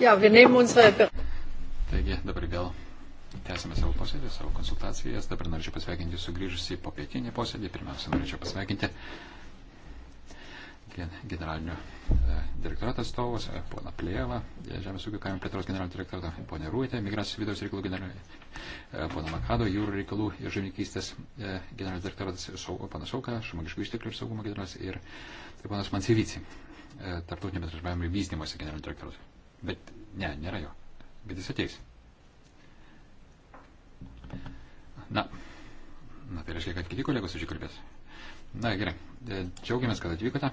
Ja, unsere... Taigi, dabar vėl tęsime savo posėdį, savo konsultacijas. Dabar norėčiau pasveikinti sugrįžusi į popietinį posėdį. Pirmiausia, norėčiau pasveikinti generalinio e, direktorato atstovus, e, pona Plėva, e, Žemės ūkio kaimo plėtros generalinio direktorato, ponė Rūitė, migracijos vidaus reikalų generalinio, pona Makado, jūrų reikalų ir žuvininkystės generalinis direktoratas, panas Auka, žmogiškų išteklių ir saugumo generalinis ir tai ponas Mansivici. E, tarptautinio bendradarbiavimo ir vystymosi generalinio direktoriaus. Bet ne, nėra jo. Bet jis ateis. Na, na tai reiškia, kad kiti kolegos užkalbės. Na gerai, e, džiaugiamės, kad atvykote.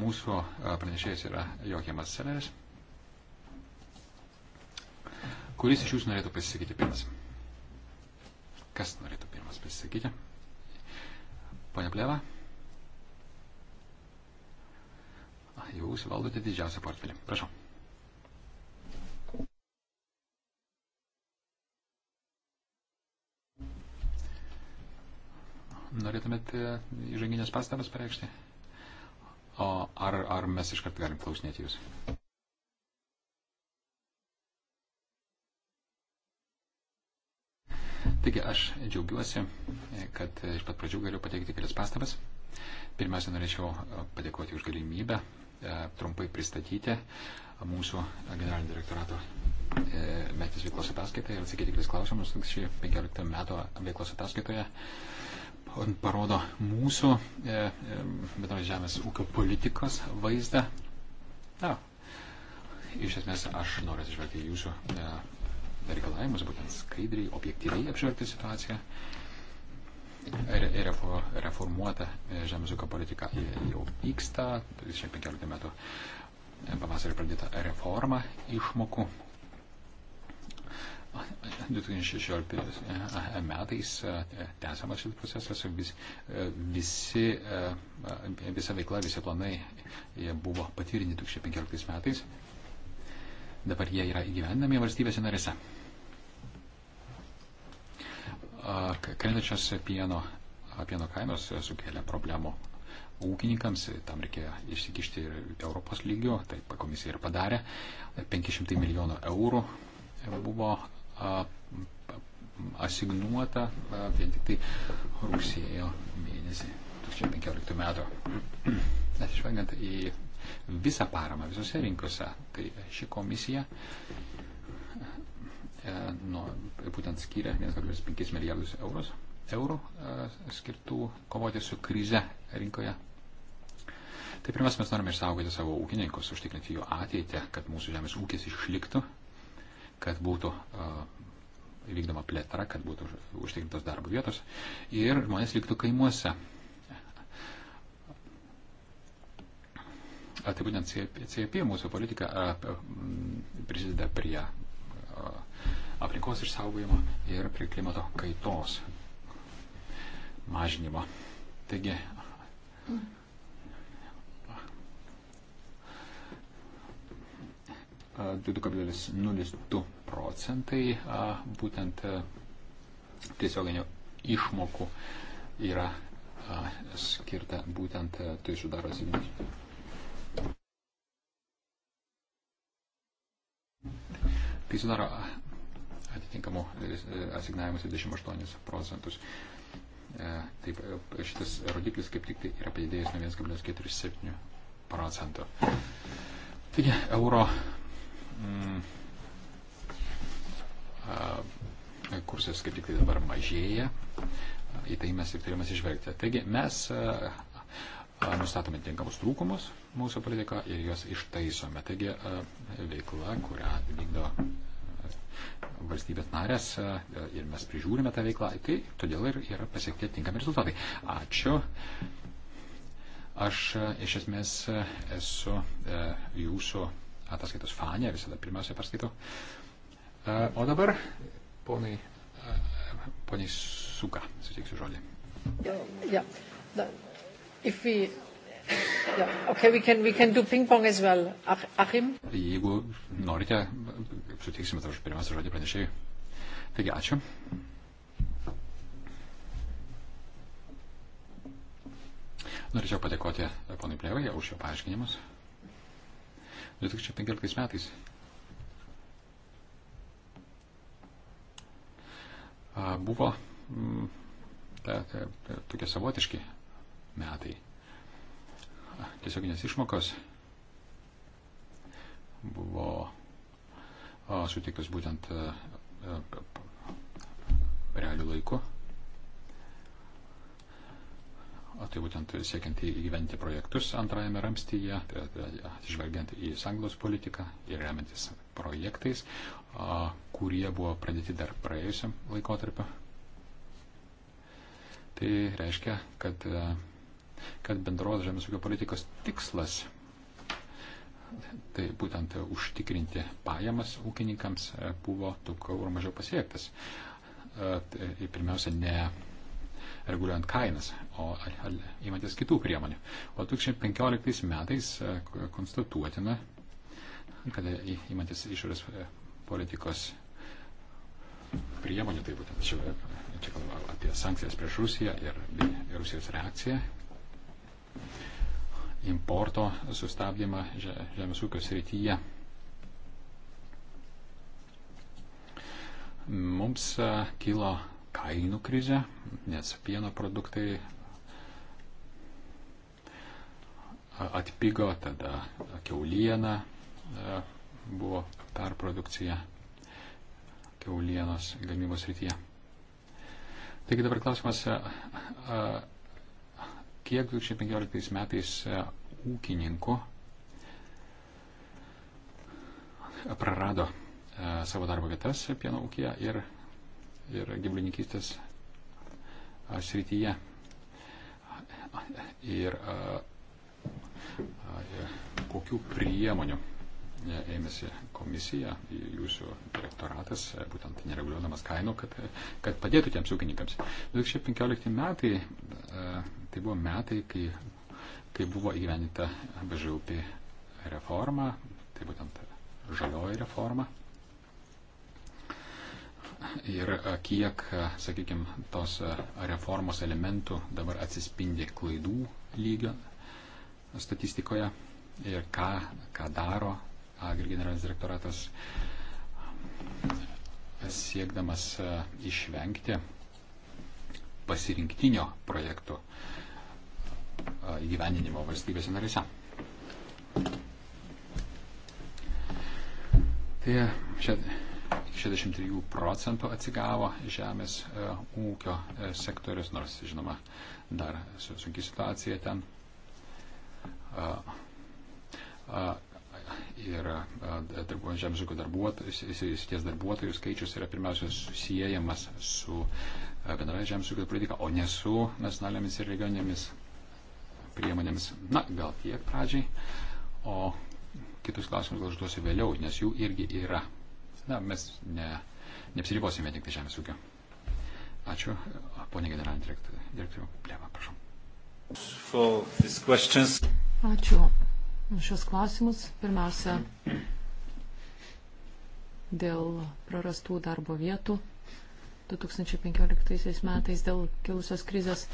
Mūsų e, pranešėjas yra Jokiamas Seleris. Kuris iš jūsų norėtų pasisakyti pirmas? Kas norėtų pirmas pasisakyti? Pane Pleva? jūs valdote didžiausią portfelį. Prašau. Norėtumėt e, įžanginės pastabas pareikšti? O ar, ar mes iškart galim klausinėti jūs? Taigi aš džiaugiuosi, e, kad e, iš pat pradžių galiu pateikti kelias pastabas. Pirmiausia, norėčiau padėkoti už galimybę E, trumpai pristatyti mūsų generalinio direktorato e, metės veiklos ataskaitą ir atsakyti kris klausimus. 2015 metų veiklos ataskaitoje parodo mūsų e, bendros žemės ūkio politikos vaizdą. Na, iš esmės aš noriu atsižvelgti jūsų reikalavimus, būtent skaidriai, objektyviai apžvelgti situaciją reformuota e, žemės ūkio politika e, jau vyksta, 2015 metų e, pavasarį pradėta reforma išmokų. 2016 metais tęsiamas šis procesas, vis, visi, visa veikla, visi planai buvo patvirtinti 2015 metais. Dabar jie yra įgyvendami valstybėse narėse. Krentančios pieno, pieno kainos sukėlė problemų ūkininkams, tam reikėjo išsikišti ir Europos lygio, tai komisija ir padarė. 500 milijonų eurų buvo asignuota vien tik tai rugsėjo mėnesį 2015 metų. Atsižvelgiant į visą paramą visose rinkose, tai ši komisija E, nuo, būtent skyrė 1,5 milijardus eurus, eurų e, skirtų kovoti su krize rinkoje. Tai pirmiausia, mes norime išsaugoti savo ūkininkus, užtikrinti jų ateitį, kad mūsų žemės ūkis išliktų, kad būtų e, vykdoma plėtra, kad būtų užtikrintos darbo vietos ir žmonės liktų kaimuose. A, tai būtent CP mūsų politika prisideda prie aplinkos išsaugojimo ir prie klimato kaitos mažinimo. Taigi, du kablelis 02 procentai būtent tiesioginių išmokų yra skirta būtent, tai sudaro 70 kai sudaro atitinkamų e, asignavimų 28 procentus. E, taip, e, šitas rodiklis kaip tik tai yra padidėjęs nuo 1,47 procentų. Taigi, euro mm, kursas kaip tik tai dabar mažėja, į tai mes ir turime atsižvelgti. Taigi, mes nustatome tinkamus trūkumus mūsų politiką ir juos ištaisome. Taigi veikla, kurią vykdo valstybės narės ir mes prižiūrime tą veiklą, tai todėl ir yra pasiekti tinkami rezultatai. Ačiū. Aš iš esmės esu jūsų ataskaitos fanė, visada pirmiausia perskaitau. O dabar, ponai, poniai Suka, suteiksiu žodį. Ja, ja. If we, yeah, okay, we can, we can do ping pong as well. Achim? Jeigu norite, suteiksime tau pirmiausia žodį pranešėjui. Taigi, ačiū. Norėčiau padėkoti ponui Plevai už jo paaiškinimus. 2015 metais buvo ta, ta, ta, tokie savotiški metai. Tiesioginės išmokos buvo suteiktos būtent realių laikų. O tai būtent siekiant įgyventi projektus antrajame ramstyje, tai tai atsižvelgiant į sanglos politiką ir remiantis projektais, kurie buvo pradėti dar praėjusiam laikotarpiu. Tai reiškia, kad kad bendros žemės ūkio politikos tikslas tai būtent užtikrinti pajamas ūkininkams e, buvo daugiau ar mažiau pasiektas. Tai pirmiausia, ne reguliuojant kainas, o įmantis kitų priemonių. O 2015 metais konstatuotina, kad įmantis išorės politikos priemonių, tai būtent čia, čia kalbame apie sankcijas prieš Rusiją ir, ir Rusijos reakciją, importo sustabdymą žemės ūkio srityje. Mums e, kilo kainų krizė, nes pieno produktai e, atpigo, tada keuliena e, buvo perprodukcija keulienos gamybos rytyje. Taigi dabar klausimas, kiek 2015 metais e, ūkininkų e, prarado e, savo darbo vietas pieno ūkija ir, ir gyvulininkystės srityje. Ir, ir kokių priemonių E, ėmėsi komisija, jūsų direktoratas, e, būtent nereguliuodamas kainų, kad, e, kad padėtų tiems ūkininkams. 2015 metai, tai buvo metai, kai, kai buvo įgyvenita BŽUP reforma, tai būtent žalioji reforma. Ir kiek, sakykime, tos reformos elementų dabar atsispindi klaidų lygio statistikoje ir ką, ką daro Agri generalinis direktoratas siekdamas e, išvengti pasirinktinio projektų e, įgyvendinimo valstybėse narėse. Tai 63 procentų atsigavo žemės e, ūkio sektorius, nors, žinoma, dar sunki situacija ten ir žemės ūkio darbuotojus, ties darbuotojų skaičius yra pirmiausia susijęjamas su bendraja žemės ūkio politika, o ne su nacionalinėmis ir regioninėmis priemonėmis. Na, gal tiek pradžiai, o kitus klausimus gal užduosiu vėliau, nes jų irgi yra. Na, mes ne, neapsiribosime tik tai žemės ūkio. Ačiū, ponė generalinė direktorių. Pleva, prašau. Ačiū šios klausimus. Pirmiausia, dėl prarastų darbo vietų 2015 metais dėl kilusios krizės.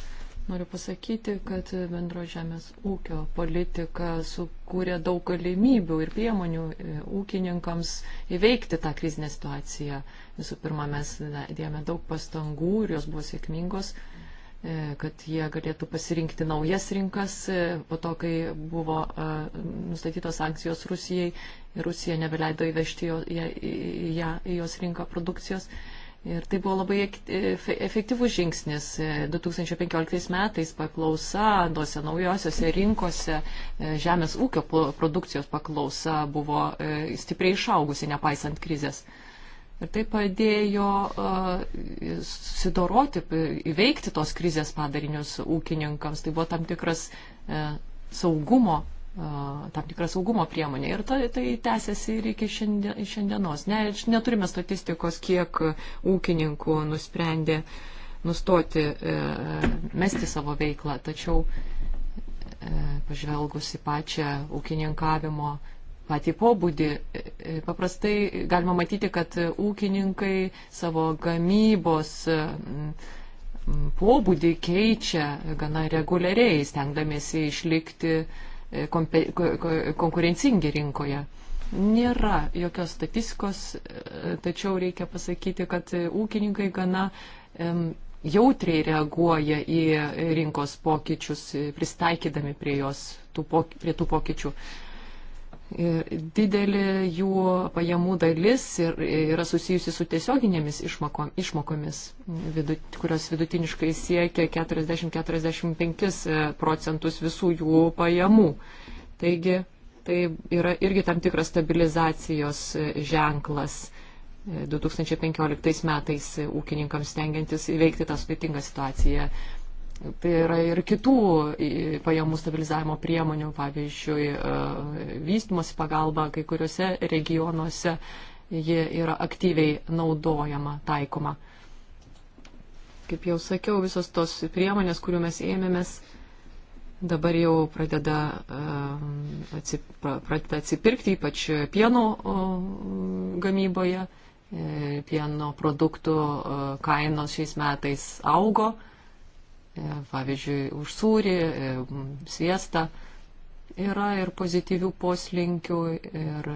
Noriu pasakyti, kad bendro žemės ūkio politika sukūrė daug galimybių ir priemonių e, ūkininkams įveikti tą krizinę situaciją. Visų pirma, mes dėjome daug pastangų ir jos buvo sėkmingos. E, kad jie galėtų pasirinkti naujas rinkas e, po to, kai buvo e, nustatytos sankcijos Rusijai ir Rusija nebeleido įvežti ją į, į, į jos rinką produkcijos. Ir tai buvo labai efektyvus žingsnis. 2015 metais paklausa tose naujosiose rinkose žemės ūkio produkcijos paklausa buvo stipriai išaugusi, nepaisant krizės. Ir tai padėjo susidoroti, įveikti tos krizės padarinius ūkininkams. Tai buvo tam tikras e, saugumo tam tikrą saugumo priemonę. Ir tai, tai tęsiasi ir iki šiandien, šiandienos. Ne, neturime statistikos, kiek ūkininkų nusprendė nustoti e, mesti savo veiklą, tačiau e, pažvelgus į pačią ūkininkavimo patį pobūdį. E, e, paprastai galima matyti, kad ūkininkai savo gamybos e, pobūdį keičia gana reguliariai, stengdamėsi išlikti konkurencingi rinkoje. Nėra jokios statistikos, tačiau reikia pasakyti, kad ūkininkai gana jautriai reaguoja į rinkos pokyčius, pristaikydami prie, jos, tų, prie tų pokyčių. Uh, E, didelė jų pajamų dalis ir, e, yra susijusi su tiesioginėmis išmoko, išmokomis, vidut, kurios vidutiniškai siekia 40-45 e, procentus visų jų pajamų. Taigi tai yra irgi tam tikras stabilizacijos ženklas 2015 metais ūkininkams tengiantis įveikti tą sudėtingą situaciją Tai yra ir kitų pajamų stabilizavimo priemonių, pavyzdžiui, e, vystimosi pagalba kai kuriuose regionuose ji yra aktyviai naudojama, taikoma. Kaip jau sakiau, visos tos priemonės, kurių mes ėmėmės, dabar jau pradeda, e, atsip, pradeda atsipirkti, ypač pieno gamyboje. E, pieno produktų kainos šiais metais augo E, pavyzdžiui, už sūrį, e, sviestą. Yra ir pozityvių poslinkių, ir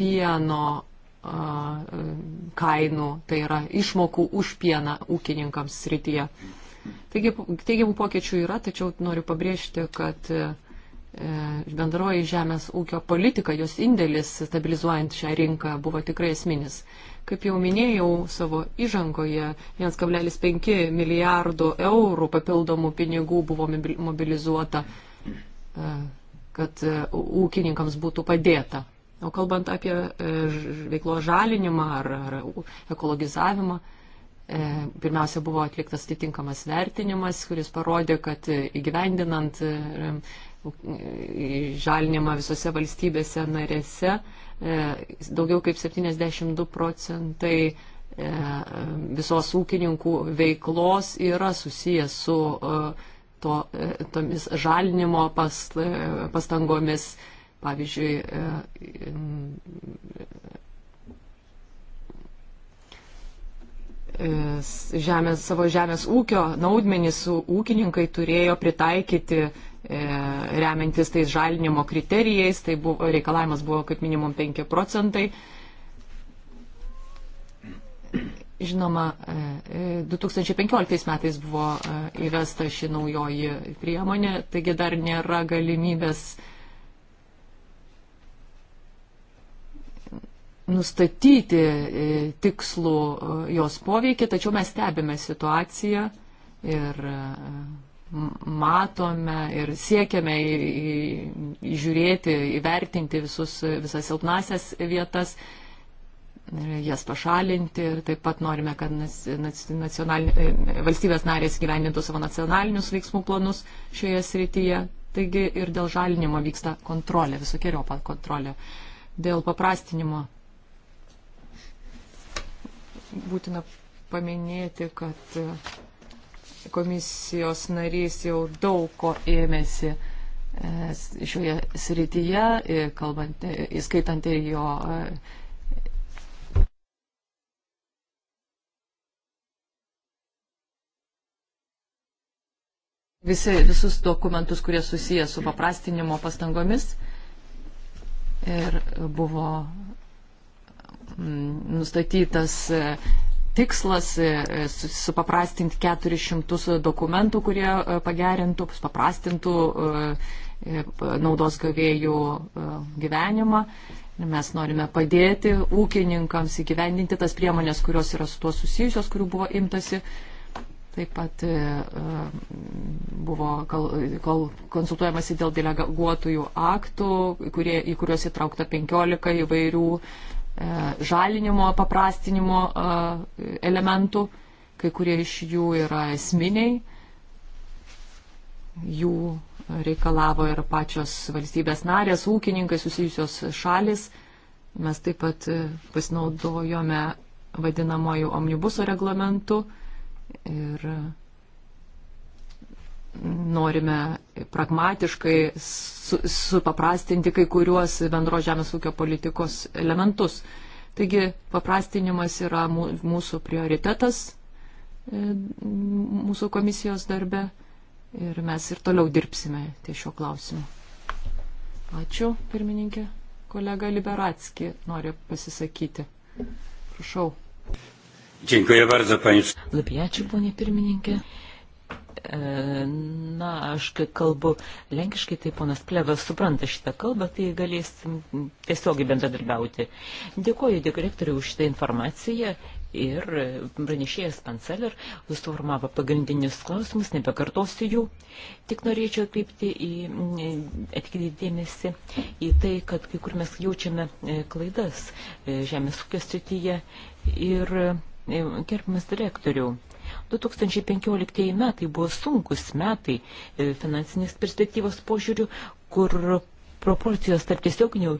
pieno e, kainų, tai yra išmokų už pieną ūkininkams srityje. Taigi, teigiamų pokyčių yra, tačiau noriu pabrėžti, kad bendroji žemės ūkio politika, jos indėlis stabilizuojant šią rinką buvo tikrai esminis. Kaip jau minėjau savo įžangoje, 1,5 milijardo eurų papildomų pinigų buvo mobilizuota, e, kad e, ūkininkams būtų padėta. O kalbant apie e, veiklo žalinimą ar, ar ekologizavimą, pirmiausia buvo atliktas atitinkamas vertinimas, kuris parodė, kad įgyvendinant žalinimą visose valstybėse narėse, E, daugiau kaip 72 procentai e, visos ūkininkų veiklos yra susijęs su e, to, tomis žalinimo past, pastangomis. Pavyzdžiui, žemės, savo žemės ūkio naudmenys ūkininkai turėjo pritaikyti E, remiantis tais žalinimo kriterijais, tai buvo, reikalavimas buvo kaip minimum 5 procentai. Žinoma, 2015 e, e, metais buvo įvesta ši naujoji priemonė, taigi dar nėra galimybės nustatyti tikslų jos poveikį, tačiau mes stebime situaciją ir matome ir siekiame žiūrėti, įvertinti visus, visas silpnasias vietas, jas pašalinti ir taip pat norime, kad e, valstybės narės gyvenintų savo nacionalinius veiksmų planus šioje srityje. Taigi ir dėl žalinimo vyksta kontrolė, visokiojo pat kontrolė. Dėl paprastinimo būtina paminėti, kad Komisijos narys jau daug ko ėmėsi e, šioje srityje, e, kalbant, e, įskaitant ir jo visi, visus dokumentus, kurie susiję su paprastinimo pastangomis. Ir buvo mm, nustatytas tikslas e, e, supaprastinti 400 dokumentų, kurie e, pagerintų, supaprastintų naudos gavėjų gyvenimą. Mes norime padėti ūkininkams įgyvendinti tas priemonės, kurios yra su tuo susijusios, kurių buvo imtasi. Taip pat buvo kol, kol konsultuojamasi dėl deleguotųjų aktų, kurie, į kuriuos įtraukta 15 įvairių E, žalinimo, paprastinimo e, elementų, kai kurie iš jų yra esminiai, jų reikalavo ir pačios valstybės narės, ūkininkai susijusios šalis. Mes taip pat e, pasinaudojome vadinamojų omnibuso reglamentų ir norime pragmatiškai supaprastinti su kai kuriuos bendro žemės ūkio politikos elementus. Taigi paprastinimas yra mūsų prioritetas e, mūsų komisijos darbe ir mes ir toliau dirbsime ties šiuo klausimu. Ačiū, pirmininkė. Kolega Liberatski nori pasisakyti. Prašau. Dziękuję bardzo, panie. Labai ačiū, ponė pirmininkė. E, na, aš kai kalbu lenkiškai, tai ponas Plevas supranta šitą kalbą, tai galės tiesiogiai bendradarbiauti. Dėkuoju direktoriui už šitą informaciją ir pranešėjas Panceler suformavo pagrindinius klausimus, nebekartosiu jų. Tik norėčiau atkreipti į atkreipti dėmesį į tai, kad kai kur mes jaučiame e, klaidas e, žemės ūkio srityje ir gerbimas direktorių. 2015 metai buvo sunkus metai e, finansinės perspektyvos požiūrių, kur proporcijos tarp tiesioginių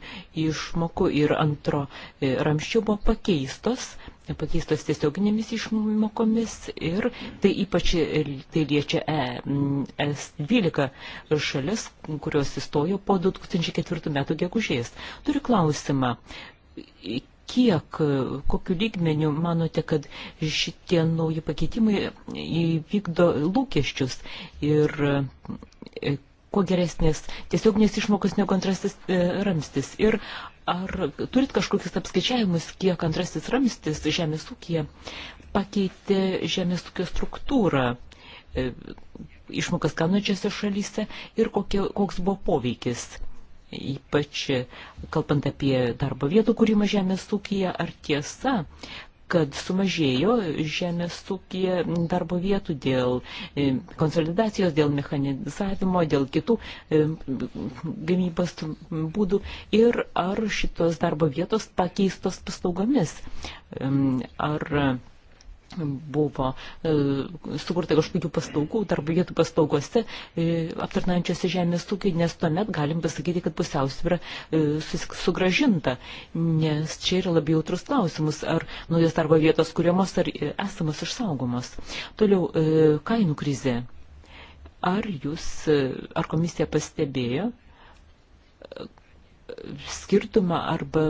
išmokų ir antro e, ramščių buvo pakeistos, pakeistos tiesioginėmis išmokomis ir tai ypač e, tai liečia ES12 šalis, kurios įstojo po 2004 metų gegužės. Turiu klausimą kiek, kokiu lygmeniu manote, kad šitie nauji pakeitimai įvykdo lūkesčius ir e, kuo geresnės tiesioginės išmokos negu antrasis e, ramstis. Ir ar turit kažkokius apskaičiavimus, kiek antrasis ramstis žemės ūkija pakeitė žemės ūkio struktūrą? E, išmokas kanučiose šalyse ir kokie, koks buvo poveikis ypač kalbant apie darbo vietų kūrimą žemės ūkyje, ar tiesa, kad sumažėjo žemės ūkija darbo vietų dėl e, konsolidacijos, dėl mechanizavimo, dėl kitų e, gamybos būdų ir ar šitos darbo vietos pakeistos paslaugomis. Ar buvo e, sukurta kažkokių paslaugų, darbo vietų paslaugose, e, aptarnaujančiose žemės ūkiai, nes tuomet galim pasakyti, kad pusiausvyrą e, sugražinta, nes čia yra labai jautrus klausimus, ar naujos darbo vietos kuriamos, ar esamos išsaugomos. Toliau, kainų krizė. Ar jūs, ar komisija pastebėjo skirtumą arba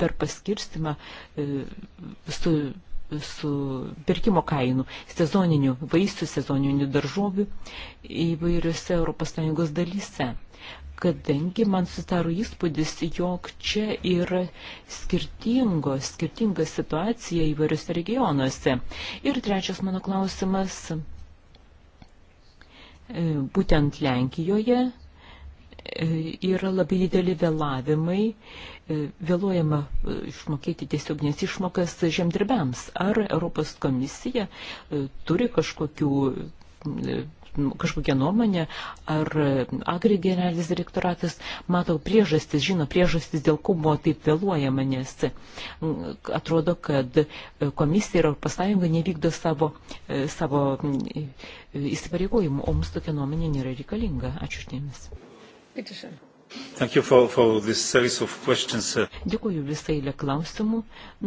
per paskirstimą su su pirkimo kainų, sezoninių vaisių, sezoninių daržovių įvairiose ES dalyse. Kadangi man sutaro įspūdis, jog čia yra skirtingos, skirtinga situacija įvairiose regionuose. Ir trečias mano klausimas, e, būtent Lenkijoje e, yra labai dideli vėlavimai E, vėluojama e, išmokėti tiesioginės išmokas žemdirbiams. Ar Europos komisija e, turi kažkokių kažkokią nuomonę, ar Agri generalinis direktoratas mato priežastis, žino priežastis, dėl ko buvo taip vėluojama, nes atrodo, kad komisija ir Europos Sąjunga nevykdo savo, savo įsipareigojimų, o mums tokia nuomonė nėra reikalinga. Ačiū uždėmesi. For, for Dėkuoju visai lė klausimų.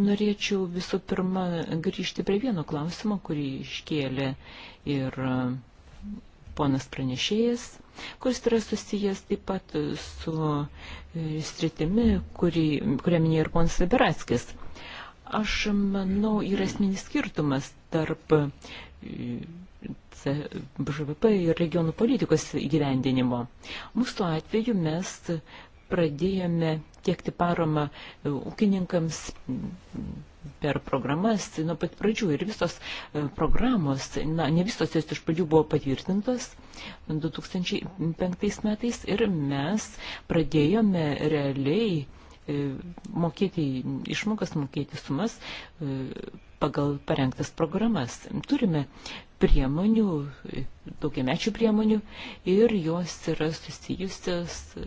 Norėčiau visų pirma grįžti prie vieno klausimo, kurį iškėlė ir e, ponas pranešėjas, kuris yra susijęs taip pat su e, sritimi, kurią minėjo ir ponas Liberatskis. Aš manau, yra esminis skirtumas tarp e, BŽVP ir regionų politikos įgyvendinimo. Mūsų atveju mes pradėjome tiekti paramą e, ūkininkams per programas nuo pat pradžių ir visos e, programos, na, ne visos jos iš pradžių buvo patvirtintos 2005 metais ir mes pradėjome realiai e, mokėti išmokas, mokėti sumas pagal parengtas programas. Turime priemonių, daugiamečių priemonių ir jos yra susijusios e,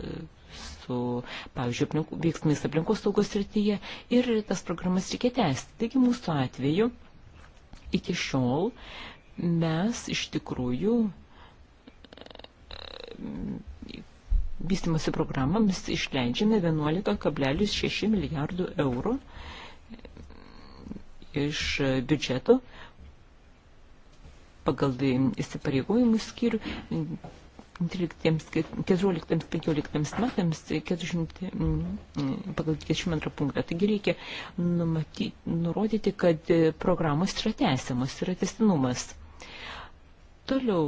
su, pavyzdžiui, aplink, veiksmais aplinkos saugos srityje ir tas programas reikia tęsti. Taigi mūsų atveju iki šiol mes iš tikrųjų e, vystimosi programams išleidžiame 11,6 milijardų eurų iš biudžeto, pagal įsipareigojimų skyrių 14-15 metams 400, mm, pagal 22 punktą. Taigi reikia numatyti, nurodyti, kad programos yra tęsiamos, yra testinumas. Toliau,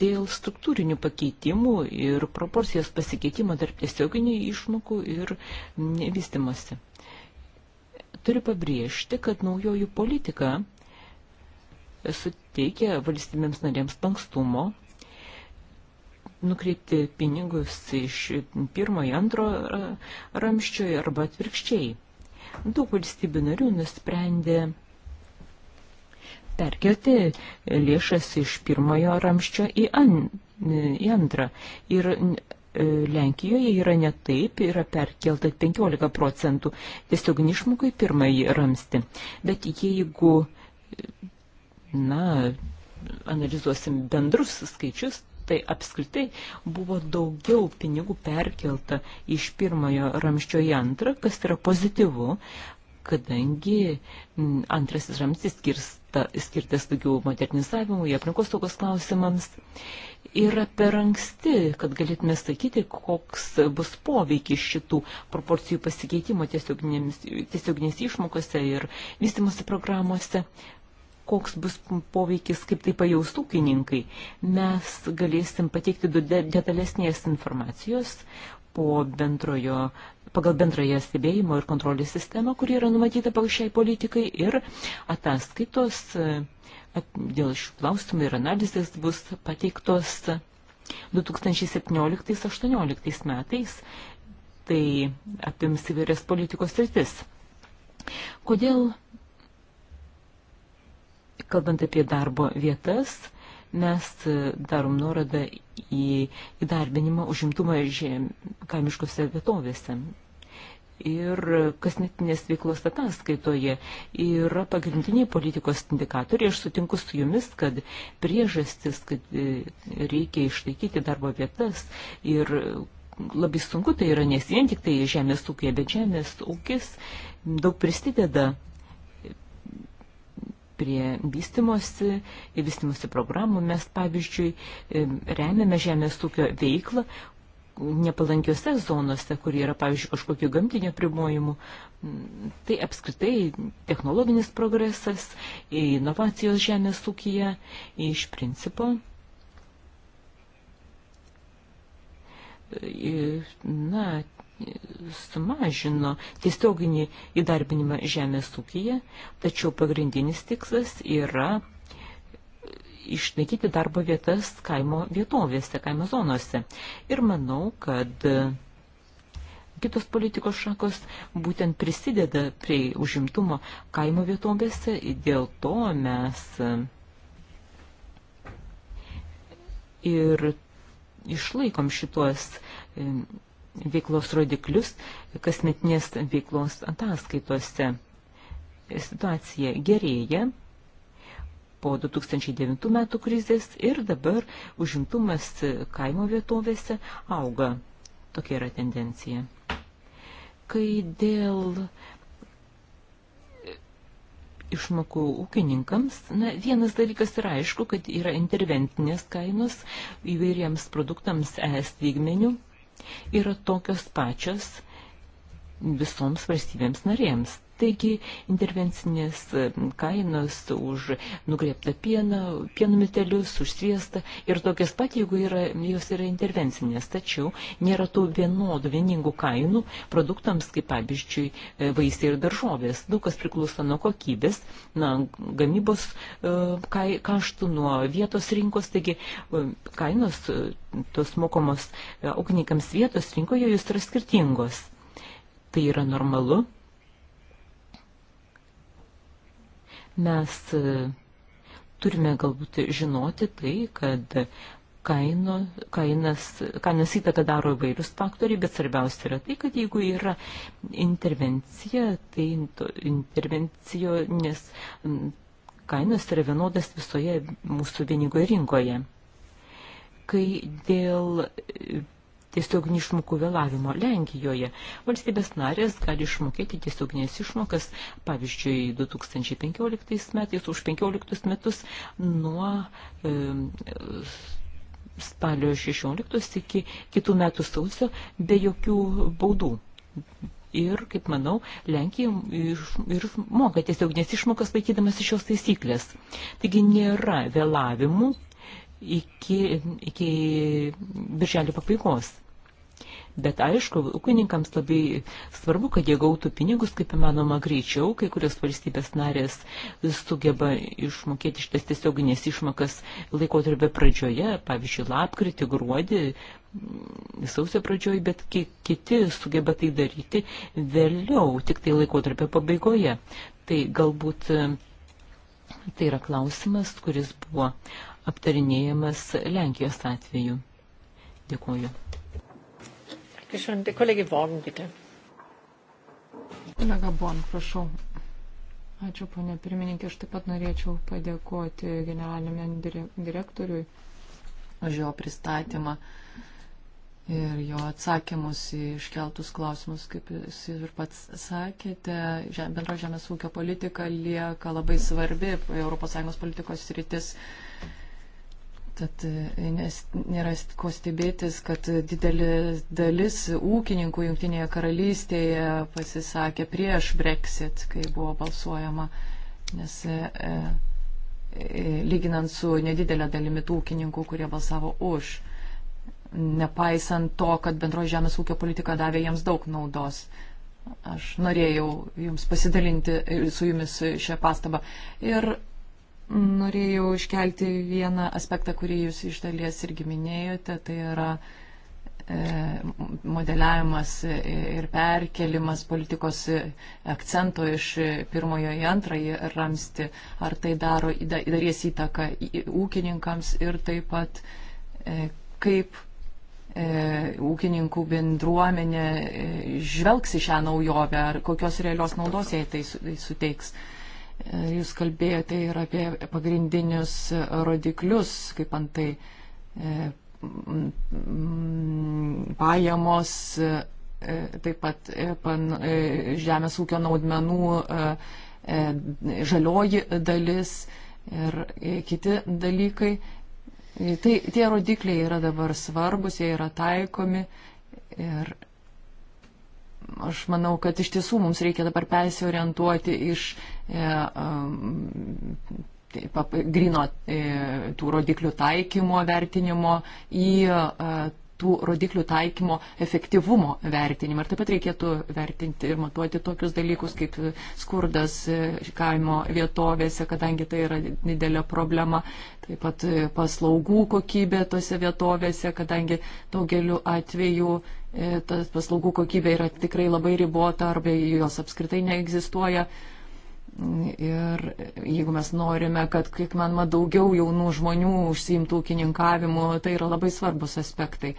dėl struktūrinių pakeitimų ir proporcijos pasikeitimo tarp tiesioginių išmokų ir vystimosi. Turiu pabrėžti, kad naujoji politika suteikia valstybėms narėms lankstumo nukreipti pinigus iš pirmo į antro ramščio arba atvirkščiai. Daug valstybių narių nusprendė perkelti lėšas iš pirmojo ramščio į, an, į antrą. Ir e, Lenkijoje yra netaip, yra perkelta 15 procentų tiesiog nišmukai pirmąjį ramsti. Bet jeigu na, analizuosim bendrus skaičius, tai apskritai buvo daugiau pinigų perkelta iš pirmojo ramščio į antrą, kas yra pozityvu, kadangi antrasis ramstis skirtas daugiau modernizavimui, aplinkos saugos klausimams. Yra per anksti, kad galėtume sakyti, koks bus poveikis šitų proporcijų pasikeitimo tiesioginės išmokose ir vystimosi programuose koks bus poveikis, kaip tai pajaus ūkininkai. Mes galėsim pateikti detalesnės informacijos po bendrojo, pagal bendroje stebėjimo ir kontrolės sistemą, kuri yra numatyta pagal šiai politikai ir ataskaitos at, dėl šių klausimų ir analizės bus pateiktos 2017-2018 metais. Tai apims įvairias politikos rytis. Kodėl Kalbant apie darbo vietas, mes darom nuorodą į įdarbinimą užimtumą žem, kaimiškose vietovėse. Ir kasmetinės veiklos ataskaitoje yra pagrindiniai politikos indikatoriai. Aš sutinku su jumis, kad priežastis, kad e, reikia išlaikyti darbo vietas ir labai sunku tai yra, nes vien tik tai žemės ūkija, bet žemės ūkis daug prisideda prie vystimosi, vystimosi programų. Mes, pavyzdžiui, remiame žemės ūkio veiklą nepalankiose zonose, kur yra, pavyzdžiui, kažkokių gamtinių primojimų. Mm, tai apskritai technologinis progresas, inovacijos žemės ūkija iš principo. Na, sumažino tiesioginį įdarbinimą žemės ūkyje, tačiau pagrindinis tikslas yra išnaikyti darbo vietas kaimo vietovėse, kaimo zonose. Ir manau, kad kitos politikos šakos būtent prisideda prie užimtumo kaimo vietovėse, dėl to mes ir išlaikom šituos veiklos rodiklius kasmetinės veiklos ataskaitose. Situacija gerėja po 2009 metų krizės ir dabar užimtumas kaimo vietovėse auga. Tokia yra tendencija. Kai dėl išmokų ūkininkams, na, vienas dalykas yra aišku, kad yra interventinės kainos įvairiems produktams ES lygmenių yra tokios pačios visoms valstybėms narėms. Taigi intervencinės kainos už nugrėptą pieną, pieno mitelius, už sviestą ir tokias pat, jeigu yra, jos yra intervencinės. Tačiau nėra tų vienodų, vieningų kainų produktams, kaip pavyzdžiui, e, vaisiai ir daržovės. Daug kas priklauso nuo kokybės, na, gamybos e, kaštų, nuo vietos rinkos. Taigi e, kainos tos mokamos ūkininkams vietos rinkoje jos yra skirtingos. Tai yra normalu, Mes e, turime galbūt žinoti tai, kad kaino, kainas, kainas įtaką daro įvairius faktoriai, bet svarbiausia yra tai, kad jeigu yra intervencija, tai intervencijo, nes kainos yra vienodas visoje mūsų vieningoje rinkoje. Kai dėl e, tiesioginių išmokų vėlavimo. Lenkijoje valstybės narės gali išmokėti tiesioginės išmokas, pavyzdžiui, 2015 metais už 15 metus nuo e, spalio 16 iki kitų metų sausio be jokių baudų ir, kaip manau, Lenkija ir moka tiesiog nesišmokas laikydamas iš šios taisyklės. Taigi nėra vėlavimų iki, iki birželio pabaigos. Bet aišku, ūkininkams labai svarbu, kad jie gautų pinigus kaip įmanoma greičiau, kai kurios valstybės narės sugeba išmokėti šitas tiesioginės išmokas laikotarpio pradžioje, pavyzdžiui, lapkritį, gruodį, sausio pradžioj, bet kiti sugeba tai daryti vėliau, tik tai laikotarpio pabaigoje. Tai galbūt tai yra klausimas, kuris buvo aptarinėjamas Lenkijos atveju. Dėkuoju. Dankeschön. Der Kollege Worgen, bitte. Kolega Bon, prašau. Ačiū, ponė pirmininkė. Aš taip pat norėčiau padėkoti generaliniam direktoriui už jo pristatymą ir jo atsakymus į iškeltus klausimus, kaip jūs ir pats sakėte, bendro žemės ūkio politika lieka labai svarbi ES politikos rytis Tad e, nes, nėra ko stebėtis, kad didelė dalis ūkininkų Junktinėje karalystėje pasisakė prieš Brexit, kai buvo balsuojama, nes e, e, lyginant su nedidelė dalimi tų ūkininkų, kurie balsavo už, nepaisant to, kad bendroji žemės ūkio politika davė jiems daug naudos. Aš norėjau jums pasidalinti e, su jumis šią pastabą. Ir Norėjau iškelti vieną aspektą, kurį jūs iš dalies irgi minėjote, tai yra e, modeliavimas ir perkelimas politikos akcento iš pirmojo į antrąjį ramsti, ar tai daro, darės įtaką ūkininkams ir taip pat e, kaip e, ūkininkų bendruomenė žvelgs į šią naujovę, ar kokios realios naudos jai tai, tai suteiks. Tai Jūs kalbėjote ir apie pagrindinius rodiklius, kaip antai e, pajamos, e, taip pat e, žemės ūkio naudmenų žalioji dalis ir kiti dalykai. Tai tie rodikliai yra dabar svarbus, jie yra taikomi ir Aš manau, kad iš tiesų mums reikia dabar persiorientuoti iš e, um, grino e, tų rodiklių taikymo vertinimo į e, tų rodiklių taikymo efektyvumo vertinimą. Ir taip pat reikėtų vertinti ir matuoti tokius dalykus kaip skurdas e, kaimo vietovėse, kadangi tai yra didelė problema. Taip pat e, paslaugų kokybė tose vietovėse, kadangi daugeliu atveju E, tas paslaugų kokybė yra tikrai labai ribota arba jos apskritai neegzistuoja. Ir jeigu mes norime, kad kiek manoma daugiau jaunų žmonių užsiimtų ūkininkavimu, tai yra labai svarbus aspektai.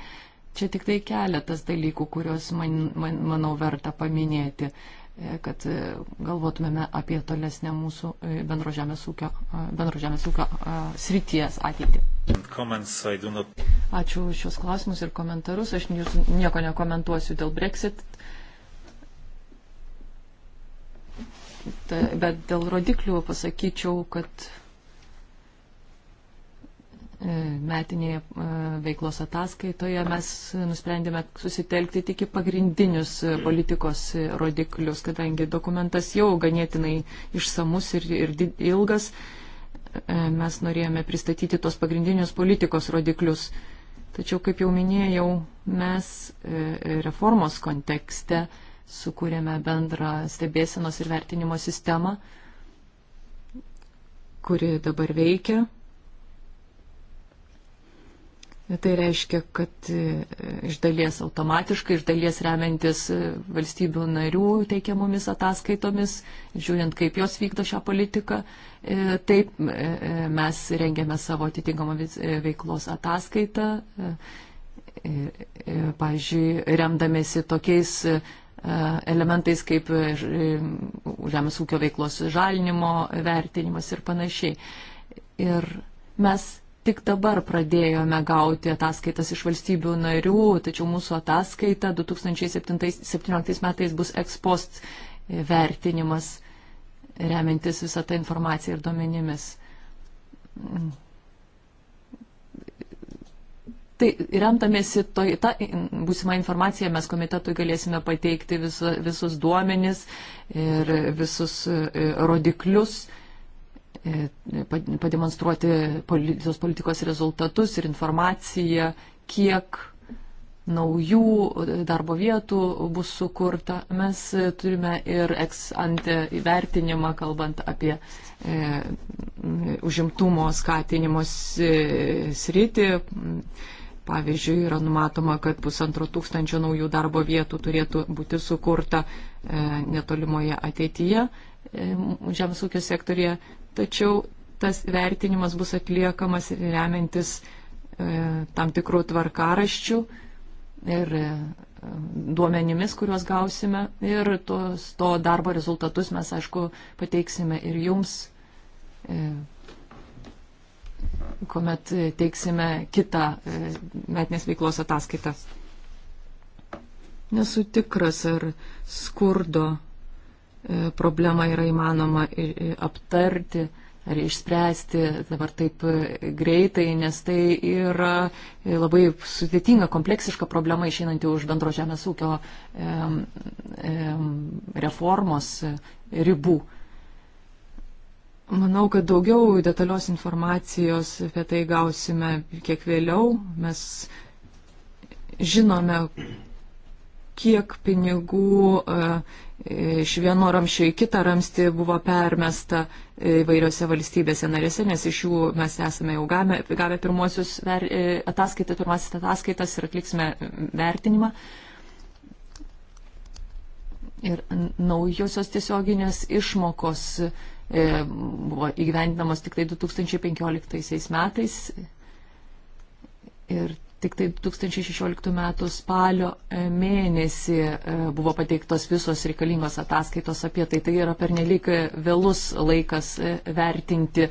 Čia tik tai keletas dalykų, kuriuos man, man, manau verta paminėti. E, kad e, galvotumėme apie tolesnę mūsų e, bendro žemės ūkio, bendro žemės ūkio srities ateitį. Ačiū už šios klausimus ir komentarus. Aš jūsų nieko nekomentuosiu dėl Brexit, bet dėl rodiklių pasakyčiau, kad E, metinėje e, veiklos ataskaitoje mes nusprendėme susitelkti tik į pagrindinius e, politikos rodiklius, kadangi dokumentas jau ganėtinai išsamus ir, ir ilgas. Mes norėjome pristatyti tos pagrindinius politikos rodiklius. Tačiau, kaip jau minėjau, mes reformos kontekste sukūrėme bendrą stebėsenos ir vertinimo sistemą, kuri dabar veikia Tai reiškia, kad e, iš dalies automatiškai, iš dalies remiantis e, valstybių narių teikiamomis ataskaitomis, žiūrint, kaip jos vykdo šią politiką, e, taip mes rengiame savo atitinkamą veiklos ataskaitą, pavyzdžiui, remdamėsi tokiais elementais kaip žemės ūkio veiklos žalinimo vertinimas ir panašiai. Ir mes tik dabar pradėjome gauti ataskaitas iš valstybių narių, tačiau mūsų ataskaita 2017 metais bus ekspost vertinimas, remiantis visą tą informaciją ir duomenimis. Tai remtamėsi to, ta būsima informacija, mes komitetui galėsime pateikti visu, visus duomenis ir visus e, rodiklius, E, pademonstruoti tos politikos rezultatus ir informaciją, kiek naujų darbo vietų bus sukurta. Mes turime ir ex ante įvertinimą, kalbant apie e, užimtumo skatinimos e, sritį. Pavyzdžiui, yra numatoma, kad pusantro tūkstančio naujų darbo vietų turėtų būti sukurta e, netolimoje ateityje e, žemės ūkio sektorija tačiau tas vertinimas bus atliekamas remiantis e, tam tikrų tvarkaraščių ir e, duomenimis, kuriuos gausime. Ir tos, to darbo rezultatus mes, aišku, pateiksime ir jums, e, kuomet teiksime kitą e, metinės veiklos ataskaitą. Nesu tikras, ar skurdo E, problemą yra įmanoma aptarti ar išspręsti dabar taip e, greitai, nes tai yra e, labai sudėtinga, kompleksiška problema išeinanti už bendro žemės ūkio reformos ribų. Manau, kad daugiau detalios informacijos apie tai gausime kiek vėliau. Mes žinome, kiek pinigų e, iš vieno ramščio į kitą ramstį buvo permesta e, įvairiose valstybėse narėse, nes iš jų mes esame jau gavę, gavę pirmosius ver, e, ataskaitą, pirmasis ataskaitas ir atliksime vertinimą. Ir naujosios tiesioginės išmokos buvo įgyvendinamos tik tai 2015 metais. Ir Tik tai 2016 m. spalio e, mėnesį e, buvo pateiktos visos reikalingos ataskaitos apie tai. Tai yra pernelyg e, vėlus laikas vertinti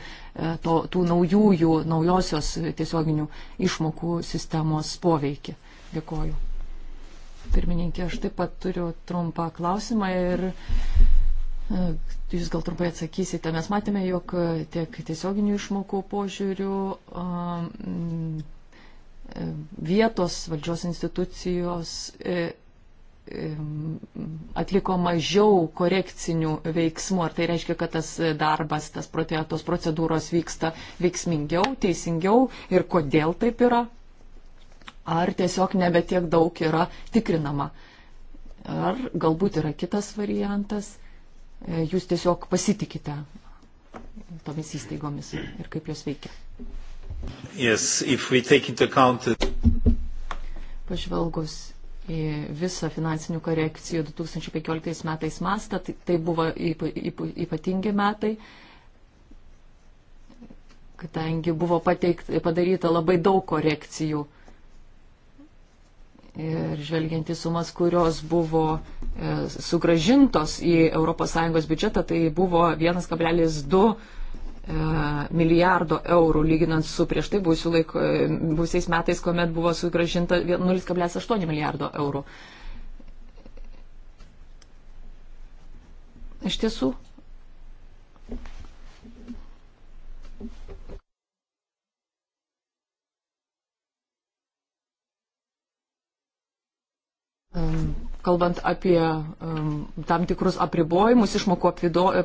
to, tų naujųjų, naujosios tiesioginių išmokų sistemos poveikį. Dėkoju. Pirmininkė, aš taip pat turiu trumpą klausimą ir Jūs gal trumpai atsakysite. Mes matėme, jog tiek tiesioginių išmokų požiūrių vietos valdžios institucijos e, e, atliko mažiau korekcinių veiksmų. Ar tai reiškia, kad tas darbas, tas, tos procedūros vyksta veiksmingiau, teisingiau ir kodėl taip yra? Ar tiesiog nebetiek daug yra tikrinama? Ar galbūt yra kitas variantas? E, jūs tiesiog pasitikite tomis įstaigomis ir kaip jos veikia? Yes, account... Pažvelgus į visą finansinių korekcijų 2015 metais mastą, tai, tai buvo yp, yp, ypatingi metai, kadangi buvo pateikt, padaryta labai daug korekcijų. Ir žvelgiant į sumas, kurios buvo e, sugražintos į ES biudžetą, tai buvo 1,2 E, milijardo eurų, lyginant su prieš tai e, buvusiais metais, kuomet buvo sugražinta 0,8 milijardo eurų. Iš tiesų. Um kalbant apie um, tam tikrus apribojimus, išmokų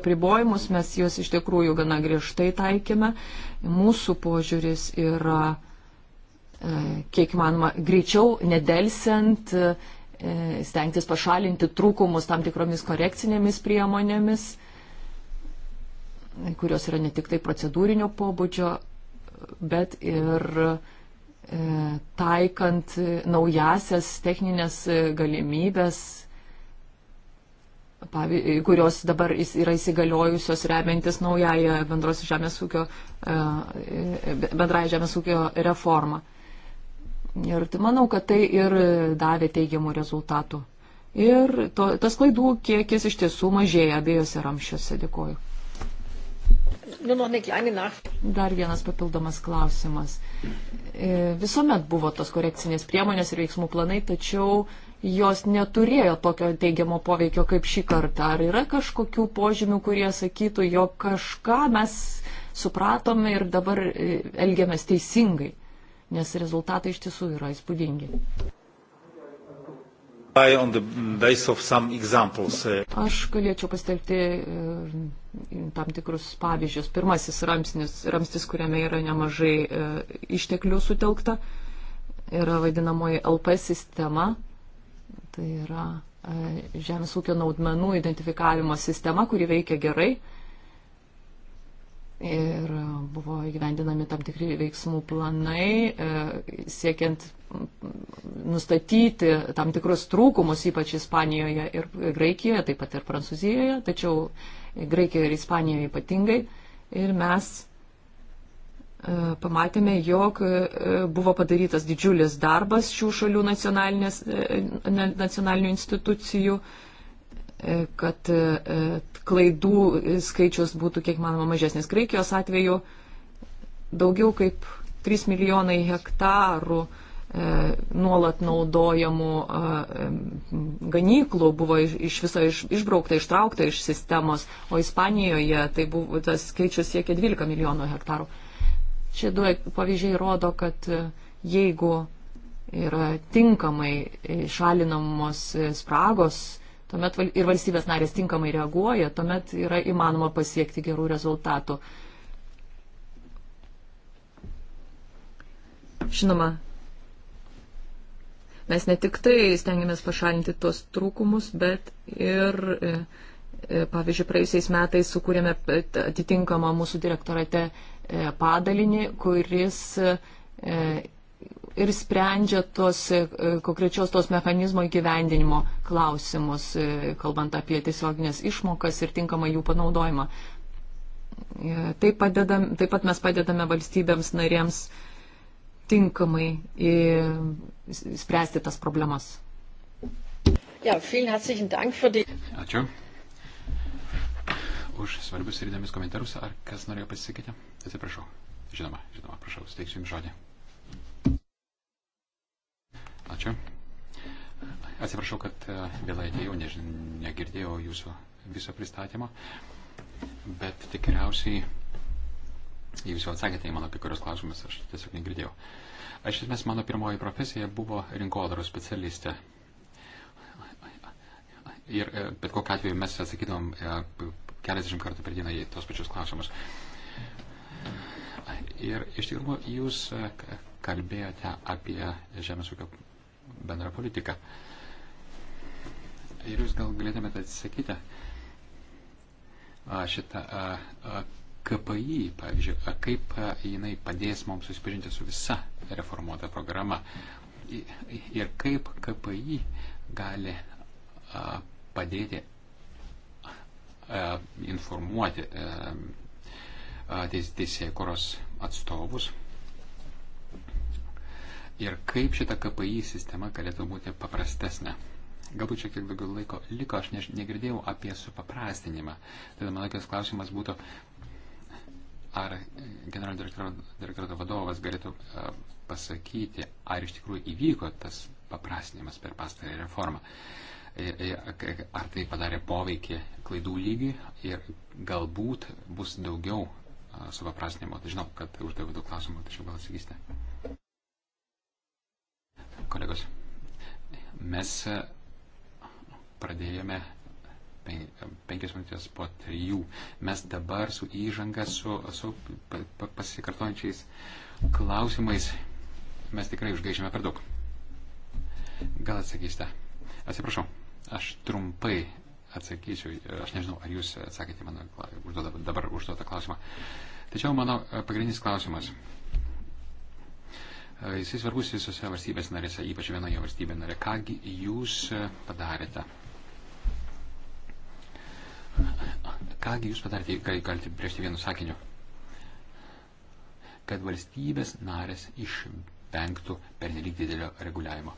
apribojimus, mes juos iš tikrųjų gana griežtai taikėme. Mūsų požiūris yra, e, kiek manoma, greičiau, nedelsiant, e, stengtis pašalinti trūkumus tam tikromis korekcinėmis priemonėmis, kurios yra ne tik tai procedūrinio pobūdžio, bet ir e, E, taikant naujasias techninės galimybės, kurios dabar yra įsigaliojusios remiantis naująją bendros žemės ūkio, e, e, bendrąją žemės ūkio reformą. Ir tai manau, kad tai ir davė teigiamų rezultatų. Ir to, tas klaidų kiekis iš tiesų mažėja abiejose ramščiuose. Dėkuoju. Dar vienas papildomas klausimas. E, visuomet buvo tos korekcinės priemonės ir veiksmų planai, tačiau jos neturėjo tokio teigiamo poveikio kaip šį kartą. Ar yra kažkokių požymių, kurie sakytų, jog kažką mes supratome ir dabar e, elgiamės teisingai, nes rezultatai iš tiesų yra įspūdingi. Uh, Aš galėčiau pasitelkti e, tam tikrus pavyzdžius. Pirmasis ramstis, ramstis kuriame yra nemažai e, išteklių sutelkta, yra vadinamoji LP sistema. Tai yra e, žemės ūkio naudmenų identifikavimo sistema, kuri veikia gerai ir e, buvo įgyvendinami tam tikri veiksmų planai, e, siekiant nustatyti tam tikrus trūkumus, ypač Ispanijoje ir Graikijoje, taip pat ir Prancūzijoje, tačiau Graikijoje ir Ispanijoje ypatingai. Ir mes e, pamatėme, jog buvo padarytas didžiulis darbas šių šalių nacionalinių institucijų kad e, klaidų skaičius būtų kiek manoma mažesnis. Graikijos atveju daugiau kaip 3 milijonai hektarų e, nuolat naudojamų e, ganyklų buvo iš viso iš, išbraukta, ištraukta iš sistemos, o Ispanijoje tai buvo, tas skaičius siekia 12 milijonų hektarų. Šie du pavyzdžiai rodo, kad jeigu yra tinkamai šalinamos spragos tuomet ir valstybės narės tinkamai reaguoja, tuomet yra įmanoma pasiekti gerų rezultatų. Žinoma, mes ne tik tai stengiamės pašalinti tuos trūkumus, bet ir, e, e, pavyzdžiui, praėjusiais metais sukūrėme atitinkamą mūsų direktorate e, padalinį, kuris ir sprendžia tos e, konkrečios tos mechanizmo įgyvendinimo klausimus, e, kalbant apie tiesioginės išmokas ir tinkamą jų panaudojimą. E, taip, padedam, taip pat mes padedame valstybėms narėms tinkamai spręsti tas problemas. Ja, Ačiū už svarbius ir įdomius komentarus. Ar kas norėjo pasisakyti? Atsiprašau. Žinoma, žinoma, prašau, suteiksiu jums žodį. Ačiū. Atsiprašau, kad e, vėlai atėjau, nežinau, negirdėjau jūsų viso pristatymo, bet tikriausiai jūs jau atsakėte į mano kai kurios klausimus, aš tiesiog negirdėjau. Aš esmės mano pirmoji profesija buvo rinkodaros specialistė. Ir e, bet kokiu atveju mes atsakydom e, keliasdešimt kartų per dieną į tos pačius klausimus. Ir iš tikrųjų jūs kalbėjote apie žemės ūkio bendrą politiką. Ir jūs gal galėtumėte atsisakyti šitą a, a, KPI, pavyzdžiui, a, kaip a, jinai padės mums susipažinti su visa reformuota programa ir kaip KPI gali a, padėti a, informuoti teisėjai kuros atstovus ir kaip šita KPI sistema galėtų būti paprastesnė. Galbūt šiek tiek daugiau laiko liko, aš ne, negirdėjau apie supaprastinimą. Tada mano kitas klausimas būtų, ar generalinio direktorato direktor vadovas galėtų pasakyti, ar iš tikrųjų įvyko tas paprastinimas per pastarąją reformą. E, e, ar tai padarė poveikį klaidų lygiui ir galbūt bus daugiau supaprastinimo. Tai žinau, kad uždaviau daug klausimų, tačiau gal atsakysite kolegos. Mes e, pradėjome penkias minutės po trijų. Mes dabar su įžanga, su, su pasikartojančiais klausimais, mes tikrai užgaišėme per daug. Gal atsakysite? Atsiprašau, aš trumpai atsakysiu. Aš nežinau, ar jūs atsakėte mano užduodą, dabar užduotą klausimą. Tačiau mano e, pagrindinis klausimas Jisai svarbus visose valstybės narėse, ypač vienoje valstybė narė. Kągi jūs padarėte? Kągi jūs padarėte, kai galite priešti vienu sakiniu? Kad valstybės narės išvengtų pernelyg didelio reguliavimo.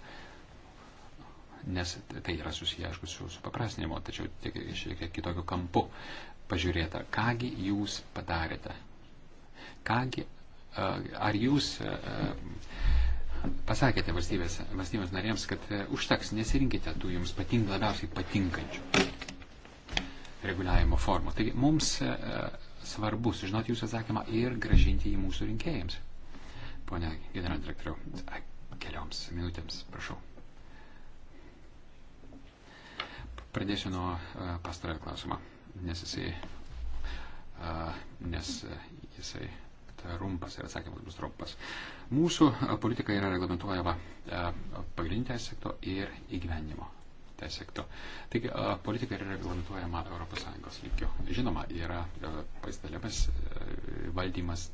Nes tai yra susiję, aišku, su, su paprasnimo, tačiau tik šiek tiek kitokiu kampu pažiūrėta. Kągi jūs padarėte? Kągi ar jūs e, e, pasakėte valstybės, valstybės narėms, kad e, užteks, nesirinkite tų jums pating, labiausiai patinkančių reguliavimo formų. Taigi mums svarbu sužinoti jūsų atsakymą ir gražinti jį mūsų rinkėjams. Pone generalinė direktoriau, kelioms minutėms, prašau. Pradėsiu nuo pastarojo klausimo, nes jisai, nes jisai trumpas ir atsakymas bus trumpas. Mūsų politika yra reglamentuojama pagrindinė teisėkto ir įgyvenimo teisėkto. Taigi politika yra reglamentuojama ES lygio. Žinoma, yra pasidalimas valdymas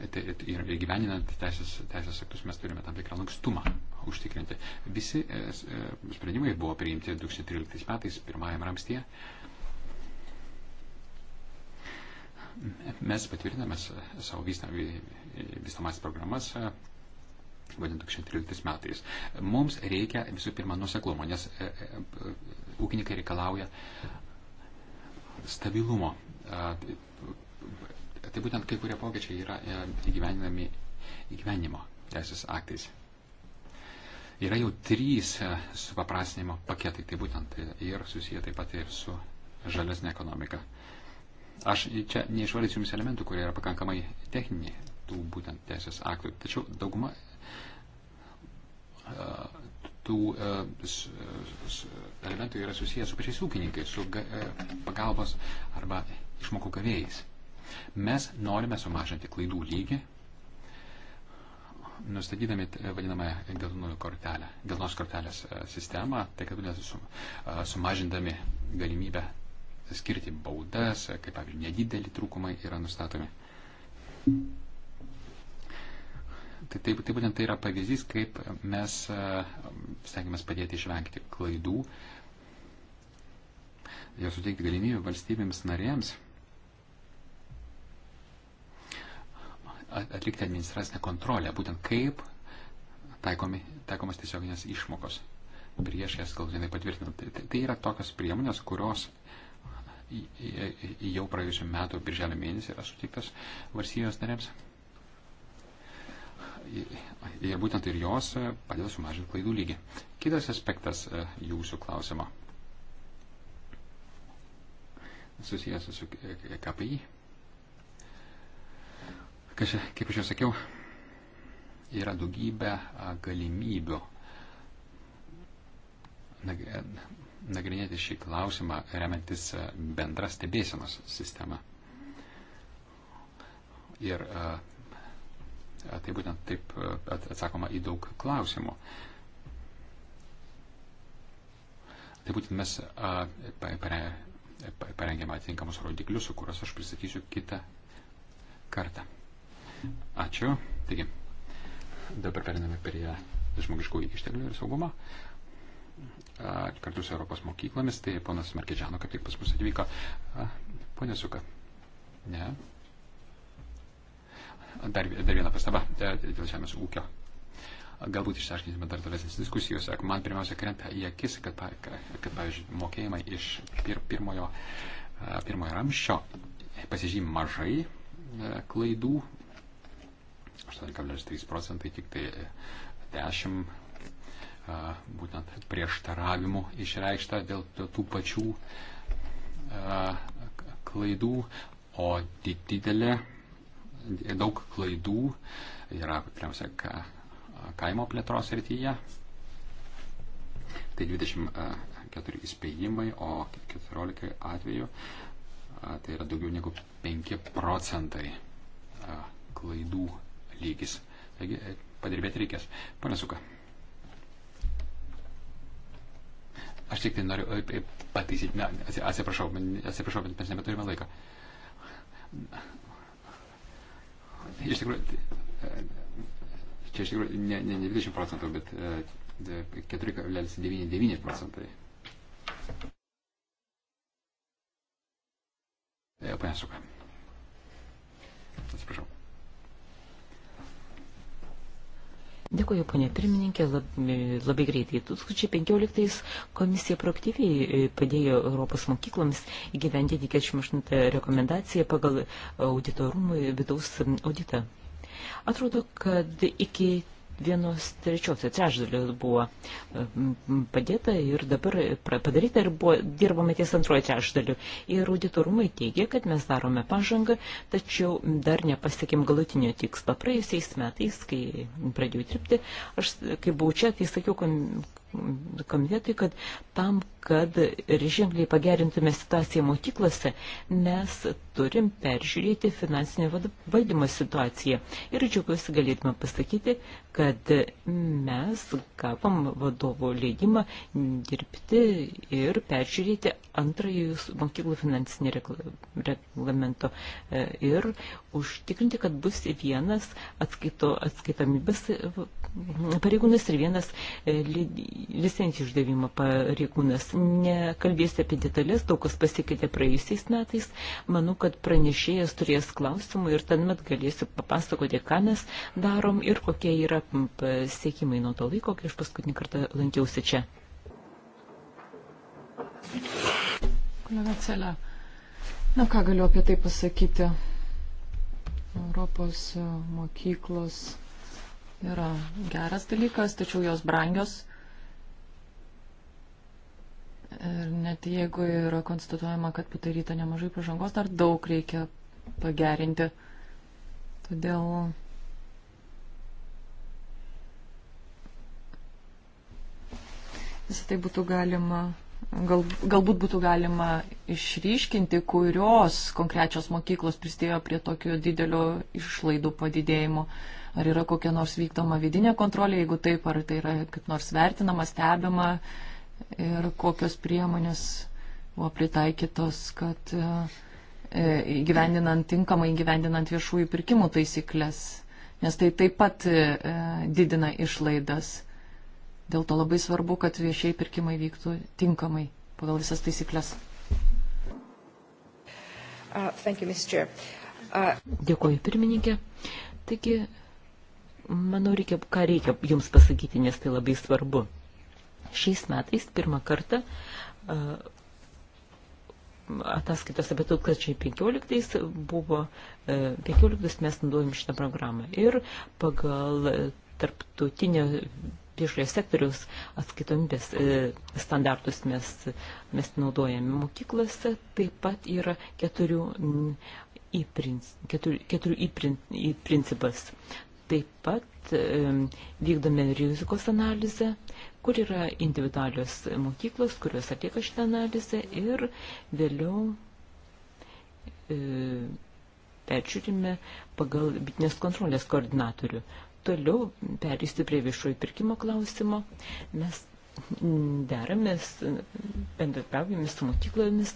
e, tai ir gyveninant teisės, teisės aktus mes turime tam tikrą lankstumą užtikrinti. Visi e, e, sprendimai buvo priimti 2013 metais pirmajam ramstyje Mes patvirtiname savo vystamas programas vadint e, 2013 metais. Mums reikia visų pirma nuseklumo, nes e, e, ūkininkai reikalauja stabilumo. Tai būtent kai kurie pokyčiai yra įgyveninami įgyvenimo teisės aktais. Yra jau trys supaprastinimo paketai, tai būtent ir susiję taip pat ir su žalesnė ekonomika. Aš čia neišvardysiu jums elementų, kurie yra pakankamai techniniai tų būtent teisės aktų. Tačiau dauguma e, tų e, e, elementų yra susijęs su pačiais ūkininkais, su pagalbos arba išmokų gavėjais. Mes norime sumažinti klaidų lygį, nustatydami vadinamąją geltonųjų kortelę, geltonos kortelės sistemą, tai kad sum, sumažindami galimybę skirti baudas, kaip pavyzdžiui, nedideli trūkumai yra nustatomi. Tai, tai, tai būtent tai yra pavyzdys, kaip mes e, stengiamės padėti išvengti klaidų ir suteikti galimybę valstybėms narėms atlikti administracinę kontrolę, būtent kaip taikomi, taikomas tiesioginės išmokos prieš jas galutinai patvirtinant. Tai, tai yra tokios priemonės, kurios jau praėjusiu metu birželio mėnesį yra sutiktas valstybės narėms. Ir būtent ir jos e, padeda sumažinti klaidų lygį. Kitas aspektas e, jūsų klausimo susijęs su e, KPI. Kas, kaip aš jau sakiau, yra daugybė galimybių nagrinėti šį klausimą remiantis e, bendra stebėsenos sistema. Ir e, e, tai būtent taip atsakoma į daug klausimų. Tai būtent mes parengėme atitinkamus rodiklius, kuriuos aš pristatysiu kitą kartą. Ačiū. Taigi, dabar periname prie žmogiškųjų išteklių ir saugumo kartu su Europos mokyklomis, tai ponas Markedžiano kaip tik pas mus atvyko. Pone Suka, ne. Dar, dar viena pastaba e, dėl žemės ūkio. Galbūt išsiaiškinsime dar tolesnės diskusijos. Man pirmiausia krenta į akis, kad, kad pavyzdžiui, mokėjimai iš pir, pirmojo, pirmojo ramščio pasižymi mažai e, klaidų. 8,3 procentai, tik tai 10 e, būtent prieštaravimų išreikšta dėl tų pačių klaidų, o didelė, daug klaidų yra, pirmiausia, kaimo plėtros rytyje. Tai 24 įspėjimai, o 14 atvejų tai yra daugiau negu 5 procentai klaidų lygis. Taigi padirbėti reikės. Pane Suka. Aš tik tai noriu pataisyti, ne, atsiprašau, atsiprašau, bet mes nebeturime laiko. Iš tikrųjų, e, čia iš tikrųjų ne, ne, ne 20 procentų, bet 4,99 e, procentai. Pane Suka. Atsiprašau. Dėkuoju, ponė pirmininkė, labai, e, labai greitai. 2015 komisija proaktyviai e, padėjo Europos mokykloms įgyvendinti 48 rekomendaciją pagal auditorumų vidaus auditą. Atrodo, kad iki vienos trečios tai trečdalio buvo padėta ir dabar padaryta ir buvo dirbama ties antrojo trečdaliu. Ir auditorumai teigia, kad mes darome pažangą, tačiau dar nepasiekėm galutinio tikslo. Praėjusiais metais, kai pradėjau dirbti, aš kai buvau čia, tai sakiau, komitetui, kad tam, kad ženkliai pagerintume situaciją mokyklose, mes turim peržiūrėti finansinio valdymo situaciją. Ir džiaugiuosi galėtume pasakyti, kad mes gavom vadovo leidimą dirbti ir peržiūrėti antrąjį mokyklų finansinį reglamento e, ir užtikrinti, kad bus vienas atskaito, atskaitomybės e, pareigūnas ir vienas e, licencijų išdavimo pareigūnas. Nekalbėsiu apie detalės, daug kas pasikeitė praėjusiais metais. Manau, kad pranešėjas turės klausimų ir ten met galėsiu papasakoti, ką mes darom ir kokie yra pasiekimai nuo to laiko, kai aš paskutinį kartą lankiausi čia. Kolega Celė, na ką galiu apie tai pasakyti? Europos e, mokyklos yra geras dalykas, tačiau jos brangios. Ir net jeigu yra konstatuojama, kad padaryta nemažai pažangos, dar daug reikia pagerinti. Todėl. Visą tai būtų galima, gal, galbūt būtų galima išryškinti, kurios konkrečios mokyklos prisidėjo prie tokio didelio išlaidų padidėjimo. Ar yra kokia nors vykdoma vidinė kontrolė, jeigu taip, ar tai yra kaip nors vertinama, stebima, uh, ir kokios priemonės buvo pritaikytos, kad e, e, įgyvendinant tinkamai, įgyvendinant viešųjų pirkimų taisyklės, nes tai taip pat e, didina išlaidas. Dėl to labai svarbu, kad viešiai pirkimai vyktų tinkamai pagal visas taisyklės. Uh, you, uh... Dėkuoju, pirmininkė. Taigi, manau, reikia, ką reikia jums pasakyti, nes tai labai svarbu. Šiais metais pirmą kartą ataskaitos apie 2015 buvo, 15 e, mes naudojom šitą programą ir pagal tarptautinio viešojo sektoriaus atskaitomybės e, standartus mes, mes naudojame mokyklose, taip pat yra keturių į, princ, keturių, keturių į, prin, į principas. Taip pat e, vykdome rizikos analizę kur yra individualios mokyklos, kurios atlieka šitą analizę ir vėliau e, peržiūrime pagal bitinės kontrolės koordinatorių. Toliau perėsti prie viešojo pirkimo klausimo. Mes deramės, bendradarbiaujame su mokyklomis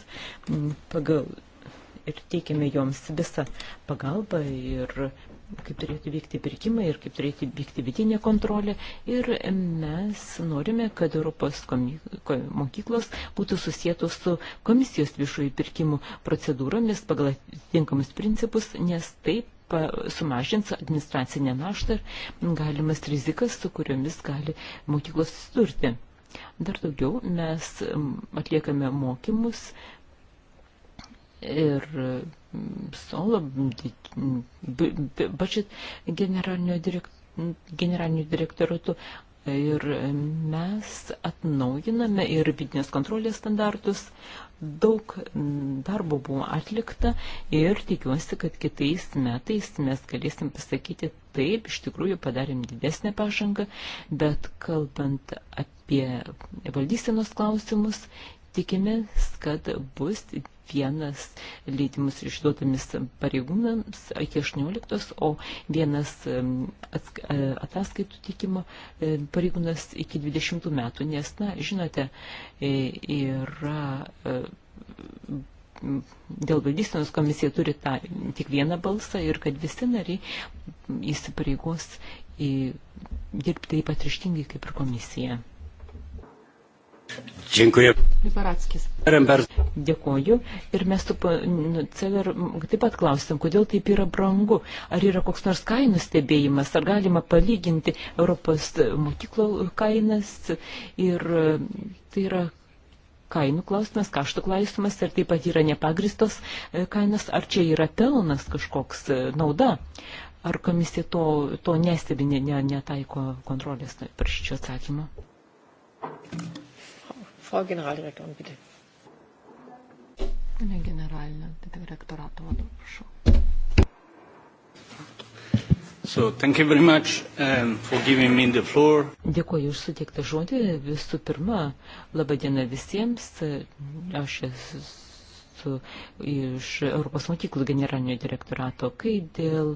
pagal ir teikiame joms visą pagalbą ir kaip turėtų vykti pirkimai ir kaip turėtų vykti vidinė kontrolė. Ir mes norime, kad Europos mokyklos būtų susijėtos su komisijos viešųjų pirkimų procedūromis pagal atitinkamus principus, nes taip sumažins administracinę naštą ir galimas rizikas, su kuriomis gali mokyklos susidurti. Dar daugiau mes atliekame mokymus ir mm, solo, budžet generalinio, direkt, generalinio direktoratu. Ir mm, mes atnaujiname ir vidinės kontrolės standartus. Daug mm, darbo buvo atlikta ir tikiuosi, kad kitais metais mes galėsim pasakyti, taip, iš tikrųjų padarėm didesnę pažangą, bet kalbant apie valdysenos klausimus, tikimės, kad bus vienas leidimus išduodamis pareigūnams iki 18, o vienas e, ataskaitų tikimo e, pareigūnas iki 20 metų, nes, na, žinote, e, yra dėl valdysenos komisija turi tą, tik vieną balsą ir kad visi nariai įsipareigos į dirbti taip pat ryštingai kaip ir komisija. Dziękuję. Liberackis. Dėkoju. Ir mes tu, nu, Celer, taip pat klausim, kodėl taip yra brangu. Ar yra koks nors kainų stebėjimas, ar galima palyginti Europos mokyklo kainas ir e, tai yra kainų klausimas, kaštų klausimas, ir taip pat yra nepagristos e, kainos, ar čia yra pelnas kažkoks e, nauda. Ar komisija to, to nestebi, netaiko ne, ne kontrolės, prašyčiau atsakymą. Thank you. Frau Generaldirektorin, bitte. Ne generalinio direktorato vadovą, prašau. So, thank you very much um, for giving me the floor. Dėkuoju už suteiktą žodį. Visų pirma, laba diena visiems. Aš esu mūsų iš Europos mokyklų generalinio direktorato, kai dėl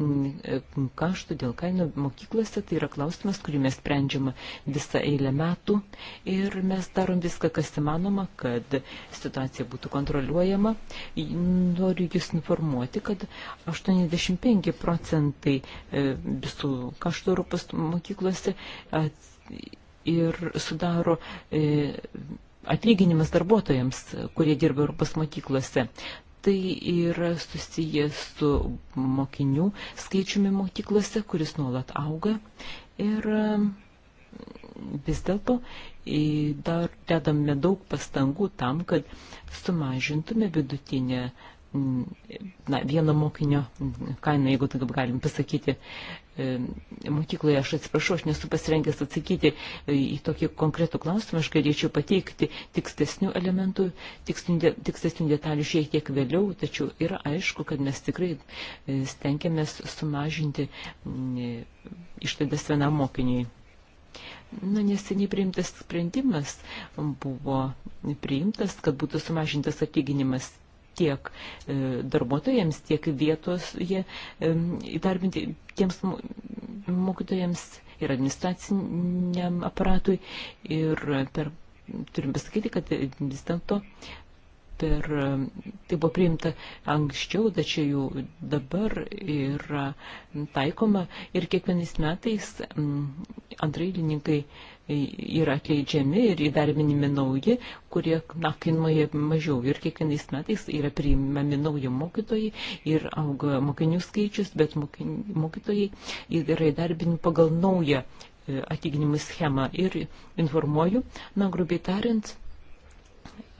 mm, kaštų, dėl kainų mokyklose, tai yra klausimas, kurį mes sprendžiame visą eilę metų ir mes darom viską, kas įmanoma, kad situacija būtų kontroliuojama. Noriu Jūs informuoti, kad 85 procentai e, visų kaštų Europos mokyklose ir sudaro e, atlyginimas darbuotojams, kurie dirba Europos mokyklose. Tai yra susijęs su mokinių skaičiumi mokyklose, kuris nuolat auga. Ir um, vis dėlto dar dedame daug pastangų tam, kad sumažintume vidutinę na, vieno mokinio kainą, jeigu taip galim pasakyti, E, mokykloje. Aš atsiprašau, aš nesu pasirengęs atsakyti į tokį konkretų klausimą. Aš galėčiau pateikti tikstesnių elementų, tikstesnių detalių šiek tiek vėliau, tačiau yra aišku, kad mes tikrai e, stengiamės sumažinti e, išlaidas vienam mokiniui. Na, neseniai priimtas sprendimas buvo priimtas, kad būtų sumažintas atlyginimas tiek e, darbuotojams, tiek vietos jie e, įdarbinti tiems mokytojams ir administraciniam aparatui. Ir per, turim pasakyti, kad vis dėlto per, tai buvo priimta anksčiau, tačiau jau dabar yra taikoma ir kiekvienais metais antrailininkai yra atleidžiami ir įdarbinimi nauji, kurie na, kainuoja mažiau. Ir kiekvienais metais yra priimami nauji mokytojai ir auga mokinių skaičius, bet mokytojai yra įdarbinimi pagal naują e, atlyginimų schemą. Ir informuoju, na, grubiai tariant,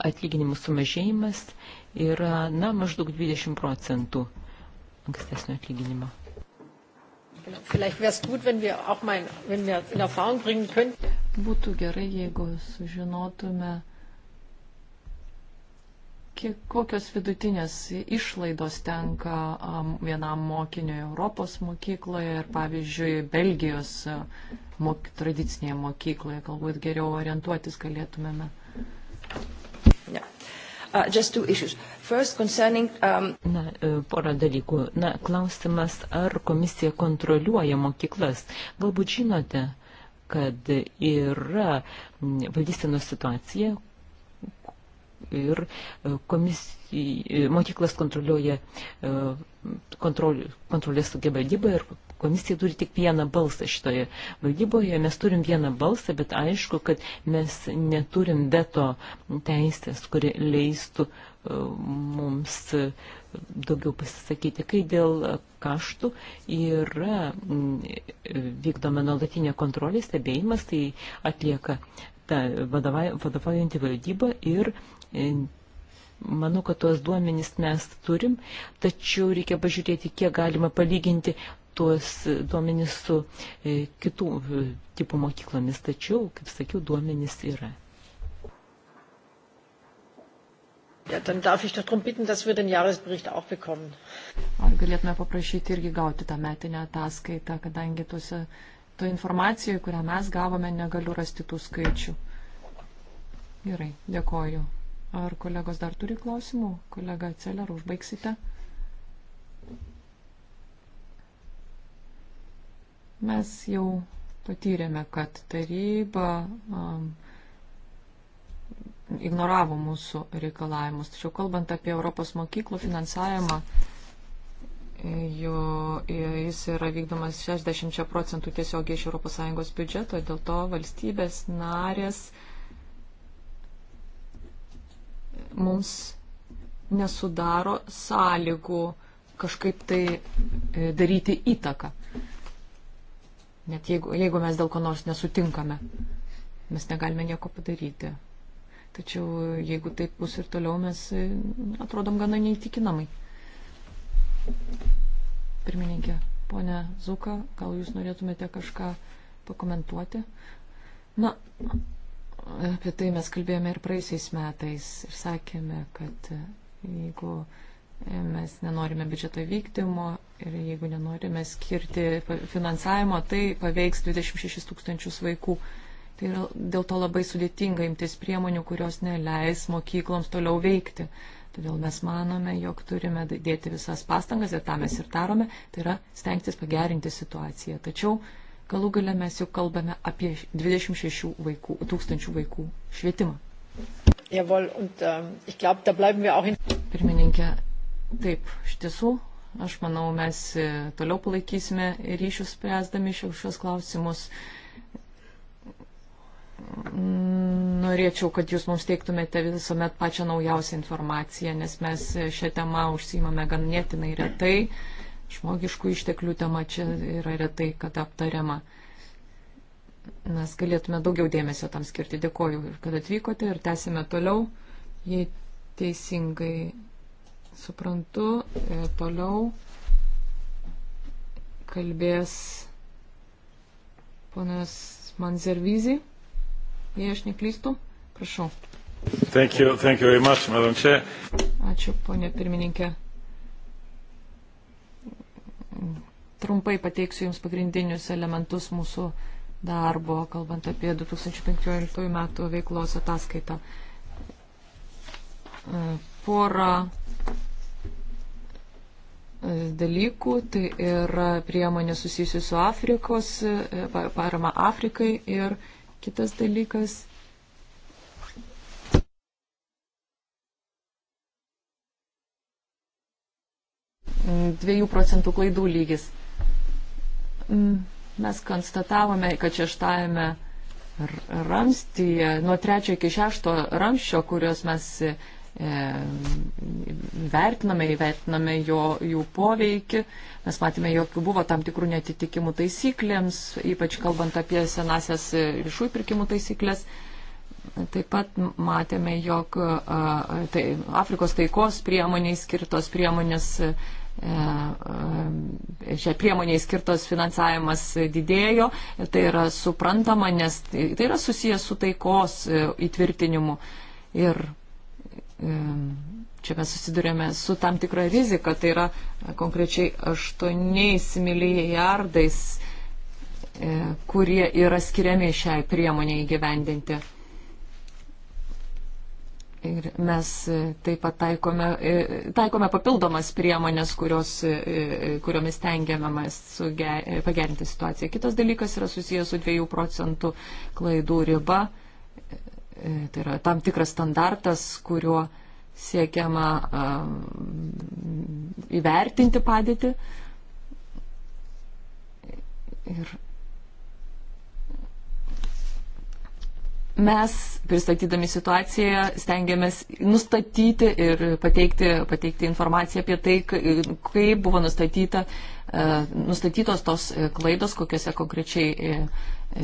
atlyginimų sumažėjimas yra, na, maždaug 20 procentų ankstesnio atlyginimo. Vielleicht wäre es gut, wenn wir auch mal, wenn wir in Erfahrung bringen könnten. Būtų gerai, jeigu sužinotume, kiek, kokios vidutinės išlaidos tenka vienam mokiniui Europos mokykloje ir, pavyzdžiui, Belgijos mok, tradicinėje mokykloje. Galbūt geriau orientuotis galėtumėme. Yeah. Ja. Uh, just two issues. First, concerning... Um... Na, e, pora dalykų. Na, klausimas, ar komisija kontroliuoja mokyklas. Galbūt žinote, kad yra valdysenos situacija, ir e, komisija, e, mokyklas kontroliuoja kontrol, kontrolės sugeba dybą ir komisija turi tik vieną balsą šitoje valdyboje, mes turim vieną balsą, bet aišku, kad mes neturim veto teisės, kuri leistų e, mums e, daugiau pasisakyti, kai dėl kaštų yra vykdoma nuolatinė kontrolė, stebėjimas, tai atlieka ta vadovaujanti valdyba ir e, Manau, kad tuos duomenys mes turim, tačiau reikia pažiūrėti, kiek galima palyginti tuos duomenys su e, kitų e, tipų mokyklomis, tačiau, kaip sakiau, duomenys yra. Ja, dann darf ich darum bitten, dass wir den Jahresbericht auch bekommen. Ar galėtume paprašyti irgi gauti tą metinę ataskaitą, kadangi tuose, to informacijoje, kurią mes gavome, negaliu rasti tų skaičių. Gerai, dėkoju. Ar kolegos dar turi klausimų? Kolega Celer, užbaigsite? Mes jau patyrėme, kad taryba um, ignoravo mūsų reikalavimus. Tačiau kalbant apie Europos mokyklų finansavimą, jo, jis yra vykdomas 60 procentų tiesiogiai iš ES biudžeto, dėl to valstybės narės mums nesudaro sąlygų kažkaip tai e, daryti įtaką. Net jeigu, jeigu mes dėl ko nors nesutinkame, mes negalime nieko padaryti. Tačiau jeigu taip bus ir toliau, mes e, atrodom gana neįtikinamai. Pirmininkė, ponė Zuka, gal jūs norėtumėte kažką pakomentuoti? Na, apie tai mes kalbėjome ir praeisiais metais ir sakėme, kad jeigu e, mes nenorime biudžeto vykdymo, Ir jeigu nenorime skirti finansavimo, tai paveiks 26 tūkstančius vaikų. Tai yra dėl to labai sudėtinga imtis priemonių, kurios neleis mokykloms toliau veikti. Todėl mes manome, jog turime dėti visas pastangas ir tą mes ir darome, tai yra stengtis pagerinti situaciją. Tačiau galų gale mes jau kalbame apie 26 vaikų, tūkstančių vaikų švietimą. Jawohl, und, um, glaub, in... Pirmininkė, taip, iš tiesų, Aš manau, mes e, toliau palaikysime ryšius spręsdami šios klausimus. Norėčiau, kad jūs mums teiktumėte visuomet pačią naujausią informaciją, nes mes šią temą užsimame ganėtinai retai. Žmogiškų išteklių tema čia yra retai, kad aptariama. Mes galėtume daugiau dėmesio tam skirti. Dėkoju, kad atvykote ir tęsime toliau. Jei teisingai suprantu, e, toliau kalbės ponas Manzervizi, jei aš neklystu. Prašau. Thank you, thank you very much, Madam Chair. Ačiū, ponė pirmininkė. Trumpai pateiksiu Jums pagrindinius elementus mūsų darbo, kalbant apie 2015 metų veiklos ataskaitą. E, porą dalykų, tai yra priemonė susijusi su Afrikos, e, parama Afrikai ir kitas dalykas. Dviejų procentų klaidų lygis. Mm, mes konstatavome, kad šeštajame ramstyje, nuo trečio iki šešto ramščio, kuriuos mes E, vertiname, įvertiname jo, jų poveikį. Mes matėme, jog buvo tam tikrų netitikimų taisyklėms, ypač kalbant apie senasias viešųjų pirkimų taisyklės. Taip pat matėme, jog e, tai, Afrikos taikos priemoniai skirtos priemonės, e, šiai priemoniai skirtos finansavimas didėjo. Tai yra suprantama, nes tai, tai yra susijęs su taikos įtvirtinimu. Ir E, čia mes susidurėme su tam tikra rizika, tai yra konkrečiai 8 milijardais, e, kurie yra skiriami šiai priemoniai įgyvendinti. Ir mes e, taip pat taikome, taikome papildomas priemonės, kurios, kuriomis tengiamės pagerinti situaciją. Kitas dalykas yra susijęs su 2 procentų klaidų riba. E, tai yra tam tikras standartas, kuriuo siekiama įvertinti padėtį. Ir mes, pristatydami situaciją, stengiamės nustatyti ir pateikti, pateikti informaciją apie tai, kaip buvo nustatyta, e, nustatytos tos e, klaidos, kokiuose konkrečiai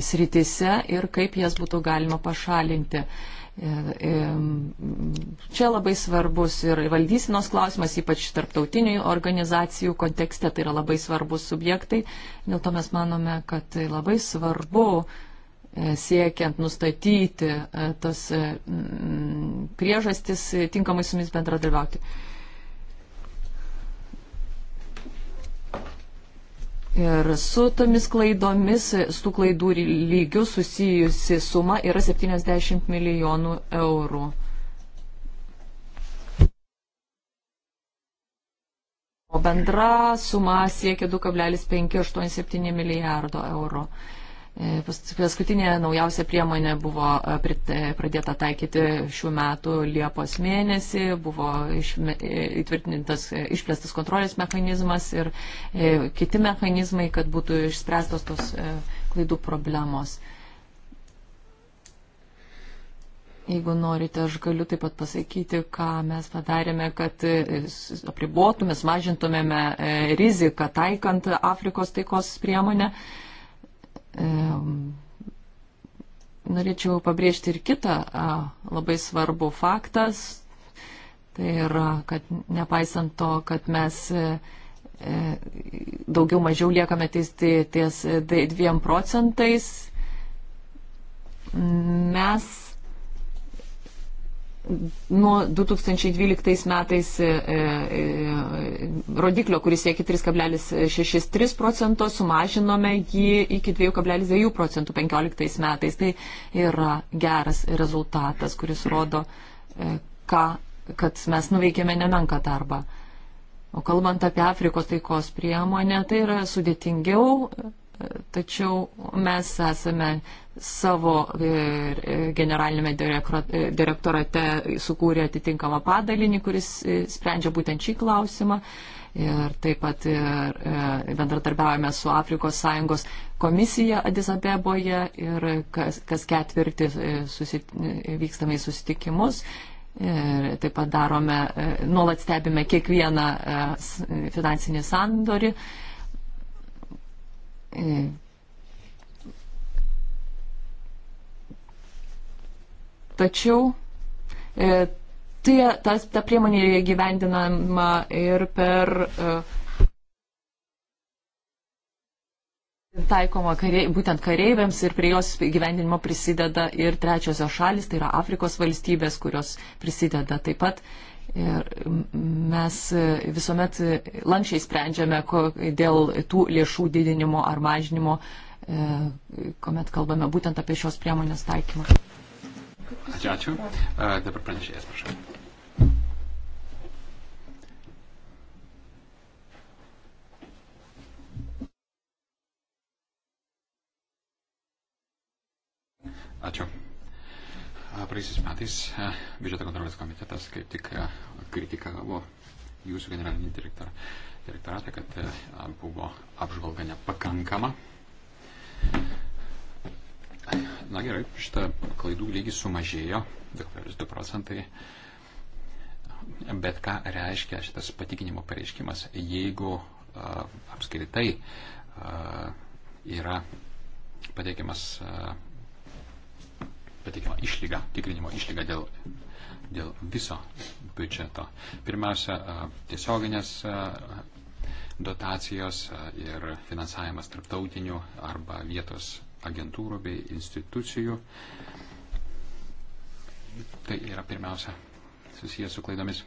sritise ir kaip jas būtų galima pašalinti. E, e, čia labai svarbus ir valdysinos klausimas, ypač tarptautinių organizacijų kontekste, tai yra labai svarbus subjektai. Dėl to mes manome, kad tai labai svarbu e, siekiant nustatyti tas priežastis tinkamai su jumis bendradarbiauti. Ir su tomis klaidomis, su klaidų lygiu susijusi suma yra 70 milijonų eurų. O bendra suma siekia 2,587 milijardo eurų. E, paskutinė naujausia priemonė buvo e, e, pradėta taikyti šių metų Liepos mėnesį, buvo įtvirtintas išplėstas kontrolės mechanizmas ir kiti mechanizmai, kad būtų išspręstos tos klaidų problemos. Jeigu norite, aš galiu taip pat pasakyti, ką mes padarėme, kad apribotume, mažintumėme riziką taikant Afrikos taikos priemonę norėčiau pabrėžti ir kitą labai svarbų faktas. Tai yra, kad nepaisant to, kad mes e, e, daugiau mažiau liekame ties, ties dviem procentais, mes nuo 2012 metais e, e, e, rodiklio, kuris siekia 3,63 procento, sumažinome jį iki 2,2 procentų 15 metais. Tai yra geras rezultatas, kuris rodo, ką, kad mes nuveikėme nemenką darbą. O kalbant apie Afrikos taikos priemonę, tai yra sudėtingiau, tačiau mes esame savo e, e, generalinėme e, direktorate sukūrė atitinkamą padalinį, kuris sprendžia būtent šį klausimą. Ir taip pat ir bendradarbiavame su Afrikos Sąjungos komisija Adisabeboje ir kas, kas ketvirtį susit, vykstame į susitikimus. Ir taip pat darome, nuolat stebime kiekvieną finansinį sandorį Tačiau e, tai, tas, ta priemonė gyvendinama ir per. E, taikoma kariai, būtent kareiviams ir prie jos gyvendinimo prisideda ir trečiosios šalis, tai yra Afrikos valstybės, kurios prisideda taip pat. Ir mes visuomet lankščiai sprendžiame dėl tų lėšų didinimo ar mažinimo, e, kuomet kalbame būtent apie šios priemonės taikymą. Ačiū, ačiū. A, dabar pranešėjas, prašau. Ačiū. Praeisiais metais biudžeto kontrolės komitetas kaip tik kritikavo jūsų generalinį direktorą, direktoratą, kad buvo apžvalga nepakankama. Na gerai, šitą klaidų lygį sumažėjo, 2,2 procentai. Bet ką reiškia šitas patikinimo pareiškimas, jeigu a, apskritai a, yra pateikiamas a, pateikima išlyga, tikrinimo išlyga dėl, dėl viso biudžeto. Pirmiausia, tiesioginės dotacijos ir finansavimas tarptautinių arba vietos agentūrų bei institucijų. Tai yra pirmiausia susijęs su klaidomis.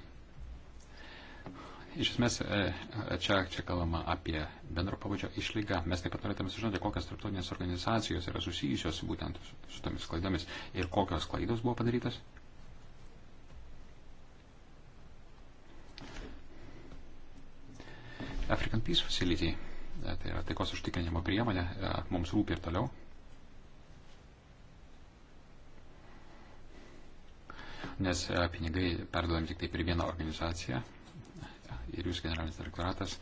Iš esmės, e, čia, čia kalbama apie bendro pabudžio išlygą. Mes taip pat norėtume sužinoti, kokios tarptautinės organizacijos yra susijusios būtent su, su tomis klaidomis ir kokios klaidos buvo padarytos. African Peace Facility, e, tai yra taikos užtikrinimo priemonė, e, mums rūpi ir toliau. nes e, pinigai perduodami tik tai per vieną organizaciją ir jūs generalinis direktoratas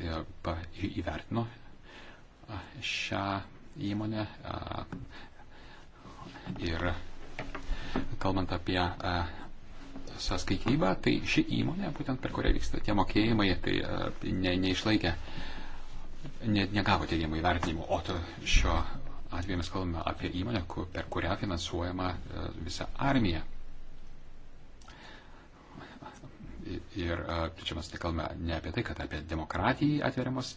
e, įvertino e, šią įmonę ir kalbant apie sąskaitybą, tai ši įmonė, būtent per kurią vyksta tie mokėjimai, tai ne, neišlaikė, ne, negavo teigiamų įvertinimų, o to šio atveju mes kalbame apie įmonę, per kurią finansuojama e, visa armija. Ir e, tai čia mes tai kalbame ne apie tai, kad apie demokratiją atveriamos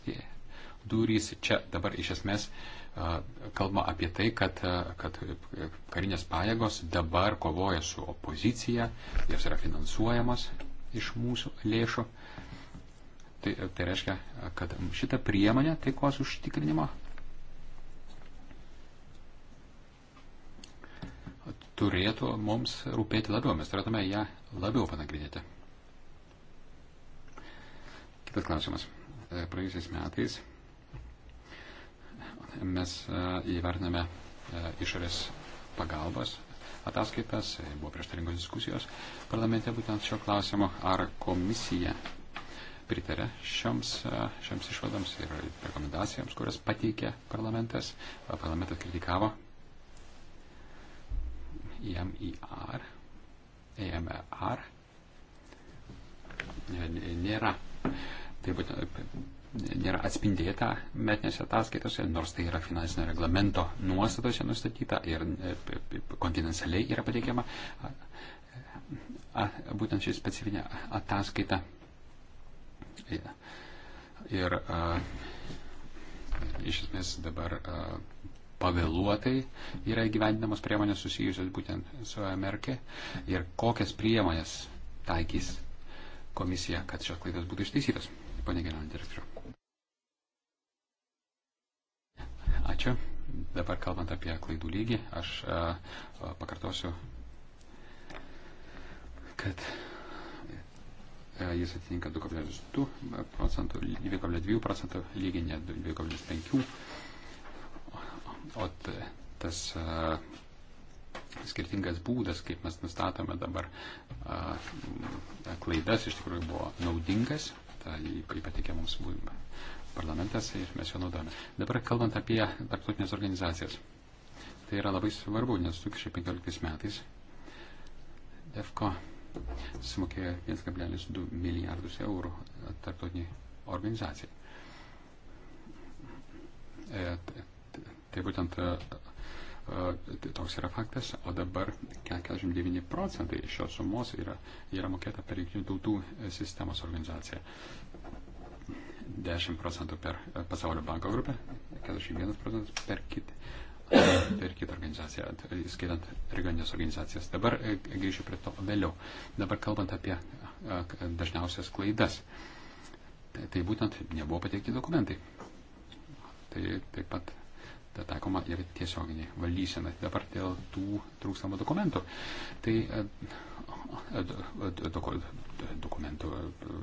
durys. Čia dabar iš esmės e, kalbama apie tai, kad, kad karinės pajėgos dabar kovoja su opozicija, jos yra finansuojamos iš mūsų lėšų. Tai, tai reiškia, kad šita priemonė taikos užtikrinimo turėtų mums rūpėti labiau, mes turėtume ją labiau panagrinėti. Kitas klausimas. E, praėjusiais metais mes e, įvertiname e, išorės pagalbos ataskaitas, buvo prieštaringos diskusijos parlamente būtent šio klausimo, ar komisija pritarė šioms, šioms išvadams ir rekomendacijoms, kurias pateikė parlamentas. Parlamentas kritikavo EMER, EMR nėra. Tai būtent nėra atspindėta metinėse ataskaitose, nors tai yra finansinio reglamento nuostatose nustatyta ir konfidencialiai yra pateikiama būtent ši specifinė ataskaita. Ir a, iš esmės dabar a, pavėluotai yra įgyvendinamos priemonės susijusios būtent su Amerikė ir kokias priemonės taikys komisija, kad šios klaidos būtų ištaisytos, pane generalinė direktorių. Ačiū. Dabar kalbant apie klaidų lygį, aš a, a, pakartosiu, kad jis atitinka 2,2 procentų, 2,2 procentų lyginė 2,5 O tas skirtingas būdas, kaip mes nustatome dabar klaidas, iš tikrųjų buvo naudingas, tai patikė mums parlamentas ir mes jo naudojame. Dabar kalbant apie tarptautinės organizacijas. Tai yra labai svarbu, nes 2015 metais DEFCO sumokėjo 1,2 milijardus eurų tarptautiniai organizacijai. E, Tai būtent tai toks yra faktas, o dabar 49 procentai šios sumos yra, yra mokėta per jungtinių tautų e, sistemos organizaciją. 10 procentų per pasaulio banko grupę, 41 procentas per kitą per kitą organizaciją, tai skaitant regioninės organizacijas. Dabar grįšiu prie to vėliau. Dabar kalbant apie dažniausias klaidas. Tai, tai būtent nebuvo pateikti dokumentai. Tai taip pat ta taikoma ir tiesioginiai valdysenai. Dabar dėl tų trūkstamų dokumentų. Tai e, e, e, doku, dokumentų,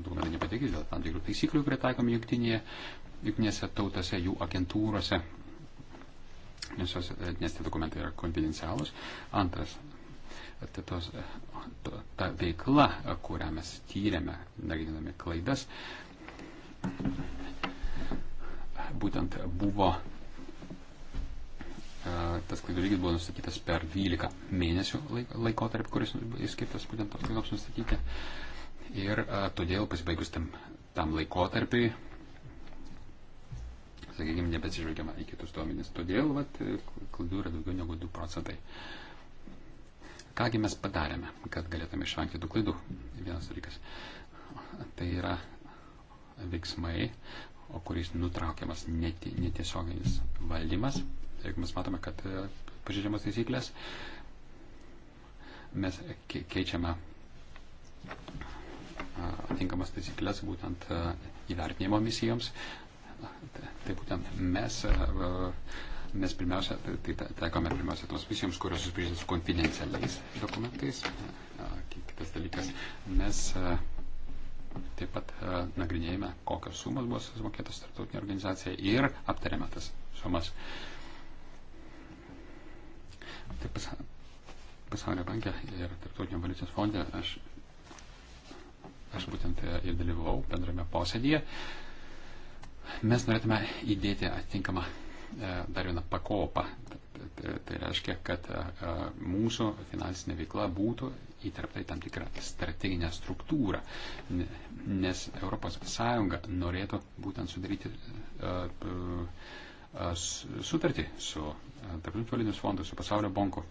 dokumentai nepateikti dėl tam tikrų taisyklių, kurie taikomi jungtinėje, jungtinėse tautose, jų agentūrose, nes, jos, nes tie dokumentai yra konfidencialūs. Antras, tai tos, to, ta veikla, kurią mes tyrėme, nagrinėdami klaidas, būtent buvo tas klaidų lygis buvo nustatytas per 12 mėnesių laikotarpį, kuris skirtas būtent toms klaidoms nustatyti. Ir a, todėl pasibaigus tam, tam laikotarpiui, sakykime, nebesižvelgiama į kitus duomenis. Todėl vat, klaidų yra daugiau negu 2 procentai. Kągi mes padarėme, kad galėtume išvengti tų klaidų? Vienas dalykas. Tai yra veiksmai, o kuriais nutraukiamas neti, netiesioginis valdymas jeigu mes matome, kad e, pažydžiamas taisyklės, mes keičiame atinkamas taisyklės būtent e, įvertinimo misijoms. Tai būtent mes, e, mes pirmiausia, tai, tai taikome pirmiausia tos misijoms, kurios susipažįsta su konfidencialiais dokumentais. Kitas dalykas, mes taip pat nagrinėjame, kokios sumos buvo sumokėtos tarptautinė organizacija ir aptariame tas sumas. Uh, Taip pasaulio bankė ir Tarptautinio valiutos fondė aš, aš būtent ir dalyvau bendrame posėdėje. Mes norėtume įdėti atitinkamą e, dar vieną pakopą. Tai, tai reiškia, kad e, mūsų finansinė veikla būtų įterpta į tam tikrą strateginę struktūrą, nes ES norėtų būtent sudaryti e, sutartį su Tarptautiniu valinius fondu, su Pasaulio banku,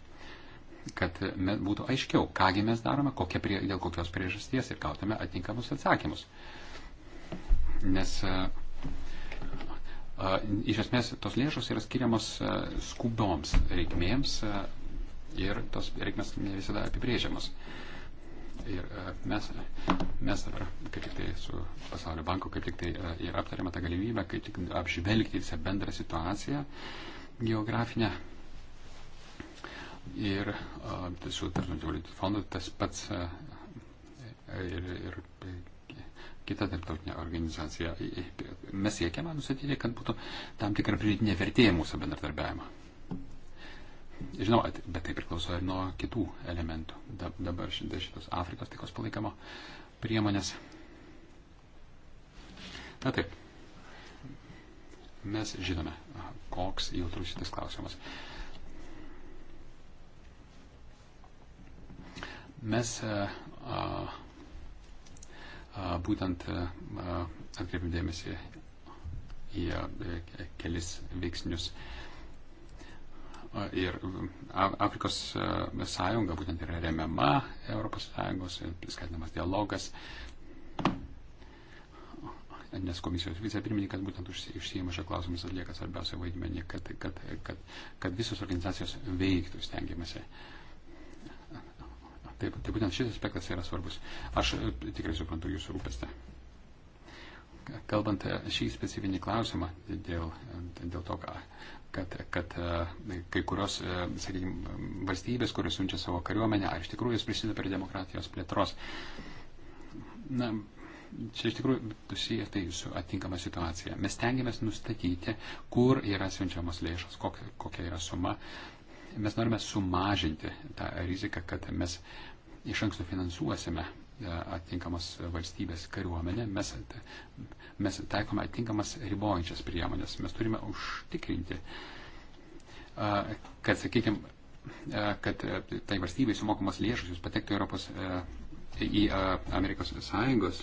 kad būtų aiškiau, kągi mes darome, kokie prie, dėl kokios priežasties ir gautume atinkamus atsakymus. Nes a, a, iš esmės tos lėšos yra skiriamos a, skubioms reikmėms a, ir tos reikmės ne visada apibrėžiamas. A, Ir e, mes, mes dabar, kaip tik tai su Pasaulio banku, kaip tik tai e, ir aptarėme tą galimybę, kaip tik apžvelgti visą bendrą situaciją geografinę. Ir tai su Tarptautiniu valiutų fondu tas pats ir, ir kita tarptautinė organizacija. Mes siekiame nusatyti, kad būtų tam tikra pridėtinė vertė mūsų bendradarbiavimo. Žinau, bet tai priklauso ir nuo kitų elementų. Dabar šitas Afrikos taikos palaikamo priemonės. Na taip. Mes žinome, koks jautrus šitas klausimas. Mes a, a, būtent atkreipim dėmesį į a, e, kelis veiksnius. A, ir Afrikos e, sąjunga būtent yra remiama Europos sąjungos, skatinamas dialogas, nes komisijos vicepirmininkas būtent užsijima šią klausimus atlieka svarbiausią vaidmenį, kad, kad, kad, kad visos organizacijos veiktų stengiamasi. Taip, tai būtent šis aspektas yra svarbus. Aš e, tikrai suprantu jūsų rūpestę. Kalbant e, šį specifinį klausimą dėl, dėl to, kad, kad e, kai kurios, e, sakykime, valstybės, kurios siunčia savo kariuomenę, ar iš tikrųjų jis prisideda prie demokratijos plėtros. Na, čia iš tikrųjų susiję tai su atinkama situacija. Mes tengiamės nustatyti, kur yra siunčiamos lėšos, kokia yra suma. Mes norime sumažinti tą riziką, kad mes iš anksto finansuosime E, atitinkamas valstybės kariuomenė, mes, mes taikome atitinkamas ribojančias priemonės. Mes turime užtikrinti, e, kad, sakykime, kad e, tai valstybei sumokamos lėšos jūs patektų Europos, į Amerikos Sąjungos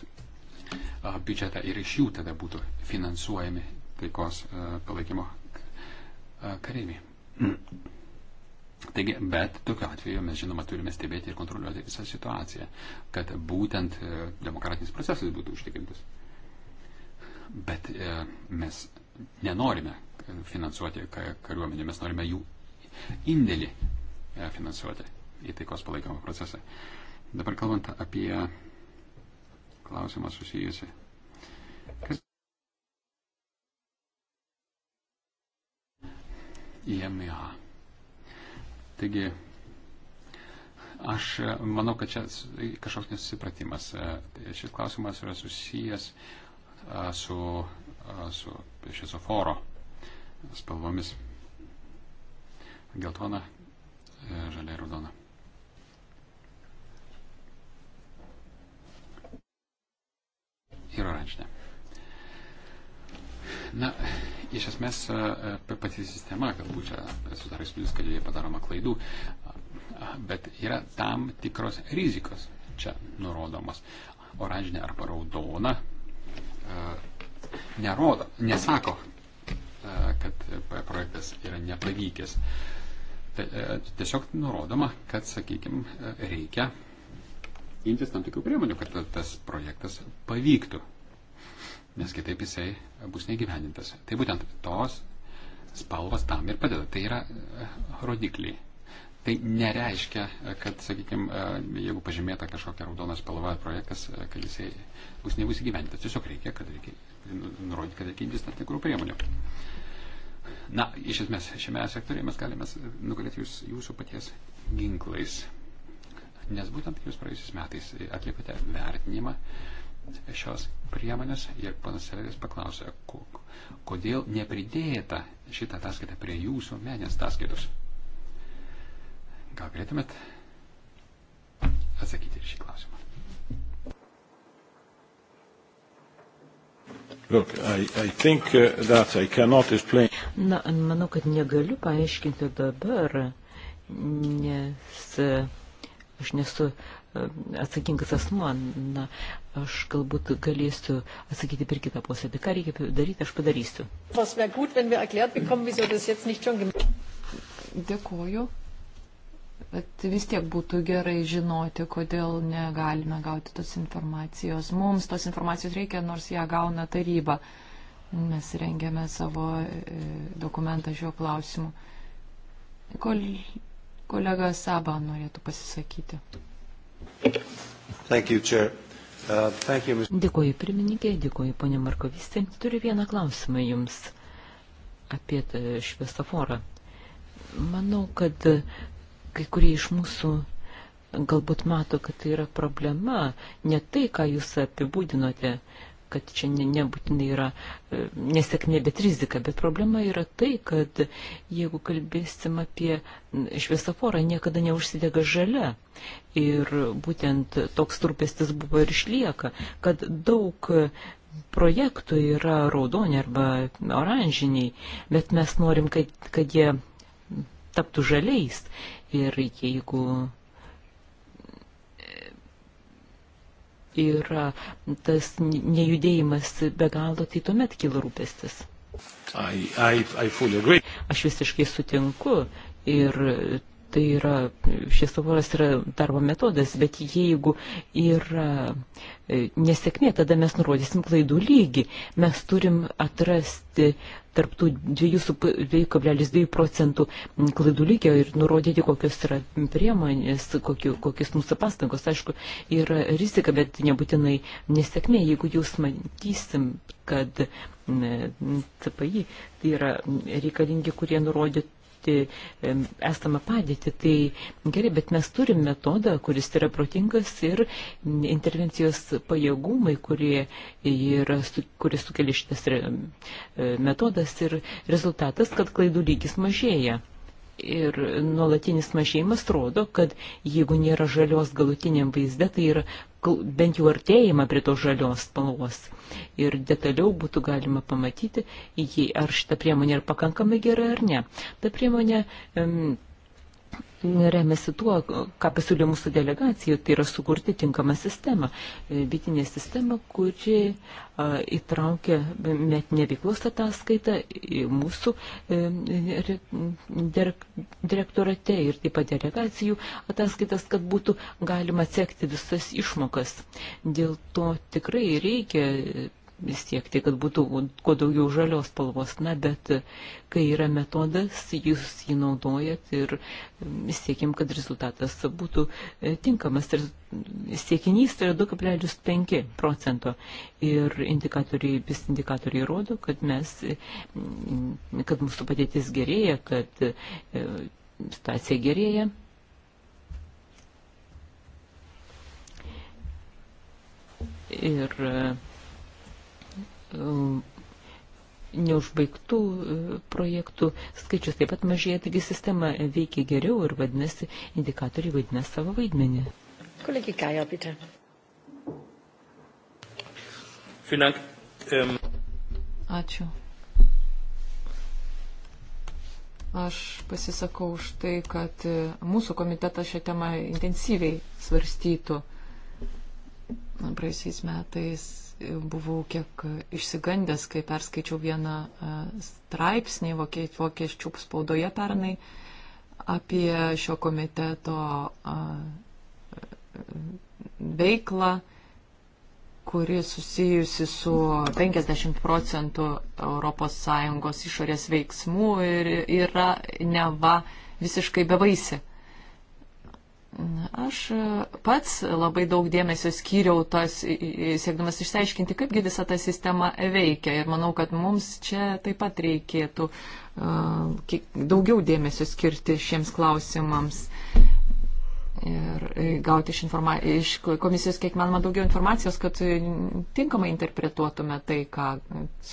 biudžetą ir iš jų tada būtų finansuojami taikos palaikymo kareiviai. Taigi, bet tokiu atveju mes žinoma turime stebėti ir kontroliuoti visą situaciją, kad būtent e, demokratinis procesas būtų užtikrintas. Bet e, mes nenorime finansuoti kariuomenę, mes norime jų indėlį e, finansuoti į taikos palaikymo procesą. Dabar kalbant apie klausimą susijusi. Kas IMA. Ja. Taigi, aš e, manau, kad čia kažkoks nesusipratimas. E, tai šis klausimas yra susijęs e, su, su šizoforo spalvomis. Geltona, žalia ir raudona. Ir oranžinė. Na, iš esmės e, e, pati sistema, galbūt čia sudaro įspūdis, kad joje padaroma klaidų, bet yra tam tikros rizikos čia nurodomos. Oranžinė arba raudona e, nerodo, nesako, kad projektas yra nepavykęs. Tai, tiesiog nurodoma, kad, sakykime, reikia imtis tam tikrų priemonių, kad tas projektas pavyktų nes kitaip jisai bus negyvenintas. Tai būtent tos spalvas tam ir padeda. Tai yra e, rodikliai. Tai nereiškia, e, kad, sakykime, jeigu pažymėta kažkokia raudona spalva projektas, e, kad jisai bus nebus įgyventas. Tiesiog reikia, kad reikia nurodyti, kad reikia imtis tam tikrų priemonių. Na, iš esmės, šiame sektorėje mes galime nugalėti jūs, jūsų paties ginklais. Nes būtent jūs praėjusiais metais atlikote vertinimą, uh, šios priemonės ir panas Seleris paklausė, kodėl nepridėjate šitą ataskaitą prie jūsų menės ataskaitos. Gal galėtumėt atsakyti ir šį klausimą? Look, I, I think uh, that I cannot explain. Na, manau, kad negaliu paaiškinti dabar, nes aš nesu atsakingas asmuo, na, aš galbūt galėsiu atsakyti per kitą posėdį. Ką reikia daryti, aš padarysiu. Dėkuoju. Bet vis tiek būtų gerai žinoti, kodėl negalime gauti tos informacijos. Mums tos informacijos reikia, nors ją gauna taryba. Mes rengėme savo e, dokumentą šiuo klausimu. Kol, kolega Saba norėtų pasisakyti. Thank you, Chair. Uh, thank you, Mr. Dėkuoju pirmininkė, dėkuoju ponė Markovistė. Turiu vieną klausimą jums apie šviesoforą. Manau, kad kai kurie iš mūsų galbūt mato, kad tai yra problema, ne tai, ką jūs apibūdinote, kad čia nebūtinai yra e, nesėkmė, bet rizika. Bet problema yra tai, kad jeigu kalbėsim apie šviesoforą, niekada neužsidega žalia. Ir būtent toks trupestis buvo ir išlieka, kad daug projektų yra raudoni arba oranžiniai, bet mes norim, kad, kad jie taptų žaliais. Ir jeigu yra tas nejudėjimas be galo, tai tuomet kyla rūpestis. I, I, I Aš visiškai sutinku ir tai yra, šis savoras yra darbo metodas, bet jeigu yra e, nesėkmė, tada mes nurodysim klaidų lygį. Mes turim atrasti tarptų 2,2 procentų klaidų lygio ir nurodyti, kokios yra priemonės, kokiu, kokios mūsų pastangos. Aišku, yra rizika, bet nebūtinai nesėkmė, jeigu jūs matysim, kad CPI tai yra reikalingi, kurie nurodytų keisti esamą padėtį, tai gerai, bet mes turim metodą, kuris yra protingas ir intervencijos pajėgumai, kurie, yra, kurie sukelia šitas metodas ir rezultatas, kad klaidų lygis mažėja ir nuolatinis mažėjimas rodo, kad jeigu nėra žalios galutiniam vaizde, tai yra bent jau artėjimą prie to žalios spalvos. Ir detaliau būtų galima pamatyti, jei ar šita priemonė yra pakankamai gera ar ne. Ta priemonė. Um, remiasi tuo, ką pasiūlė mūsų delegacija, tai yra sukurti tinkamą sistemą, e, bitinę sistemą, kuri įtraukia net neveiklos ataskaitą mūsų e, direktorate ir taip pat delegacijų ataskaitas, kad būtų galima atsekti visas išmokas. Dėl to tikrai reikia siekti, kad būtų kuo daugiau žalios spalvos. Na, bet kai yra metodas, jūs jį naudojat ir siekim, kad rezultatas būtų e, tinkamas. Siekinys tai yra 2,5 procento. Ir indikatoriai, vis indikatoriai rodo, kad mes, kad mūsų padėtis gerėja, kad e, situacija gerėja. Ir uh E, neužbaigtų e, projektų skaičius taip pat mažėja, taigi sistema veikia geriau ir vadinasi, indikatoriai vaidina savo vaidmenį. Kolegi Kaja, bitte. Ähm, Ačiū. Aš pasisakau už tai, kad e, mūsų komitetas šią temą intensyviai svarstytų. Praėjusiais metais buvau kiek išsigandęs, kai perskaičiau vieną e, straipsnį vokiečių spaudoje pernai apie šio komiteto veiklą, kuri susijusi su 50 procentų ES išorės veiksmų ir yra neva visiškai bevaisi. Aš e, pats labai daug dėmesio skyriau tas, siekdamas išsiaiškinti, kaipgi visa ta sistema veikia. Ir manau, kad mums čia taip pat reikėtų uh, daugiau dėmesio skirti šiems klausimams. Ir e, gauti iš, informa... iš komisijos kiek manoma daugiau informacijos, kad tinkamai interpretuotume tai, ką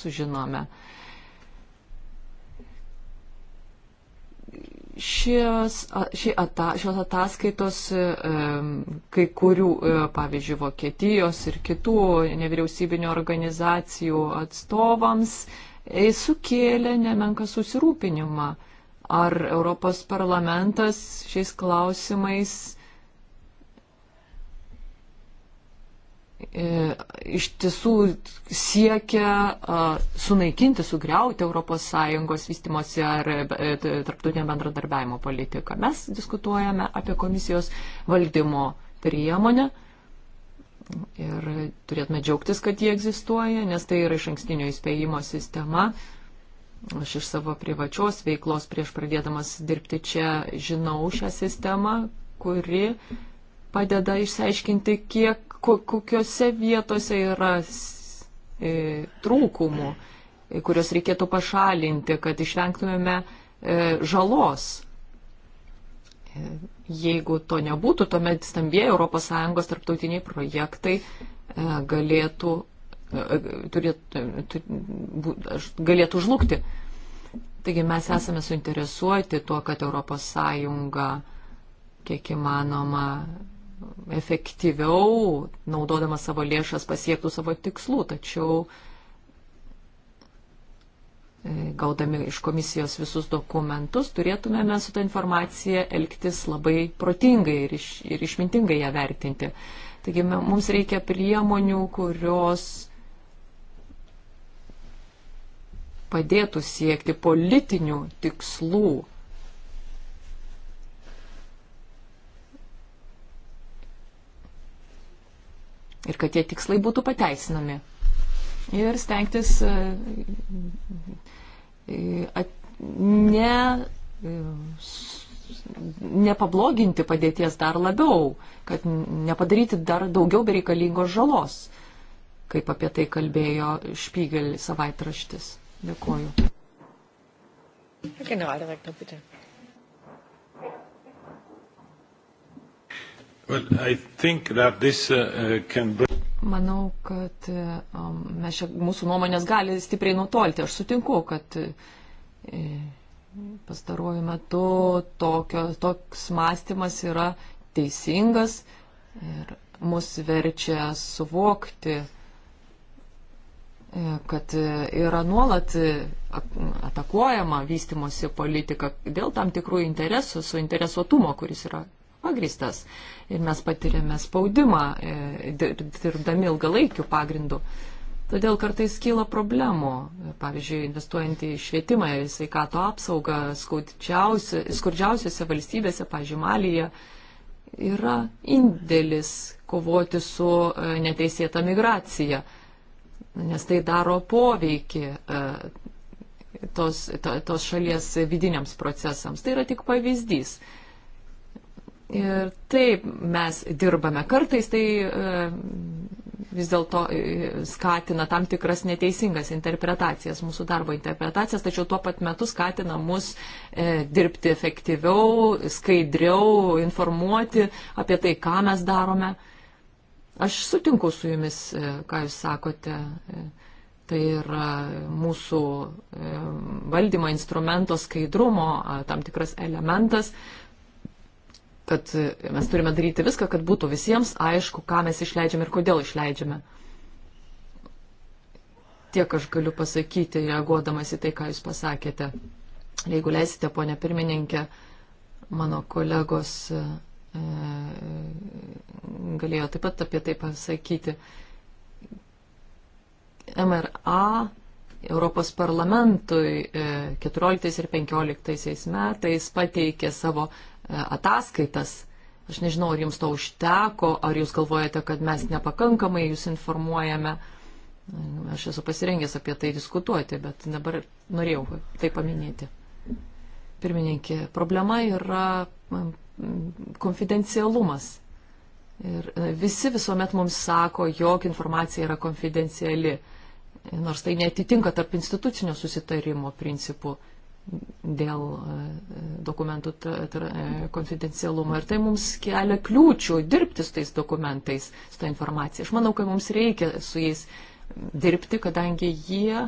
sužinome. Uh, Šios, ši ata, šios ataskaitos e, kai kurių, e, pavyzdžiui, Vokietijos ir kitų nevyriausybinio organizacijų atstovams e, sukėlė nemenką susirūpinimą. Ar Europos parlamentas šiais klausimais E, iš tiesų siekia sunaikinti, sugriauti ES vystimosi ar e, e, tarptautinio bendradarbiavimo politiką. Mes diskutuojame apie komisijos valdymo priemonę ir turėtume džiaugtis, kad jie egzistuoja, nes tai yra iš ankstinio įspėjimo sistema. Aš iš savo privačios veiklos prieš pradėdamas dirbti čia žinau šią sistemą, kuri padeda išsiaiškinti, kiek kokiuose vietose yra e, trūkumų, e, kurios reikėtų pašalinti, kad išvengtumėme e, žalos. Jeigu to nebūtų, tuomet stambėjai ES tarptautiniai projektai galėtų, turėtų, galėtų žlugti. Taigi mes esame suinteresuoti tuo, kad ES kiek įmanoma efektyviau, naudodama savo lėšas, pasiektų savo tikslų, tačiau e, gaudami iš komisijos visus dokumentus, turėtumėme su tą informacija elgtis labai protingai ir, iš, ir išmintingai ją vertinti. Taigi mums reikia priemonių, kurios padėtų siekti politinių tikslų ir kad tie tikslai būtų pateisinami. Ir stengtis e, e, at, ne e, nepabloginti padėties dar labiau, kad nepadaryti dar daugiau bereikalingos žalos, kaip apie tai kalbėjo Špygel savaitraštis. Dėkuoju. Genau, Direktor, bitte. Well, this, uh, uh can... Manau, kad uh, um, mes čia, mūsų nuomonės gali stipriai nutolti. Aš sutinku, kad e, pastaruoju metu tokio, toks mąstymas yra teisingas ir mus verčia suvokti, e, kad e, yra nuolat e, atakuojama vystimosi politika dėl tam tikrų interesų, suinteresuotumo, kuris yra pagristas. Ir mes patiriame spaudimą e, dirbdami ilgalaikių pagrindų. Todėl kartais kyla problemų. Pavyzdžiui, investuojant į švietimą ir sveikato apsaugą skurdžiausiose valstybėse, pavyzdžiui, Malyje, yra indėlis kovoti su e, neteisėta migracija, nes tai daro poveikį e, tos, to, tos šalies vidiniams procesams. Tai yra tik pavyzdys. Ir taip mes dirbame. Kartais tai e, vis dėlto e, skatina tam tikras neteisingas interpretacijas, mūsų darbo interpretacijas, tačiau tuo pat metu skatina mus e, dirbti efektyviau, skaidriau, informuoti apie tai, ką mes darome. Aš sutinku su jumis, ką jūs sakote. Tai yra mūsų valdymo instrumento skaidrumo tam tikras elementas, kad e, mes turime daryti viską, kad būtų visiems aišku, ką mes išleidžiame ir kodėl išleidžiame. Tiek aš galiu pasakyti, reaguodamas į tai, ką Jūs pasakėte. Jeigu leisite, ponė pirmininkė, mano kolegos e, e, galėjo taip pat apie tai pasakyti. MRA Europos parlamentui 14 e, ir 15 metais pateikė savo ataskaitas. Aš nežinau, ar jums to užteko, ar jūs galvojate, kad mes nepakankamai jūs informuojame. Aš esu pasirengęs apie tai diskutuoti, bet dabar norėjau tai paminėti. Pirmininkė, problema yra konfidencialumas. Ir e, visi visuomet mums sako, jog informacija yra konfidenciali, nors tai netitinka tarp institucinio susitarimo principų dėl e, dokumentų e, konfidencialumo. Ir tai mums kelia kliūčių dirbti su tais dokumentais, su tą informacija. Aš manau, kad mums reikia su jais dirbti, kadangi jie e,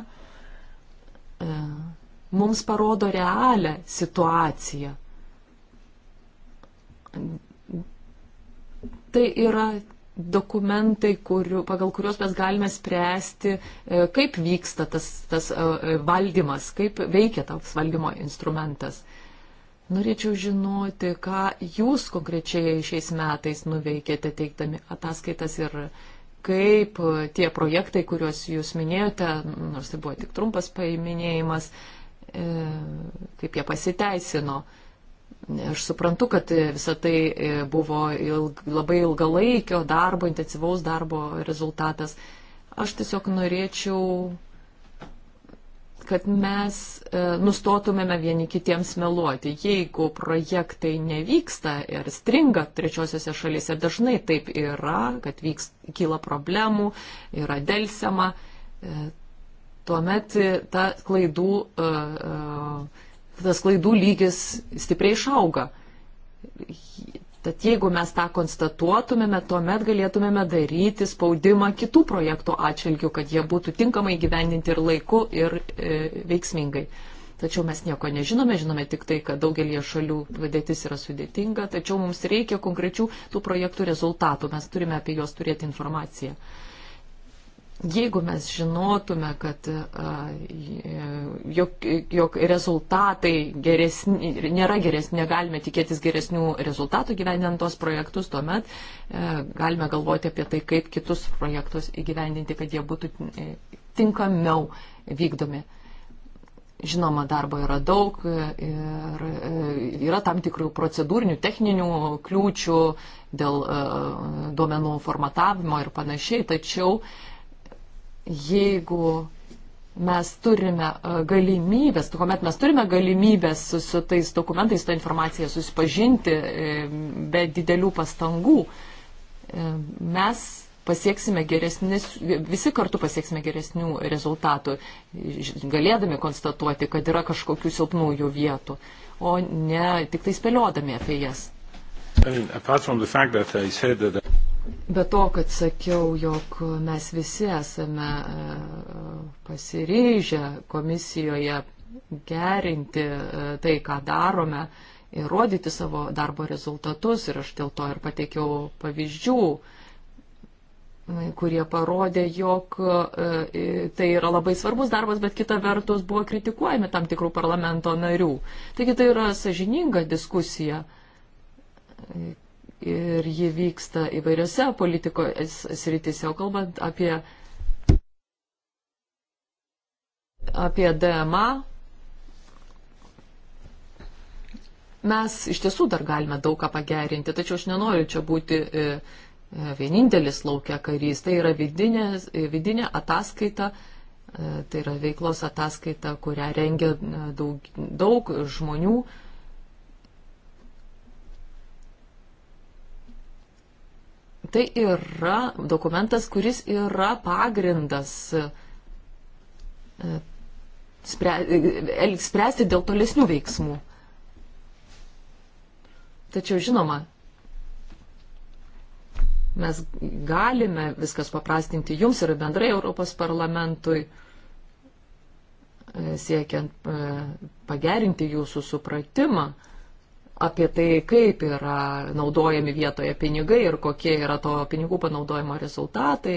mums parodo realią situaciją. Tai yra dokumentai, kuriu, pagal kuriuos mes galime spręsti, e, kaip vyksta tas, tas e, e, valdymas, kaip veikia tas valdymo instrumentas. Norėčiau žinoti, ką jūs konkrečiai šiais metais nuveikėte teikdami ataskaitas ir kaip tie projektai, kuriuos jūs minėjote, nors tai buvo tik trumpas paminėjimas, kaip jie pasiteisino. Aš suprantu, kad e, visa tai e, buvo ilg, labai ilgalaikio darbo, intensyvaus darbo rezultatas. Aš tiesiog norėčiau, kad mes e, nustotumėme vieni kitiems meluoti. Jeigu projektai nevyksta ir stringa trečiosiose šalyse, dažnai taip yra, kad vyks, kyla problemų, yra dėlsiama, tuomet ta klaidų. Uh, uh, tas klaidų lygis stipriai išauga. Tad jeigu mes tą konstatuotumėme, tuomet galėtumėme daryti spaudimą kitų projektų atšvilgių, kad jie būtų tinkamai gyvendinti ir laiku, ir e, veiksmingai. Tačiau mes nieko nežinome, žinome tik tai, kad daugelie šalių padėtis yra sudėtinga, tačiau mums reikia konkrečių tų projektų rezultatų, mes turime apie juos turėti informaciją. E, Jeigu mes žinotume, kad jog, jog rezultatai geresni, nėra geresni, negalime tikėtis geresnių rezultatų gyvendinant tos projektus, tuomet e, galime galvoti apie tai, kaip kitus projektus įgyvendinti, kad jie būtų e, tinkamiau vykdomi. Žinoma, darbo yra daug e, ir yra tam tikrų procedūrinių, techninių kliūčių dėl duomenų formatavimo ir panašiai, tačiau uh, jeigu mes turime e, galimybės, kuomet mes turime galimybės su, su tais dokumentais, tą informaciją susipažinti e, be didelių pastangų, e, mes pasieksime geresnis, visi kartu pasieksime geresnių rezultatų, galėdami konstatuoti, kad yra kažkokių silpnųjų vietų, o ne tik tai spėliodami apie jas. I mean, Be to, kad sakiau, jog mes visi esame e, pasiryžę komisijoje gerinti e, tai, ką darome ir rodyti savo darbo rezultatus ir aš dėl to ir pateikiau pavyzdžių kurie parodė, jog e, tai yra labai svarbus darbas, bet kita vertus buvo kritikuojami tam tikrų parlamento narių. Taigi tai yra sažininga diskusija, ir ji vyksta įvairiose politikos sritise, o kalbant apie, apie DMA, mes iš tiesų dar galime daug ką pagerinti, tačiau aš nenoriu čia būti e, e, vienintelis laukia karys, tai yra vidinė, e, vidinė ataskaita. Tai yra veiklos ataskaita, kurią rengia daug, daug žmonių, Tai yra dokumentas, kuris yra pagrindas e, e, spręsti dėl tolesnių veiksmų. Tačiau žinoma, mes galime viskas paprastinti jums ir bendrai Europos parlamentui, e, siekiant pagerinti jūsų supratimą apie tai, kaip yra naudojami vietoje pinigai ir kokie yra to pinigų panaudojimo rezultatai,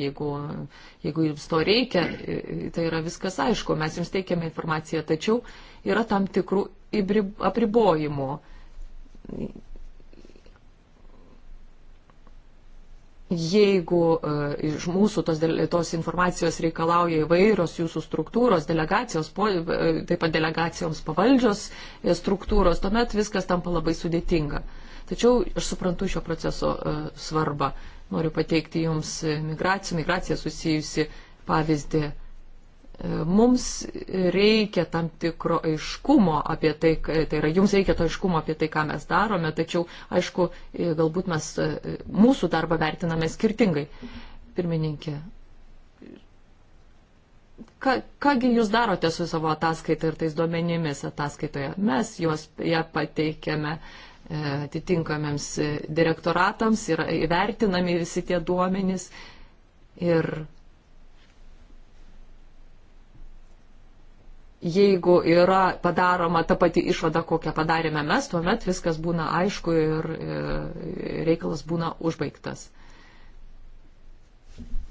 jeigu, jeigu jums to reikia, tai yra viskas aišku, mes jums teikiame informaciją, tačiau yra tam tikrų apribojimų. Jeigu uh, iš mūsų tos, tos informacijos reikalauja įvairios jūsų struktūros, delegacijos, po, e, taip pat delegacijoms pavaldžios e, struktūros, tuomet viskas tampa labai sudėtinga. Tačiau aš suprantu šio proceso uh, svarbą. Noriu pateikti Jums migracijų, migraciją susijusi pavyzdį. Uh, Mums reikia tam tikro aiškumo apie tai, tai yra, jums reikia to aiškumo apie tai, ką mes darome, tačiau, aišku, galbūt mes e, mūsų darbą vertiname skirtingai. Pirmininkė, Ka, kągi jūs darote su savo ataskaita ir tais duomenimis ataskaitoje? Mes juos ją pateikėme e, atitinkamiems e, direktoratams, yra įvertinami visi tie duomenys ir jeigu yra padaroma ta pati išvada, kokią padarėme mes, tuomet viskas būna aišku ir e, reikalas būna užbaigtas.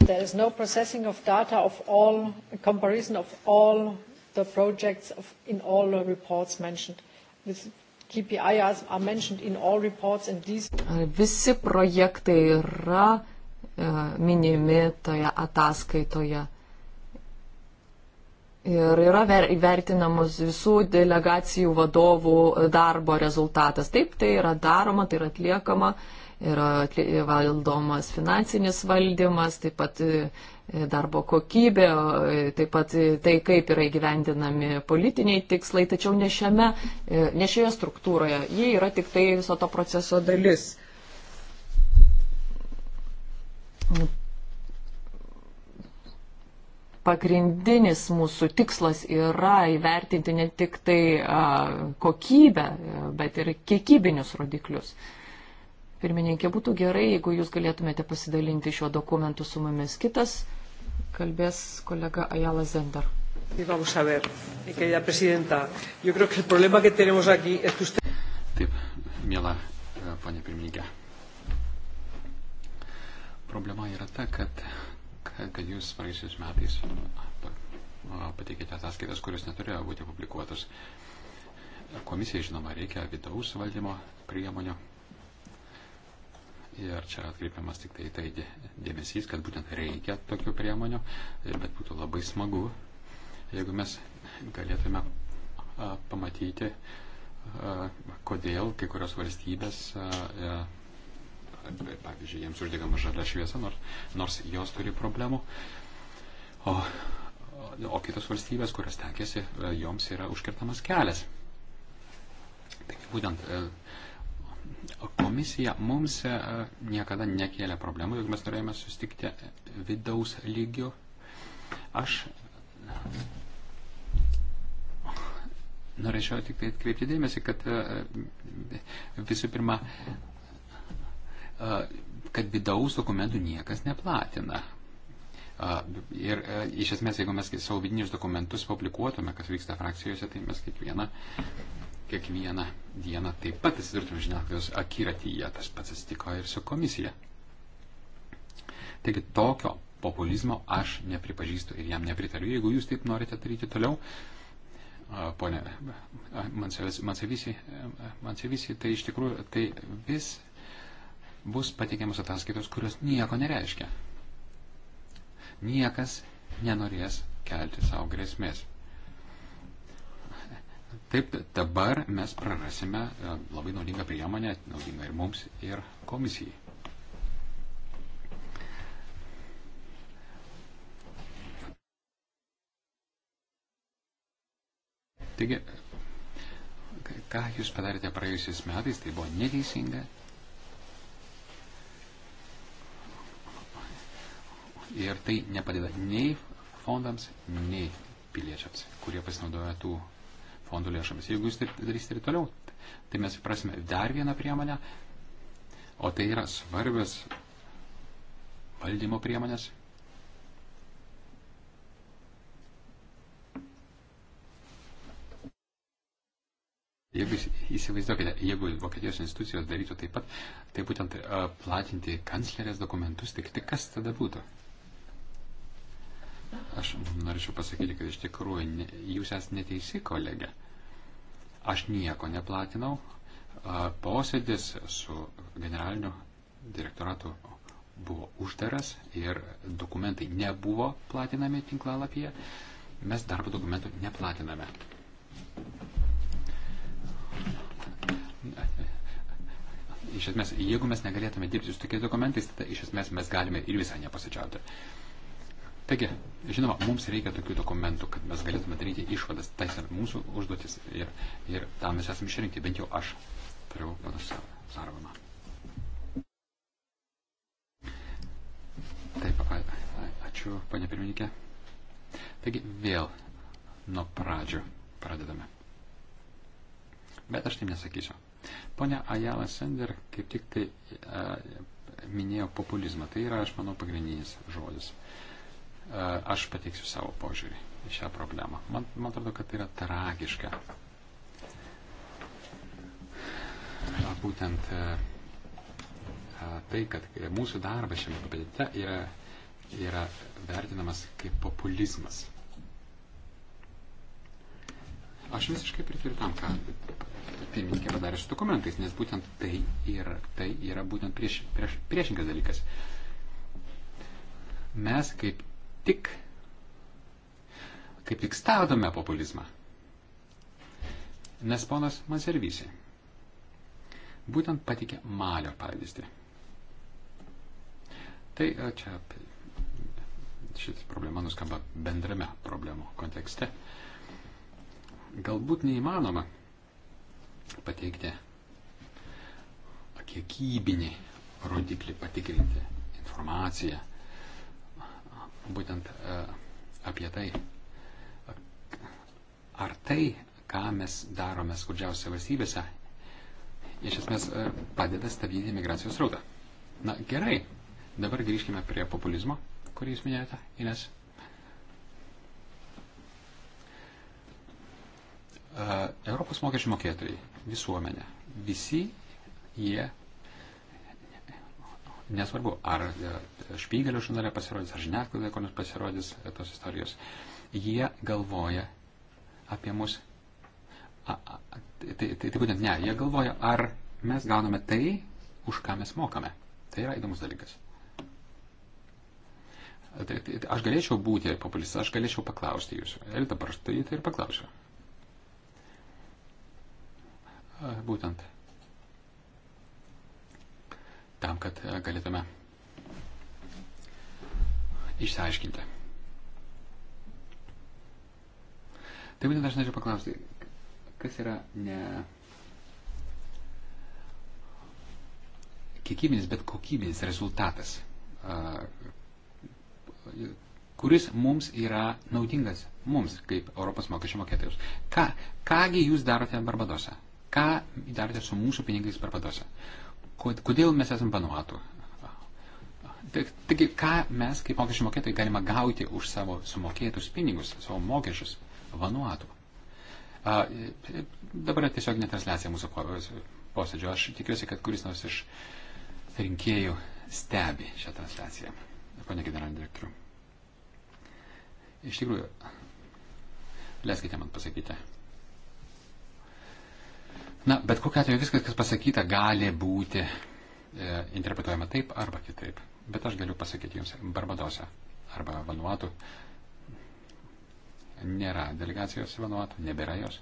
There is no processing of data of all, comparison of all the projects of, in all the reports mentioned. This KPIs are mentioned in all reports and these. Visi projektai yra e, minimi toje ataskaitoje. Ir yra vertinamos visų delegacijų vadovų darbo rezultatas. Taip, tai yra daroma, tai yra atliekama, yra valdomas finansinis valdymas, taip pat e, darbo kokybė, e, taip pat e, tai, kaip yra įgyvendinami politiniai tikslai, tačiau ne, šiame, ne šioje struktūroje. Jie yra tik tai viso to proceso dalis pagrindinis mūsų tikslas yra įvertinti ne tik tai kokybę, bet ir kiekybinius rodiklius. Pirmininkė, būtų gerai, jeigu jūs galėtumėte pasidalinti šiuo dokumentu su mumis. Kitas kalbės kolega Ajala Zendar. Vamos a ver, querida presidenta, yo creo que el problema que tenemos aquí es que usted... Taip, mėla e, ponė pirmininkė. Problema yra ta, kad kad jūs praėjusiais metais pateikėte ataskaitas, kurios neturėjo būti publikuotos. Komisijai, žinoma, reikia vidaus valdymo priemonių. Ir čia atkreipiamas tik tai tai dėmesys, kad būtent reikia tokių priemonių, bet būtų labai smagu, jeigu mes galėtume pamatyti, kodėl kai kurios valstybės pavyzdžiui, jiems uždegama žalia šviesa, nors, nors jos turi problemų. O, o kitos valstybės, kurios tenkėsi, e, joms yra užkirtamas kelias. Taigi būtent e, komisija mums e, niekada nekėlė problemų, jeigu mes norėjome sustikti vidaus lygių. Aš norėčiau tik tai atkreipti dėmesį, kad visų pirma, kad vidaus dokumentų niekas neplatina. Ir e, iš esmės, jeigu mes savo vidinius dokumentus publikuotume, kas vyksta frakcijose, tai mes kiekvieną, kiekvieną dieną taip pat atsidurtume žiniasklaidos akiratyje. Tas pats atsitiko ir su komisija. Taigi tokio populizmo aš nepripažįstu ir jam nepritariu. Jeigu jūs taip norite daryti toliau, ponė Mansevisi, tai iš tikrųjų tai vis bus pateikiamas ataskaitos, kurios nieko nereiškia. Niekas nenorės kelti savo grėsmės. Taip dabar mes prarasime e, labai naudingą priemonę, naudingą ir mums, ir komisijai. Taigi, ką jūs padarėte praėjusiais metais, tai buvo neteisinga, Ir tai nepadeda nei fondams, nei piliečiams, kurie pasinaudoja tų fondų lėšomis. Jeigu jūs taip darysite ir toliau, tai mes įprasime dar vieną priemonę, o tai yra svarbios valdymo priemonės. Jeigu įsivaizduokite, jeigu Vokietijos institucijos darytų taip pat, tai būtent platinti kanclerės dokumentus, tai tik, tik kas tada būtų? Aš norėčiau pasakyti, kad iš tikrųjų ne, jūs esate neteisi kolegė. Aš nieko neplatinau. Posėdis su generaliniu direktoratu buvo uždaras ir dokumentai nebuvo platinami tinklalapyje. Mes darbo dokumentų neplatiname. Iš esmės, jeigu mes negalėtume dirbti su tokiais dokumentais, tai iš esmės mes galime ir visai nepasidžiauti. Uh, Taigi, žinoma, mums reikia tokių dokumentų, kad mes galėtume daryti išvadas, tai yra mūsų užduotis ir, ir tam mes esame išrinkti, bent jau aš turiu panas Sarvamą. Taip, a, a, ačiū, panė pirmininkė. Taigi, vėl nuo pradžių pradedame. Bet aš tai nesakysiu. Pone Ajala Sender kaip tik tai a, minėjo populizmą. Tai yra, aš manau, pagrindinis žodis. A, E, aš pateiksiu savo požiūrį į šią problemą. Man, man atrodo, kad tai yra tragiška. Būtent e, tai, kad mūsų darbas šiame kabinete yra, yra vertinamas kaip populizmas. Aš visiškai pritariu tam, ką pirmininkė padarė su dokumentais, nes būtent tai yra, tai yra būtent prieš, prieš, priešingas dalykas. Mes kaip tik, kaip tik stabdome populizmą. Nes ponas Manservysi būtent patikė Malio pavyzdį. Tai e, čia šitas problema nuskamba bendrame problemų kontekste. Galbūt neįmanoma pateikti kiekybinį rodiklį, patikrinti informaciją būtent e, apie tai, ar tai, ką mes darome skurdžiausiose valstybėse, iš esmės e, padeda stabdyti migracijos rautą. Na gerai, dabar grįžkime prie populizmo, kurį jūs minėjote, Ines. E, Europos mokesčių mokėtojai, visuomenė, visi jie Nesvarbu, ar e, Špygelio žurnale pasirodys, ar žiniasklaidoje kur nors pasirodys e, tos istorijos. Jie galvoja apie mus. A, a, tai, tai, tai, tai būtent ne, jie galvoja, ar mes gauname tai, už ką mes mokame. Tai yra įdomus dalykas. E, tai, tai, tai, aš galėčiau būti populistas, aš galėčiau paklausti jūsų. Ir dabar štai tai ir paklausiu. Būtent tam, kad e, galėtume išsiaiškinti. Taip būtent aš norėčiau paklausti, kas yra ne kiekybinis, bet kokybinis rezultatas, kuris mums yra naudingas, mums kaip Europos mokesčių mokėtojus. Ką, kągi jūs darote Barbadose? Ką darote su mūsų pinigais Barbadose? Uh, Kodėl mes esam Vanuatu? Taigi, ką mes kaip mokesčių mokėtojai galime gauti už savo sumokėtus pinigus, savo mokesčius Vanuatu? A, dabar tiesiog netransliacija mūsų posėdžio. Aš tikiuosi, kad kuris nors iš rinkėjų stebi šią transliaciją. Pane generalinį direktorių. Iš tikrųjų, leiskite man pasakyti. Na, bet kokia atveju viskas, kas pasakyta, gali būti e, interpretuojama taip arba kitaip. Bet aš galiu pasakyti jums, Barbadose arba Vanuatu nėra delegacijos Vanuatu, nebėra jos.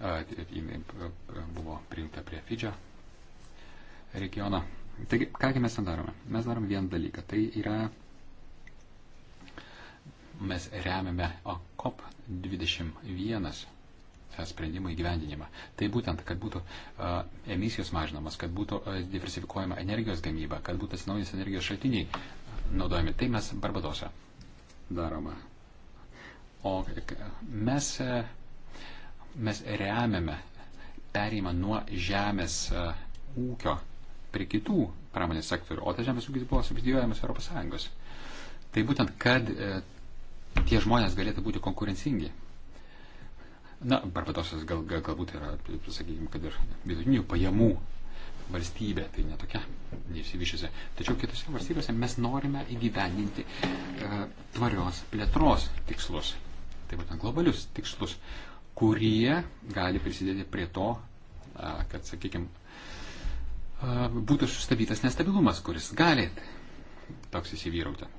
E, jinai e, buvo priimta prie Fidžio regiono. Taigi, kągi mes ten darome? Mes darome vieną dalyką. Tai yra, mes remiame OCOP 21 sprendimų įgyvendinimą. Tai būtent, kad būtų emisijos mažinamas, kad būtų diversifikuojama energijos gamyba, kad būtų atsinaujinęs energijos šaltiniai naudojami. Tai mes Barbadose daroma. O mes, mes remiame perėjimą nuo žemės ūkio prie kitų pramonės sektorių, o tas žemės ūkis buvo subsidijuojamas ES. Tai būtent, kad e, tie žmonės galėtų būti konkurencingi Na, Barbadosas gal, gal, galbūt yra, sakykime, kad ir vidutinių pajamų valstybė, tai netokia neišsivyšiusi. Tačiau kitose valstybėse mes norime įgyvendinti e, tvarios plėtros tikslus, tai būtent globalius tikslus, kurie gali prisidėti prie to, e, kad, sakykime, e, būtų sustabytas nestabilumas, kuris gali toks įsivyrauti.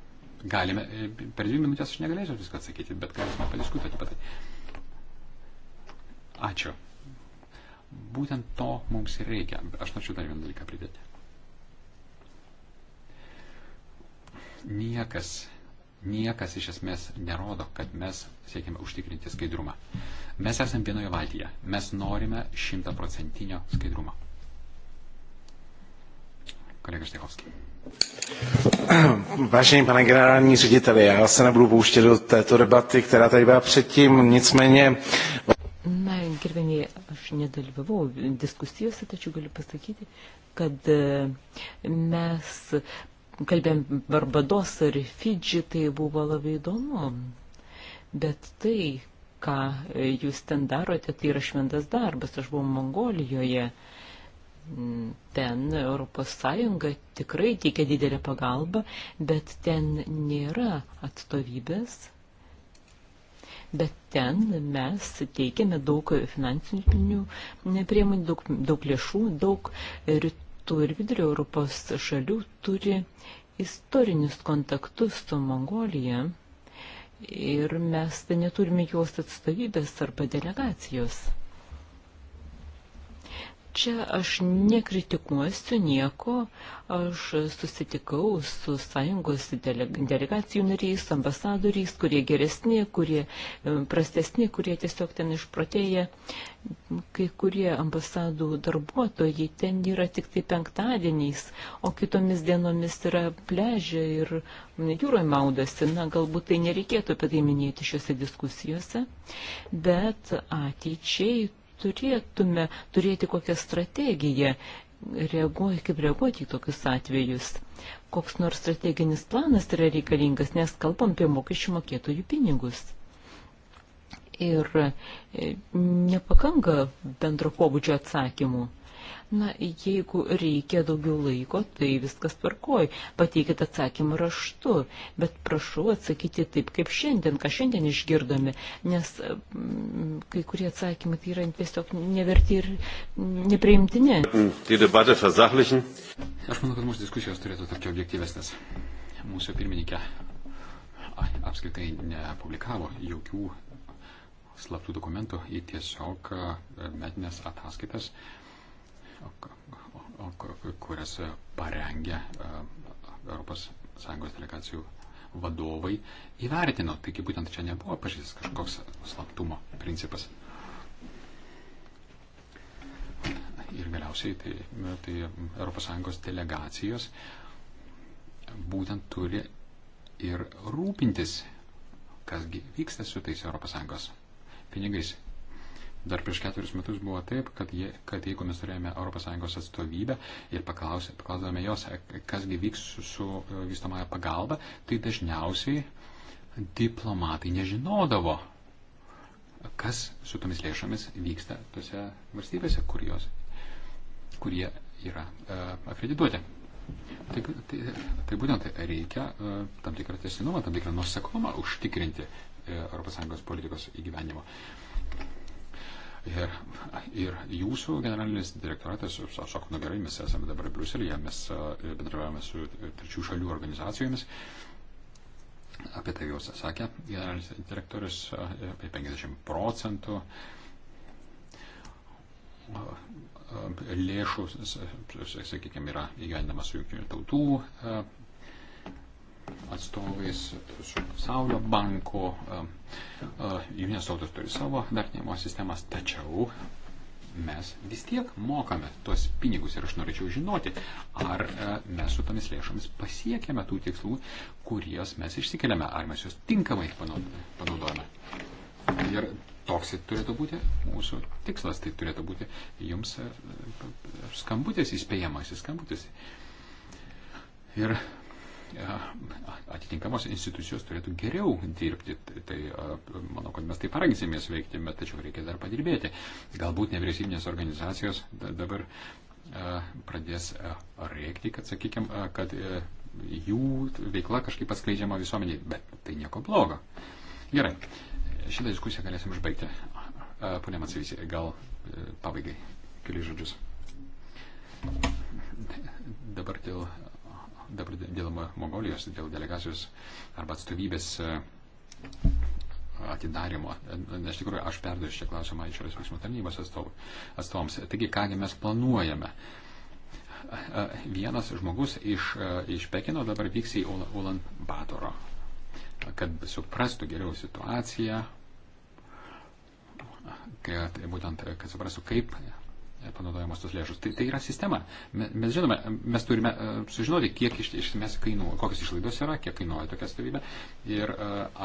Galime, e, per dvi minutės aš negalėsiu viską atsakyti, bet galime padiskutuoti apie tai. Ačiū. Būtent to mums ir reikia. Aš norėčiau dar vieną dalyką pridėti. Niekas, niekas iš esmės nerodo, kad mes siekime užtikrinti skaidrumą. Mes esame vienoje valtyje. Mes norime šimtaprocentinio skaidrumo. Kolega Štekovský. Vážený pane generální řediteli, já se nebudu pouštět do této debaty, která tady byla předtím, nicméně... Na, gerbėmiai, aš nedalyvavau diskusijose, tačiau galiu pasakyti, kad e, mes kalbėjom Barbados ar Fidži, tai buvo labai įdomu. Bet tai, ką e, jūs ten darote, tai yra šventas darbas. Aš buvau Mongolijoje. Ten Europos Sąjunga tikrai teikia didelę pagalbą, bet ten nėra atstovybės bet ten mes teikiame daug finansinių priemonių, daug, daug lėšų, daug rytų ir vidurio Europos šalių turi istorinius kontaktus su Mongolija ir mes neturime juos atstovybės arba delegacijos. Čia aš nekritikuosiu nieko, aš susitikau su sąjungos delegacijų nariais, ambasadoriais, kurie geresni, kurie e, prastesni, kurie tiesiog ten išprotėja. Kai kurie ambasadų darbuotojai ten yra tik tai penktadieniais, o kitomis dienomis yra pležė ir jūroje maudasi. Na, galbūt tai nereikėtų apie tai minėti šiuose diskusijose, bet ateičiai turėtume turėti kokią strategiją, reaguoja, kaip reaguoti į tokius atvejus. Koks nors strateginis planas yra reikalingas, nes kalbam apie mokesčių mokėtojų pinigus. Ir e, nepakanka bendro pobūdžio atsakymų. Na, jeigu reikia daugiau laiko, tai viskas tvarkoj. Pateikit atsakymą raštu, bet prašau atsakyti taip, kaip šiandien, ką šiandien išgirdome, nes mm, kai kurie atsakymai tai yra tiesiog neverti ir nepriimtini. Aš manau, kad mūsų diskusijos turėtų tapti objektyvesnės. Mūsų pirmininkė apskritai nepublikavo jokių slaptų dokumentų į tiesiog e, metinės ataskaitas kurias e, parengė ES delegacijų vadovai, įvertino. Taigi būtent čia nebuvo pažįstas kažkoks slaptumo principas. Ir galiausiai tai, tai ES delegacijos būtent turi ir rūpintis, kasgi vyksta su tais ES pinigais. Dar prieš keturis metus buvo taip, kad, jie, kad jeigu mes turėjome ES atstovybę ir paklausdavome jos, kasgi vyks su e, vystamąją pagalbą, tai dažniausiai diplomatai nežinodavo, kas su tomis lėšomis vyksta tose valstybėse, kur jos, kurie yra e, akredituoti. Tai, tai, tai būtent tai reikia e, tam tikrą tiesinumą, tam tikrą nuseklumą užtikrinti e, ES politikos įgyvenimo. Ir, ir jūsų generalinis direktoratas, sako, na gerai, mes esame dabar Bruselėje, mes e, bendravėjome su trečių šalių organizacijomis. Apie tai jau sakė generalinis direktorius, e, apie 50 procentų e, lėšų, sakykime, yra įgyvendama su jungtinių tautų atstovais, su pasaulio banku. E, e, jungtinės tautos turi savo vertinimo sistemas, tačiau mes vis tiek mokame tuos pinigus ir aš norėčiau žinoti, ar e, mes su tomis lėšomis pasiekėme tų tikslų, kuriuos mes išsikeliame, ar mes juos tinkamai panaudojame. Ir toks turėtų būti mūsų tikslas, tai turėtų būti jums skambutis įspėjamasis skambutis. Ir atitinkamos institucijos turėtų geriau dirbti. Tai manau, kad mes tai paraginsimės veikti, bet tačiau reikia dar padirbėti. Galbūt nevyriausybinės organizacijos dabar pradės rėkti, kad, sakykime, kad e, jų veikla kažkaip atskleidžiama visuomeniai, bet tai nieko blogo. Gerai, šitą diskusiją galėsim užbaigti. Pone Matsivisi, gal e, pabaigai keli žodžius. Dabar dėl dabar dėl Mongolijos, dėl delegacijos arba atstovybės e, atidarimo. Nes tikrųjų aš perduosiu šią klausimą išorės veiksmų tarnybos atstovams. Taigi, kągi mes planuojame? E, vienas žmogus iš, e, iš Pekino dabar vyks į Ulan Batoro, kad suprastų geriau situaciją, kad būtent, kad suprastų, kaip panaudojamos tos lėšos. Tai, tai yra sistema. Mes žinome, mes turime e, sužinoti, kiek iš, iš mes kainuoja, kokios išlaidos yra, kiek kainuoja tokia atstovybė ir e,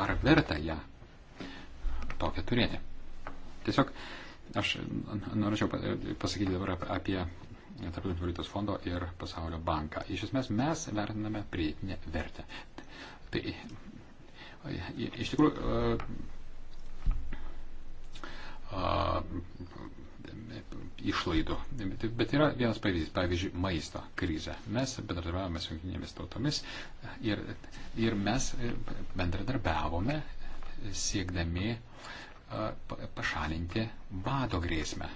ar verta ją tokią turėti. Tiesiog aš norėčiau pasakyti dabar apie Tarptautinio valiutos fondo ir pasaulio banką. Iš esmės mes vertiname pridėtinę vertę. Tai iš tikrųjų e, išlaidų. Bet yra vienas pavyzdys, pavyzdžiui, maisto krizė. Mes bendradarbiavome su jungtinėmis tautomis ir, ir mes bendradarbiavome siekdami pašalinti bado grėsmę,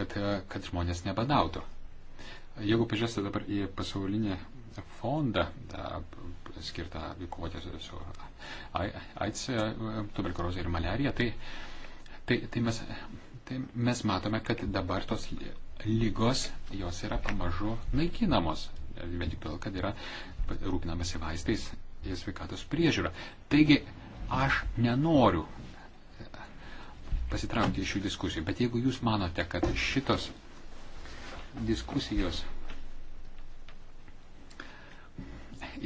kad, kad žmonės nebadautų. Jeigu pažiūrėsite dabar į pasaulinį fondą da, skirtą kovoti su AIDS, tuberkuliozė ir malerija, tai Tai, tai, mes, tai mes matome, kad dabar tos lygos, jos yra pamažu naikinamos, vien tik todėl, kad yra rūpinamasi vaistais ir sveikatos priežiūra. Taigi, aš nenoriu e, pasitraukti iš šių diskusijų, bet jeigu jūs manote, kad šitos diskusijos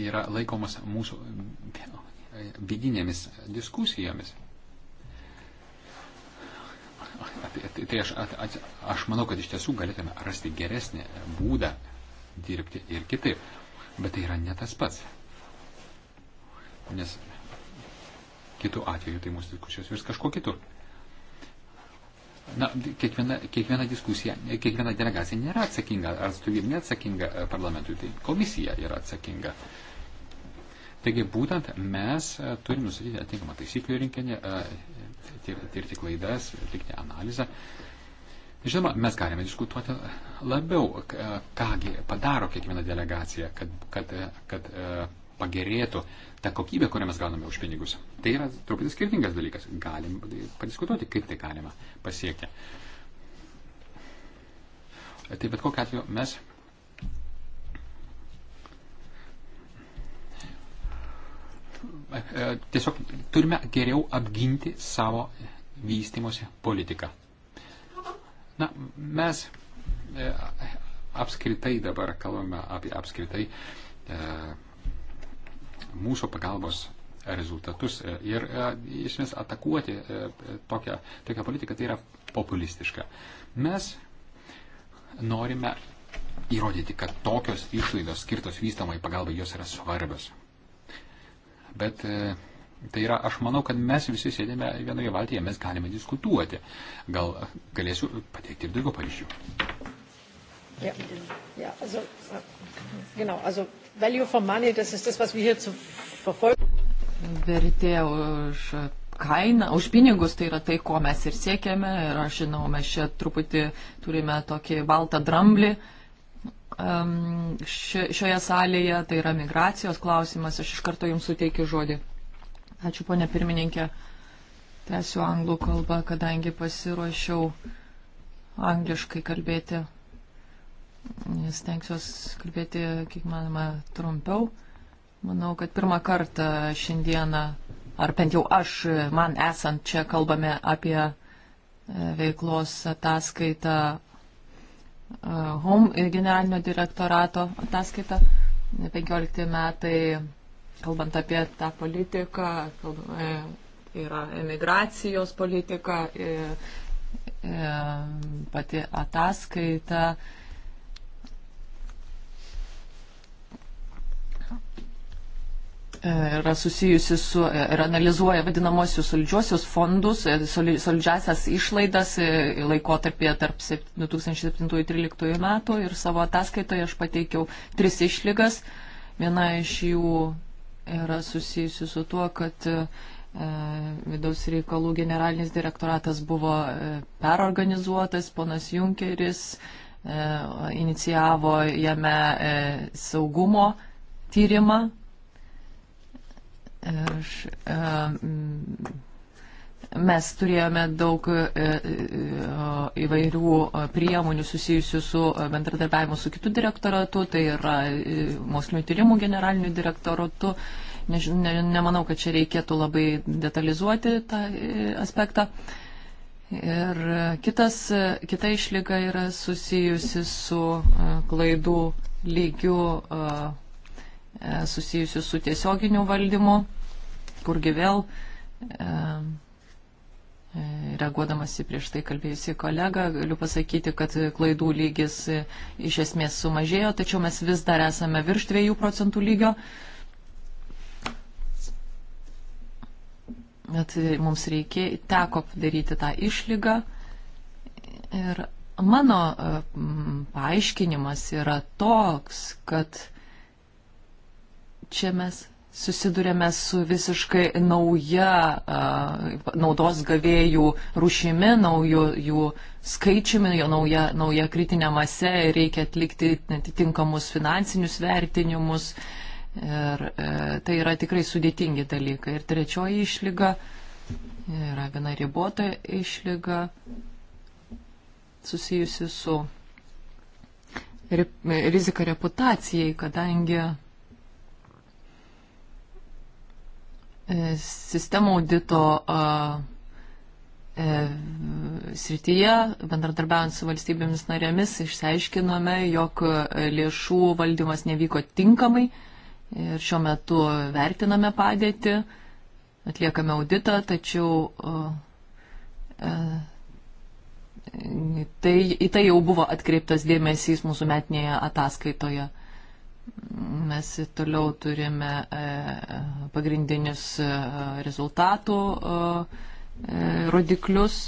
yra laikomas mūsų e, vidinėmis diskusijomis, Tai, tai, tai aš, aš, aš manau, kad iš tiesų galėtume rasti geresnį būdą dirbti ir kitaip. Bet tai yra ne tas pats. Nes kitų atveju tai mūsų diskusijos virs kažko kitur. Na, kiekviena, kiekviena diskusija, kiekviena delegacija nėra atsakinga, ar atstovybė neatsakinga e, parlamentui, tai komisija yra atsakinga. Uh, Taigi būtent mes e, turime nustatyti atitinkamą taisyklių rinkinį, e, tirti klaidas, atlikti analizę. Žinoma, mes galime diskutuoti labiau, e, kągi padaro kiekviena delegacija, kad, kad, kad pagerėtų ta kokybė, kurią mes gauname už pinigus. Tai yra truputį skirtingas dalykas. Galim padiskutuoti, kaip tai galima pasiekti. Tai bet kokiu atveju mes tiesiog turime geriau apginti savo vystimosi politiką. Na, mes e, apskritai dabar kalbame apie apskritai e, mūsų pagalbos rezultatus e, ir iš esmės atakuoti tokią, tokią politiką tai yra populistiška. Mes norime įrodyti, kad tokios išlaidos skirtos vystamai pagalbai jos yra svarbios. Bet e, tai yra, aš manau, kad mes visi sėdėme vienoje valtyje, mes galime diskutuoti. Gal galėsiu pateikti ir daugiau pavyzdžių. Ja, ja, also, genau, also value for money, das ist das, was wir hier zu verfolgen. Vertė už kainą, už pinigus, tai yra tai, ko mes ir siekiame. Ir aš žinau, mes čia truputį turime tokį baltą dramblį. Mhm šioje salėje, tai yra migracijos klausimas. Aš iš karto jums suteikiu žodį. Ačiū, ponė pirmininkė. Tęsiu anglų kalbą, kadangi pasiruošiau angliškai kalbėti. Stengsiuos kalbėti, kiek manoma, trumpiau. Manau, kad pirmą kartą šiandieną, ar bent jau aš, man esant čia, kalbame apie e, veiklos ataskaitą Home generalinio direktorato ataskaita 15 metai, kalbant apie tą politiką, kalb, e, yra emigracijos politika, e, e, pati ataskaita yra susijusi su ir analizuoja vadinamosius solidžiuosius fondus, e, solidžiasias išlaidas e, laikotarpėje tarp 2007-2013 metų ir savo ataskaitoje aš pateikiau tris išlygas. Viena iš jų yra susijusi su tuo, kad e, vidaus reikalų generalinis direktoratas buvo perorganizuotas, ponas Junkeris inicijavo jame saugumo tyrimą Aš, e, mes turėjome daug e, e, įvairių priemonių susijusių su bendradarbiavimu su kitų direktoratu, tai yra mokslinio tyrimų generaliniu direktoratu. Ne, ne, nemanau, kad čia reikėtų labai detalizuoti tą aspektą. Ir kitas, kita išlyga yra susijusi su klaidų lygiu E, susijusių su tiesioginiu valdymu, kurgi vėl e, e, Reaguodamas į prieš tai kalbėjusi kolegą, galiu pasakyti, kad klaidų lygis iš esmės sumažėjo, tačiau mes vis dar esame virš 2 procentų lygio. Bet mums reikė, teko padaryti tą išlygą. Ir mano paaiškinimas yra toks, kad Čia mes susidurėme su visiškai nauja uh, naudos gavėjų rušimi, naujų jų skaičiumi, jo nauja, nauja kritinė mase ir reikia atlikti atitinkamus finansinius vertinimus. Ir e, uh, tai yra tikrai sudėtingi dalykai. Ir trečioji išlyga yra gana ribota išlyga susijusi su rip, rizika reputacijai, kadangi E, sistemų audito e, srityje, bendradarbiaujant su valstybėmis narėmis, išsiaiškinome, jog e, lėšų valdymas nevyko tinkamai ir šiuo metu vertiname padėtį, atliekame auditą, tačiau tai, į tai jau buvo atkreiptas dėmesys mūsų metinėje ataskaitoje. Mes toliau turime e, pagrindinius e, rezultatų e, rodiklius.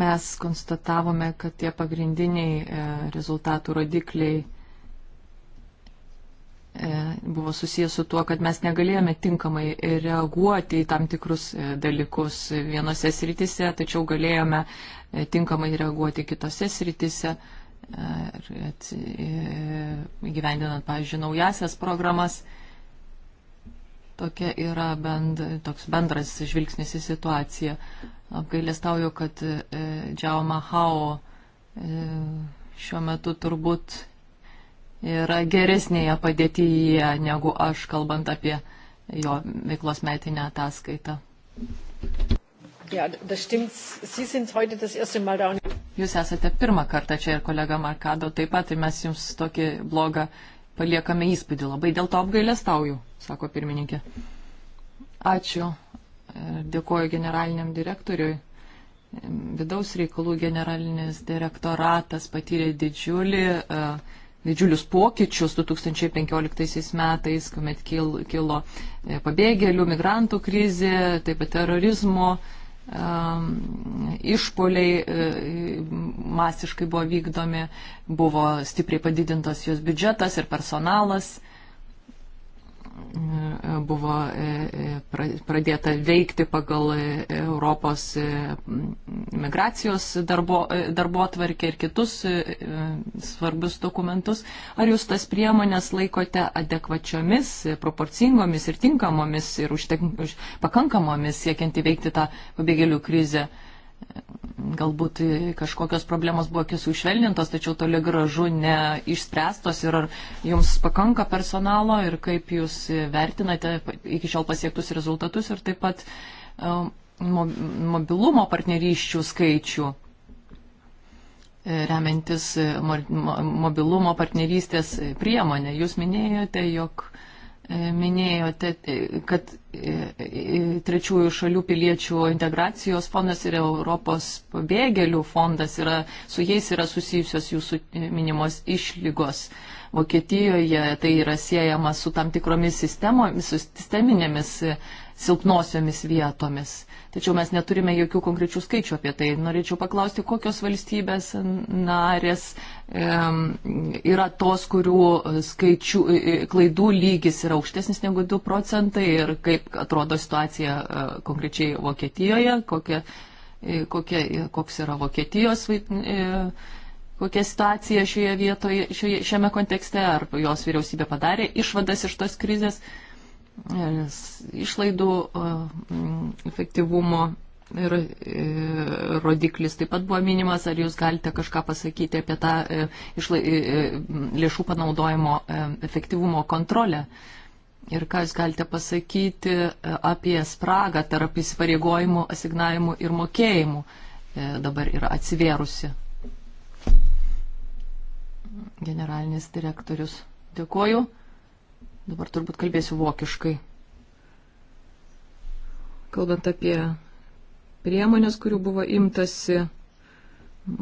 Mes konstatavome, kad tie pagrindiniai rezultatų rodikliai buvo susijęs su tuo, kad mes negalėjome tinkamai reaguoti į tam tikrus dalykus vienose sritise, tačiau galėjome E, tinkamai reaguoti kitose sritise, e, e, gyvendinant, pavyzdžiui, naujasias programas. Tokia yra bend, toks bendras žvilgsnis į situaciją. Apgailestauju, kad Džiao Mahao šiuo metu turbūt yra geresnėje padėtyje negu aš, kalbant apie jo veiklos metinę ataskaitą. Ja, das stimmt. Sie sind heute das erste Mal da. Jūs esate pirmą kartą čia ir kolega Markado taip pat, ir mes jums tokį blogą paliekame įspūdį. Labai dėl to apgailestauju, sako pirmininkė. Ačiū. Dėkuoju generaliniam direktoriui. Vidaus reikalų generalinis direktoratas patyrė didžiulį, e, didžiulius pokyčius 2015 metais, kuomet kilo e, pabėgėlių, migrantų krizė, taip pat terorizmo išpoliai e, masiškai buvo vykdomi, buvo stipriai padidintas jos biudžetas ir personalas buvo e, e, pradėta veikti pagal e, Europos migracijos darbo, darbo tvarkę ir kitus svarbius dokumentus. Ar jūs tas priemonės laikote adekvačiomis, proporcingomis ir tinkamomis ir užtek, už, pakankamomis siekiant įveikti tą pabėgėlių krizę? Uh, galbūt kažkokios problemos buvo kiek sušvelnintos, tačiau toli gražu neišspręstos ir ar jums pakanka personalo ir kaip jūs vertinate iki šiol pasiektus rezultatus ir taip pat um, mobilumo partnerysčių skaičių e, remiantis e, mobilumo partnerystės priemonė. Jūs minėjote, jog E, minėjote, e, kad e, trečiųjų šalių piliečių integracijos fondas ir Europos pabėgėlių fondas yra, su jais yra susijusios jūsų minimos išlygos. Vokietijoje tai yra siejama su tam tikromis sistemomis, sisteminėmis silpnosiomis vietomis. Uh, tačiau mes neturime jokių konkrečių skaičių apie tai. Norėčiau paklausti, kokios valstybės narės e, yra tos, kurių skaičių, e, e, klaidų lygis yra aukštesnis negu 2 procentai ir kaip atrodo situacija e, konkrečiai Vokietijoje, kokia, e, kokia, e, koks yra Vokietijos vaidmuo. E, kokia situacija šioje vietoje, šioje, šiame kontekste, ar jos vyriausybė padarė išvadas iš tos krizės. E, išlaidų efektyvumo ir e, rodiklis taip pat buvo minimas. Ar jūs galite kažką pasakyti apie tą e, išlai, e, lėšų panaudojimo efektyvumo kontrolę? Ir ką jūs galite pasakyti apie spragą tarp įsipareigojimų, asignavimų ir mokėjimų dabar yra atsivėrusi? Generalinis direktorius. Dėkuoju. Dabar turbūt kalbėsiu vokiškai. Kalbant apie priemonės, kurių buvo imtasi,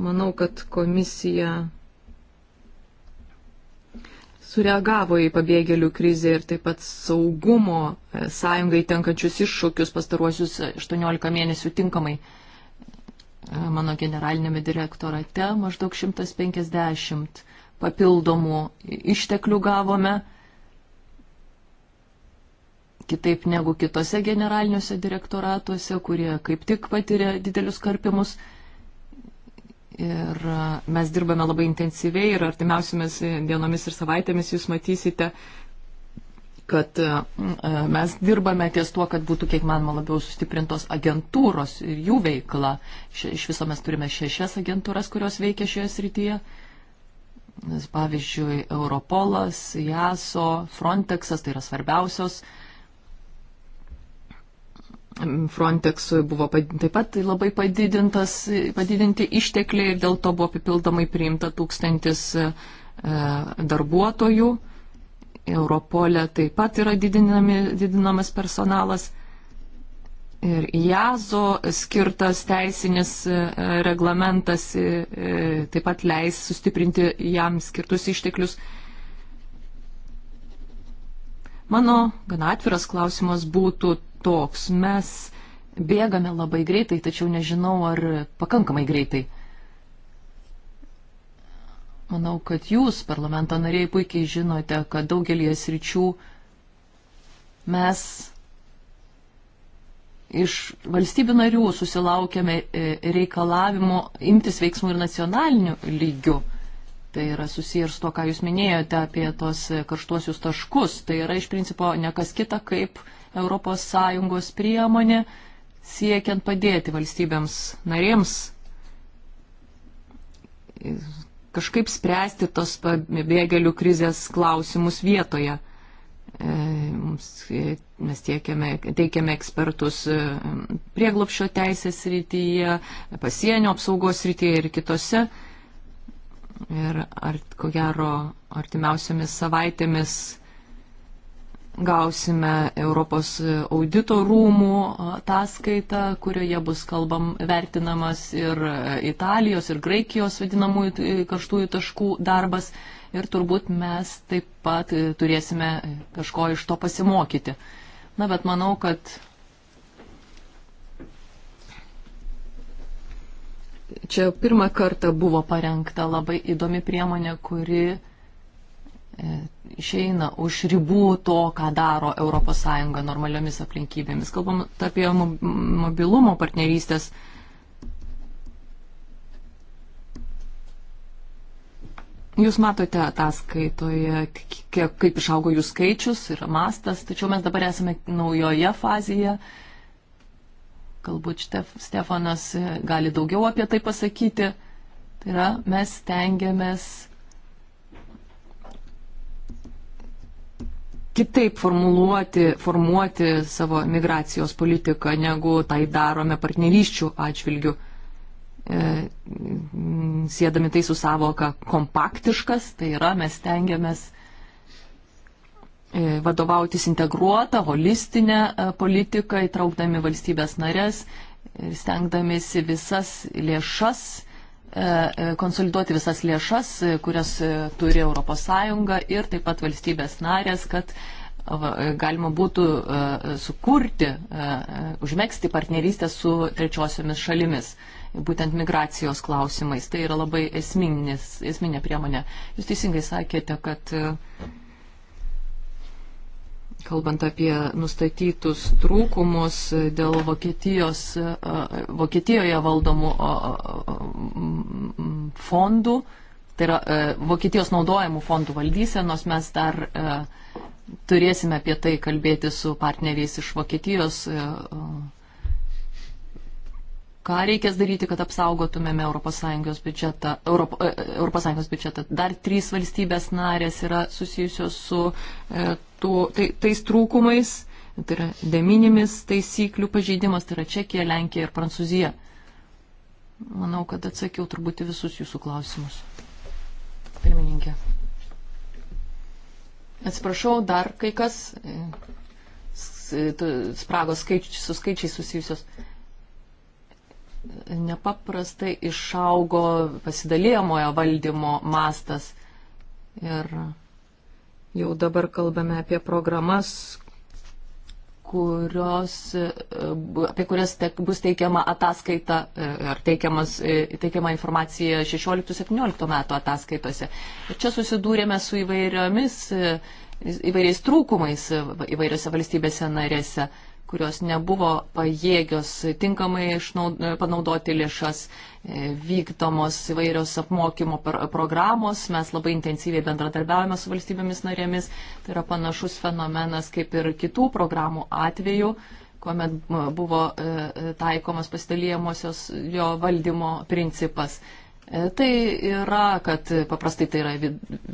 manau, kad komisija sureagavo į pabėgėlių krizę ir taip pat saugumo e, sąjungai tenkančius iššūkius pastaruosius 18 e, mėnesių tinkamai. E, mano generalinėme direktorate maždaug 150 papildomų išteklių gavome kitaip negu kitose generaliniuose direktoratuose, kurie kaip tik patiria didelius karpimus. Ir mes dirbame labai intensyviai ir artimiausiamis dienomis ir savaitėmis jūs matysite, kad mes dirbame ties tuo, kad būtų kiek manoma labiau sustiprintos agentūros ir jų veikla. Iš viso mes turime šešias agentūras, kurios veikia šioje srityje. Pavyzdžiui, Europolas, JASO, Frontexas, tai yra svarbiausios Frontexui buvo taip pat labai padidinti ištekliai ir dėl to buvo papildomai priimta tūkstantis e, e, darbuotojų. Europolė taip pat yra didinami, didinamas personalas. Ir JAZO skirtas teisinis e, reglamentas taip pat leis sustiprinti jam skirtus išteklius. Mano gana atviras klausimas būtų toks. Mes bėgame labai greitai, tačiau nežinau, ar pakankamai greitai. Manau, kad jūs, parlamento nariai, puikiai žinote, kad daugelį sričių mes iš valstybių narių susilaukėme e, reikalavimo imtis veiksmų ir nacionaliniu lygiu. Tai yra susiję ir su to, ką jūs minėjote apie tos karštuosius taškus. Tai yra iš principo nekas kita kaip uh, ES priemonė siekiant padėti valstybėms narėms kažkaip spręsti tos pabėgėlių krizės klausimus vietoje. E, e, mes tiekiame, teikiame ekspertus e, prieglopšio teisės rytyje, pasienio apsaugos rytyje ir kitose. Ir ar, ko gero artimiausiamis savaitėmis gausime Europos audito rūmų ataskaitą, kurioje bus kalbam vertinamas ir Italijos, ir Graikijos vadinamųjų karštųjų taškų darbas. Ir turbūt mes taip pat turėsime kažko iš to pasimokyti. Na, bet manau, kad čia pirmą kartą buvo parengta labai įdomi priemonė, kuri išeina už ribų to, ką daro ES normaliomis aplinkybėmis. Kalbam apie mobilumo partnerystės. Jūs matote ataskaitoje, kaip išaugo jų skaičius ir mastas, tačiau mes dabar esame naujoje fazėje. Galbūt Stefanas gali daugiau apie tai pasakyti. Tai yra, mes tengiamės kitaip formuluoti, formuoti savo migracijos politiką, negu tai darome partnerysčių atžvilgių, e, sėdami tai su savoka kompaktiškas, tai yra mes tengiamės e, vadovautis integruotą, holistinę e, politiką, įtraukdami valstybės narės ir stengdamėsi visas lėšas E, e, konsoliduoti visas lėšas, e, kurias turi ES ir taip pat valstybės narės, kad galima būtų sukurti, užmėgsti partnerystę su trečiosiomis šalimis, būtent migracijos klausimais. Tai yra labai esminis, esminė priemonė. Jūs teisingai sakėte, kad kalbant apie nustatytus trūkumus dėl Vokietijos, Vokietijoje valdomų fondų, tai yra Vokietijos naudojamų fondų valdysenos, mes dar turėsime apie tai kalbėti su partneriais iš Vokietijos ką reikės daryti, kad apsaugotumėme ES biudžetą. Europo, ES e, biudžetą. Dar trys valstybės narės yra susijusios su e, tų, tai, tais trūkumais, tai yra deminimis taisyklių pažeidimas, tai yra Čekija, Lenkija ir Prancūzija. Manau, kad atsakiau turbūt visus jūsų klausimus. Pirmininkė. Atsiprašau, dar kai kas e, e, spragos skaičiai, su skaičiais susijusios nepaprastai išaugo pasidalėjamojo valdymo mastas. Ir jau dabar kalbame apie programas, kurios, apie kurias tek, bus teikiama ataskaita ar teikiama informacija 16-17 metų ataskaitose. Ir čia susidūrėme su įvairiomis, įvairiais trūkumais įvairiose valstybėse narėse kurios nebuvo pajėgios tinkamai išnaud, panaudoti lėšas, e, vykdomos įvairios apmokymo programos, mes labai intensyviai bendradarbiavame su valstybėmis narėmis, tai yra panašus fenomenas kaip ir kitų programų atveju kuomet buvo e, e, taikomas pasidalyjamosios jo valdymo principas. E, tai yra, kad paprastai tai yra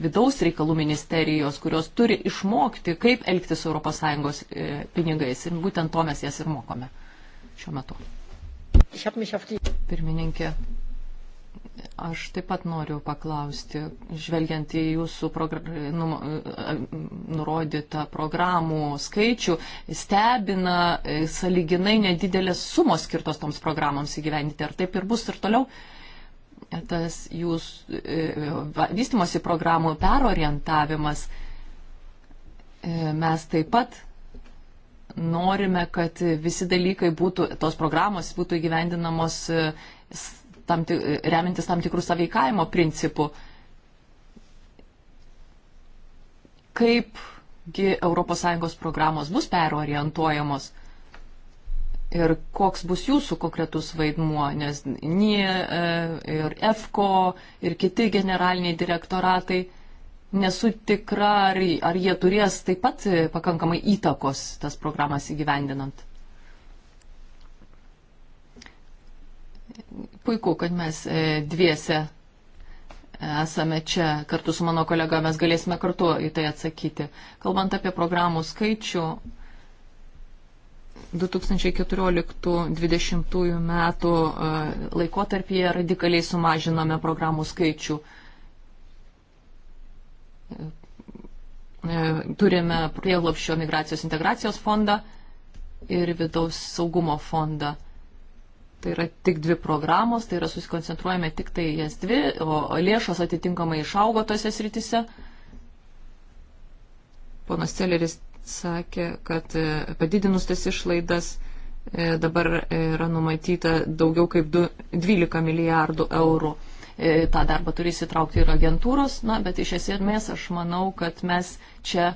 vidaus reikalų ministerijos, kurios turi išmokti, kaip elgtis su ES e, pinigais. Ir būtent to mes jas ir mokome šiuo metu. Pirmininkė, aš taip pat noriu paklausti, žvelgiant į jūsų progr... num... E, nurodytą programų skaičių, stebina saliginai nedidelės sumos skirtos toms programoms įgyvendyti. Ar taip ir bus ir toliau? tas jūs e, vystimosi programų perorientavimas, e, mes taip pat norime, kad visi dalykai būtų, tos programos būtų įgyvendinamos e, tam, remintis tam tikrų saveikavimo principų. Kaipgi ES programos bus perorientuojamos? ir koks bus jūsų konkretus vaidmuo, nes NIE ir EFKO ir kiti generaliniai direktoratai nesu tikra, ar, ar jie turės taip pat pakankamai įtakos tas programas įgyvendinant. Puiku, kad mes e, dviese e, esame čia kartu su mano kolega, mes galėsime kartu į tai atsakyti. Kalbant apie programų skaičių, 2014-2020 metų e, laikotarpyje radikaliai sumažinome programų skaičių. E, turime prieglopščio migracijos integracijos fondą ir vidaus saugumo fondą. Tai yra tik dvi programos, tai yra susikoncentruojame tik tai jas dvi, o lėšos atitinkamai išaugo tose sritise. Ponas Celeris sakė, kad e, padidinus tas išlaidas e, dabar yra numatyta daugiau kaip 12 milijardų eurų. E, Ta darba turi įsitraukti ir agentūros, na, bet iš esmės aš manau, kad mes čia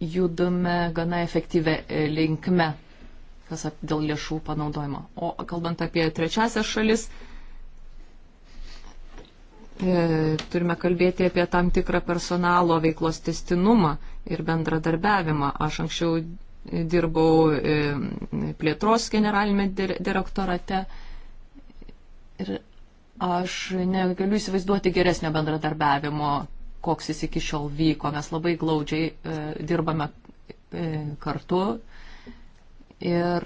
judame gana efektyvę linkme, kas dėl lėšų panaudojimo. O kalbant apie trečiasias šalis, E, turime kalbėti apie tam tikrą personalo veiklos testinumą ir bendradarbiavimą. Aš anksčiau dirbau e, plėtros generalinėme direktorate ir aš negaliu įsivaizduoti geresnio bendradarbiavimo, koks jis iki šiol vyko. Mes labai glaudžiai e, dirbame kartu ir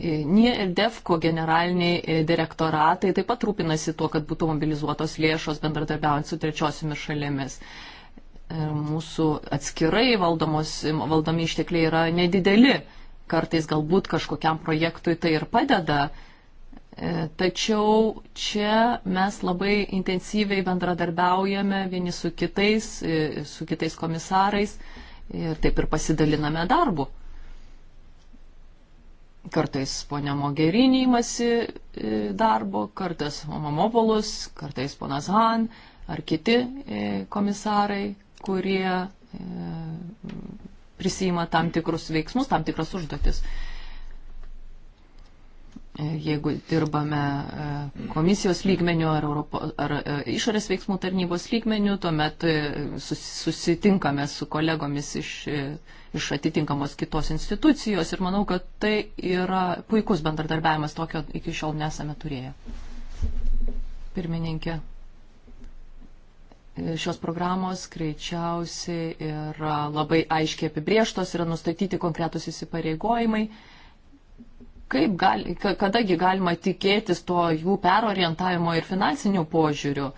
E, NIE ir DEFCO generaliniai e, direktoratai taip pat rūpinasi tuo, kad būtų mobilizuotos lėšos bendradarbiaujant su trečiosiomis šalėmis. E, mūsų atskirai valdomos, valdomi ištekliai yra nedideli, kartais galbūt kažkokiam projektui tai ir padeda, tačiau čia mes labai intensyviai bendradarbiaujame vieni su kitais, su kitais komisarais ir taip ir pasidaliname darbu. Kartais ponia Mogerinė imasi e, darbo, kartais Mamopolus, kartais ponas Han ar kiti e, komisarai, kurie e, prisima tam tikrus veiksmus, tam tikras užduotis. Jeigu dirbame komisijos lygmenių ar, Europo, ar išorės veiksmų tarnybos lygmenių, tuomet susitinkame su kolegomis iš iš atitinkamos kitos institucijos ir manau, kad tai yra puikus bendradarbiavimas, tokio iki šiol nesame turėję. Pirmininkė, šios programos greičiausiai yra labai aiškiai apibrieštos, yra nustatyti konkretus įsipareigojimai. Kaip gali, kadagi galima tikėtis to jų perorientavimo ir finansinių požiūrių?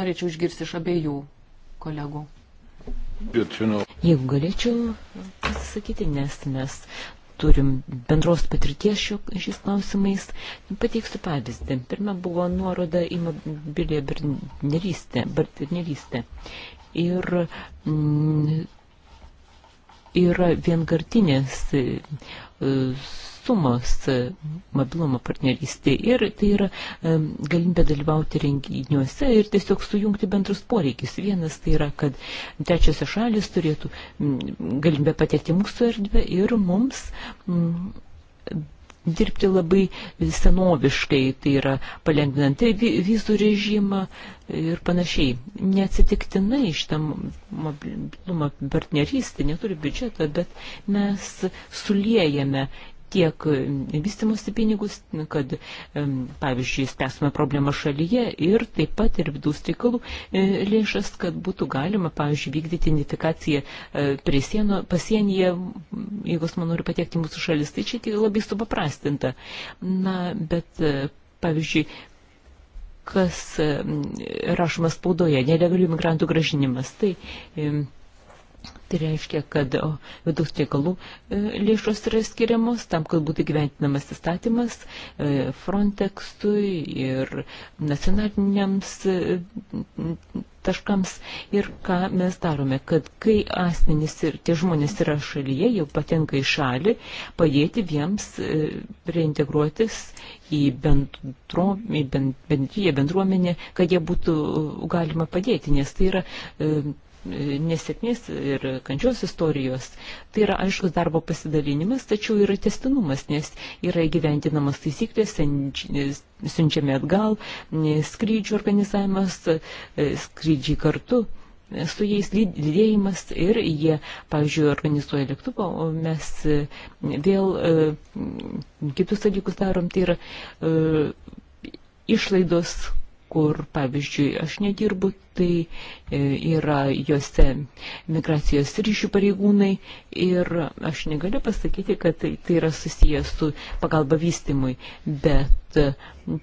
Norėčiau išgirsti iš abiejų kolegų. Jeigu galėčiau pasisakyti, nes mes turim bendros patirties šio, šiais klausimais, pateiksiu pavyzdį. Pirmia buvo nuoroda į mobiliją partnerystę. partnerystę. Ir mm, yra vienkartinės. Mm, sumos e, mobilumo partnerystė ir tai yra e, galimybė dalyvauti renginiuose ir tiesiog sujungti bendrus poreikis. Vienas tai yra, kad trečiosios šalis turėtų galimybę patekti mūsų erdvę ir mums dirbti labai senoviškai, tai yra palengvinant vizų režimą ir panašiai. Neatsitiktinai šitą mobilumą partnerystę neturi biudžetą, bet mes suliejame tiek vystimosi pinigus, kad, pavyzdžiui, spręsime problemą šalyje ir taip pat ir vidaus reikalų e, lėšas, kad būtų galima, pavyzdžiui, vykdyti identifikaciją e, prie sieno, pasienyje, jeigu asmo nori patekti mūsų šalis, tai čia tai labai supaprastinta. Na, bet, e, pavyzdžiui, kas rašomas spaudoje, nelegalių migrantų gražinimas, tai Tai reiškia, kad vidaus reikalų e, lėšos yra skiriamos tam, kad būtų gyventinamas įstatymas e, Frontextui ir nacionaliniams e, taškams. Ir ką mes darome, kad kai asmenys ir tie žmonės yra šalyje, jau patenka į šalį, padėti jiems reintegruotis į, bendro, į bendryje, bendruomenę, kad jie būtų galima padėti, nes tai yra nesėkmės ir kančios istorijos. Tai yra aiškus darbo pasidalinimas, tačiau yra testinumas, nes yra įgyventinamas taisyklės, siunčiami atgal, skrydžių organizavimas, e, skrydžiai kartu e, su jais lydėjimas ir jie, pavyzdžiui, organizuoja lėktuvą, o mes e, vėl kitus dalykus darom, tai yra išlaidos kur, pavyzdžiui, aš nedirbu, tai e, yra juose migracijos ryšių pareigūnai ir aš negaliu pasakyti, kad tai, tai yra susijęs su pagalba vystimui, bet e,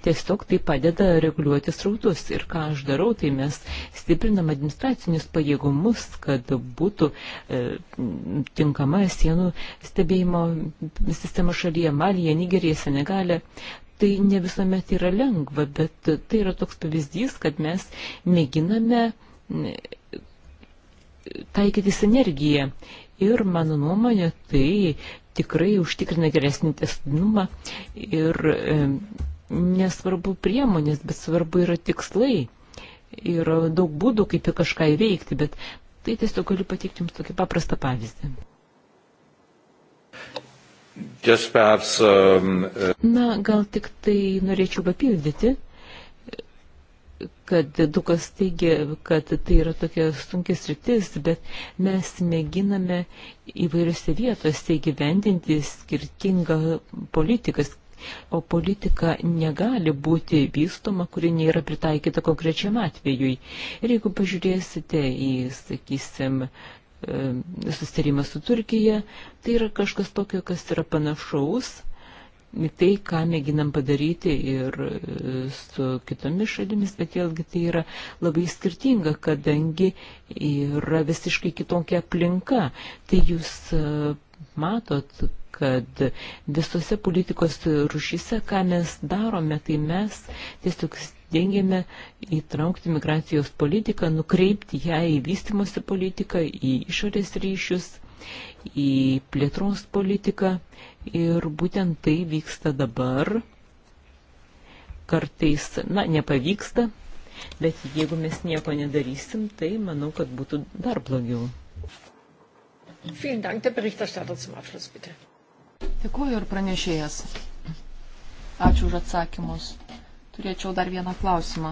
tiesiog tai padeda reguliuoti srautus. Ir ką aš darau, tai mes stiprinam administracinius pajėgumus, kad būtų e, tinkama sienų stebėjimo sistema šalyje Malija, Nigerija, Senegalė tai ne visuomet yra lengva, bet tai yra toks pavyzdys, kad mes mėginame mm, taikyti sinergiją. Ir mano nuomonė, tai tikrai užtikrina geresnį testinumą ir e, nesvarbu priemonės, bet svarbu yra tikslai. Yra daug būdų, kaip į kažką įveikti, bet tai tiesiog galiu pateikti jums tokį paprastą pavyzdį. Perhaps, um, uh... Na, gal tik tai norėčiau papildyti, kad Dukas teigia, kad tai yra tokia sunkis rytis, bet mes mėginame įvairiose vietose įgyvendinti skirtingą politiką, o politika negali būti vystoma, kuri nėra pritaikyta konkrečiam atvejui. Ir jeigu pažiūrėsite į, sakysim, uh, E, susitarimas su Turkija. Tai yra kažkas tokio, kas yra panašaus į tai, ką mėginam padaryti ir e, su kitomis šalimis, bet vėlgi tai yra labai skirtinga, kadangi yra visiškai kitokia aplinka. Tai jūs e, matot, kad visose politikos rušyse, ką mes darome, tai mes tiesiog dengiame įtraukti migracijos politiką, nukreipti ją į vystimosi politiką, į išorės ryšius, į plėtros politiką ir būtent tai vyksta dabar. Kartais, na, nepavyksta, bet jeigu mes nieko nedarysim, tai manau, kad būtų dar blogiau. Vielen Dank, der Berichterstatter zum Abschluss, bitte. Dėkuoju ir pranešėjas. Ačiū už atsakymus. Turėčiau dar vieną klausimą,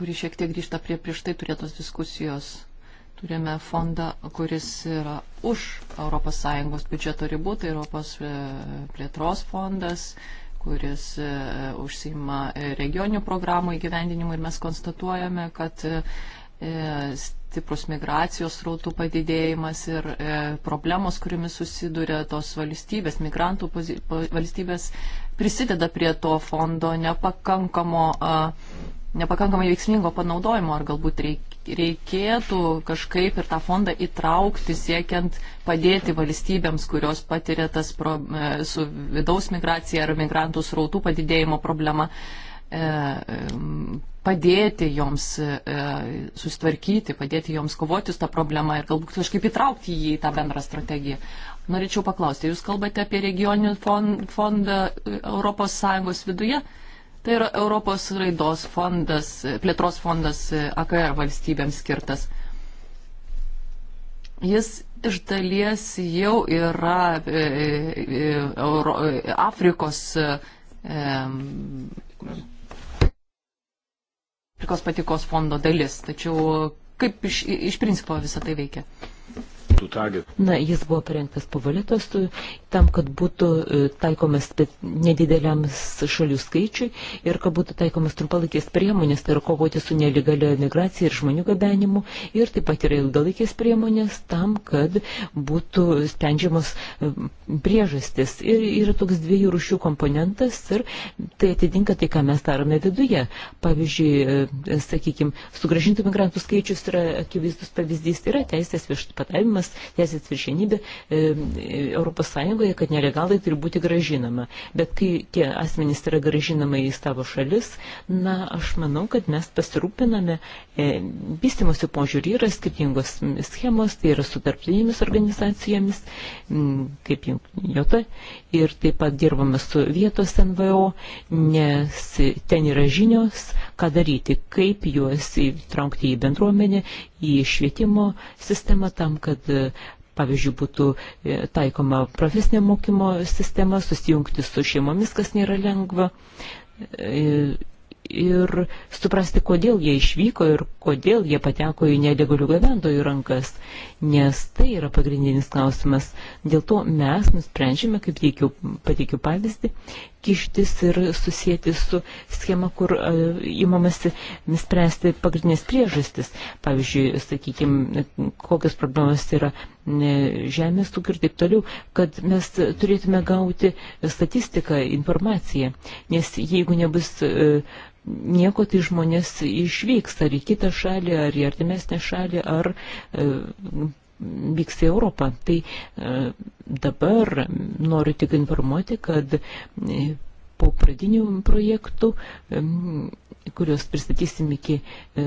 kuri šiek tiek grįžta prie prieš tai turėtos diskusijos. Turime fondą, kuris yra už ES biudžeto ribų, tai Europos e, plėtros fondas, kuris e, užsima e, regioninių programų įgyvendinimu ir mes konstatuojame, kad E, stiprus migracijos rautų padidėjimas ir e, problemos, kuriamis susiduria tos valstybės, migrantų valstybės prisideda prie to fondo nepakankamo, nepakankamai veiksmingo panaudojimo, ar galbūt reikėtų kažkaip ir tą fondą įtraukti, siekiant padėti valstybėms, kurios patiria tas pro, e, su vidaus migracija ar migrantų srautų padidėjimo problema padėti joms e, sustvarkyti, padėti joms kovoti su tą problemą ir galbūt kažkaip įtraukti jį į tą bendrą strategiją. Norėčiau paklausti, jūs kalbate apie regioninį fondą ES viduje? Tai yra Europos raidos fondas, e, plėtros fondas e, AKR valstybėms skirtas. Jis iš dalies jau yra Euro, Afrikos e, patikos fondo dalis. Tačiau kaip iš, iš principo visą tai veikia? Na, jis buvo parengtas po valetos tam, kad būtų e, taikomas nedideliam šalių skaičiui ir kad būtų taikomas trumpalaikės priemonės, tai yra kovoti su nelegalia migracija ir žmonių gabenimu ir taip pat yra ilgalaikės priemonės tam, kad būtų sprendžiamos e, priežastis. Ir yra toks dviejų rušių komponentas ir tai atitinka tai, ką mes darome viduje. Pavyzdžiui, e, sakykime, sugražintų migrantų skaičius yra akivaizdus pavyzdys, tai yra teisės viešpatavimas teisės, teisės viršienybė e, Europos Sąjungoje, kad nelegalai turi būti gražinama. Bet kai tie asmenys yra gražinama į savo šalis, na, aš manau, kad mes pasirūpiname e, vystimosi e, požiūrį yra skirtingos schemos, tai yra su tarptautinėmis organizacijomis, kaip jota, ir taip pat dirbame su vietos NVO, nes ten yra žinios, ką daryti, kaip juos įtraukti į bendruomenę, į švietimo sistemą tam, kad pavyzdžiui, būtų e, taikoma profesinė mokymo sistema, susijungti su šeimomis, kas nėra lengva, e, ir suprasti, kodėl jie išvyko ir kodėl jie pateko į nelegalių gyventojų rankas, nes tai yra pagrindinis klausimas. Dėl to mes nusprendžiame, kaip teikiu, pateikiu pavyzdį, kištis ir susijęti su schema, kur įmamasi e, spręsti pagrindinės priežastis. Pavyzdžiui, sakykime, kokios problemos yra žemės ūkio ir taip toliau, kad mes turėtume gauti statistiką, informaciją. Nes jeigu nebus e, nieko, tai žmonės išvyksta ar į kitą šalį, ar į artimesnę šalį, ar e, vyks į Europą. Tai e, dabar noriu tik informuoti, kad e, po pradinių projektų, kuriuos pristatysim iki e,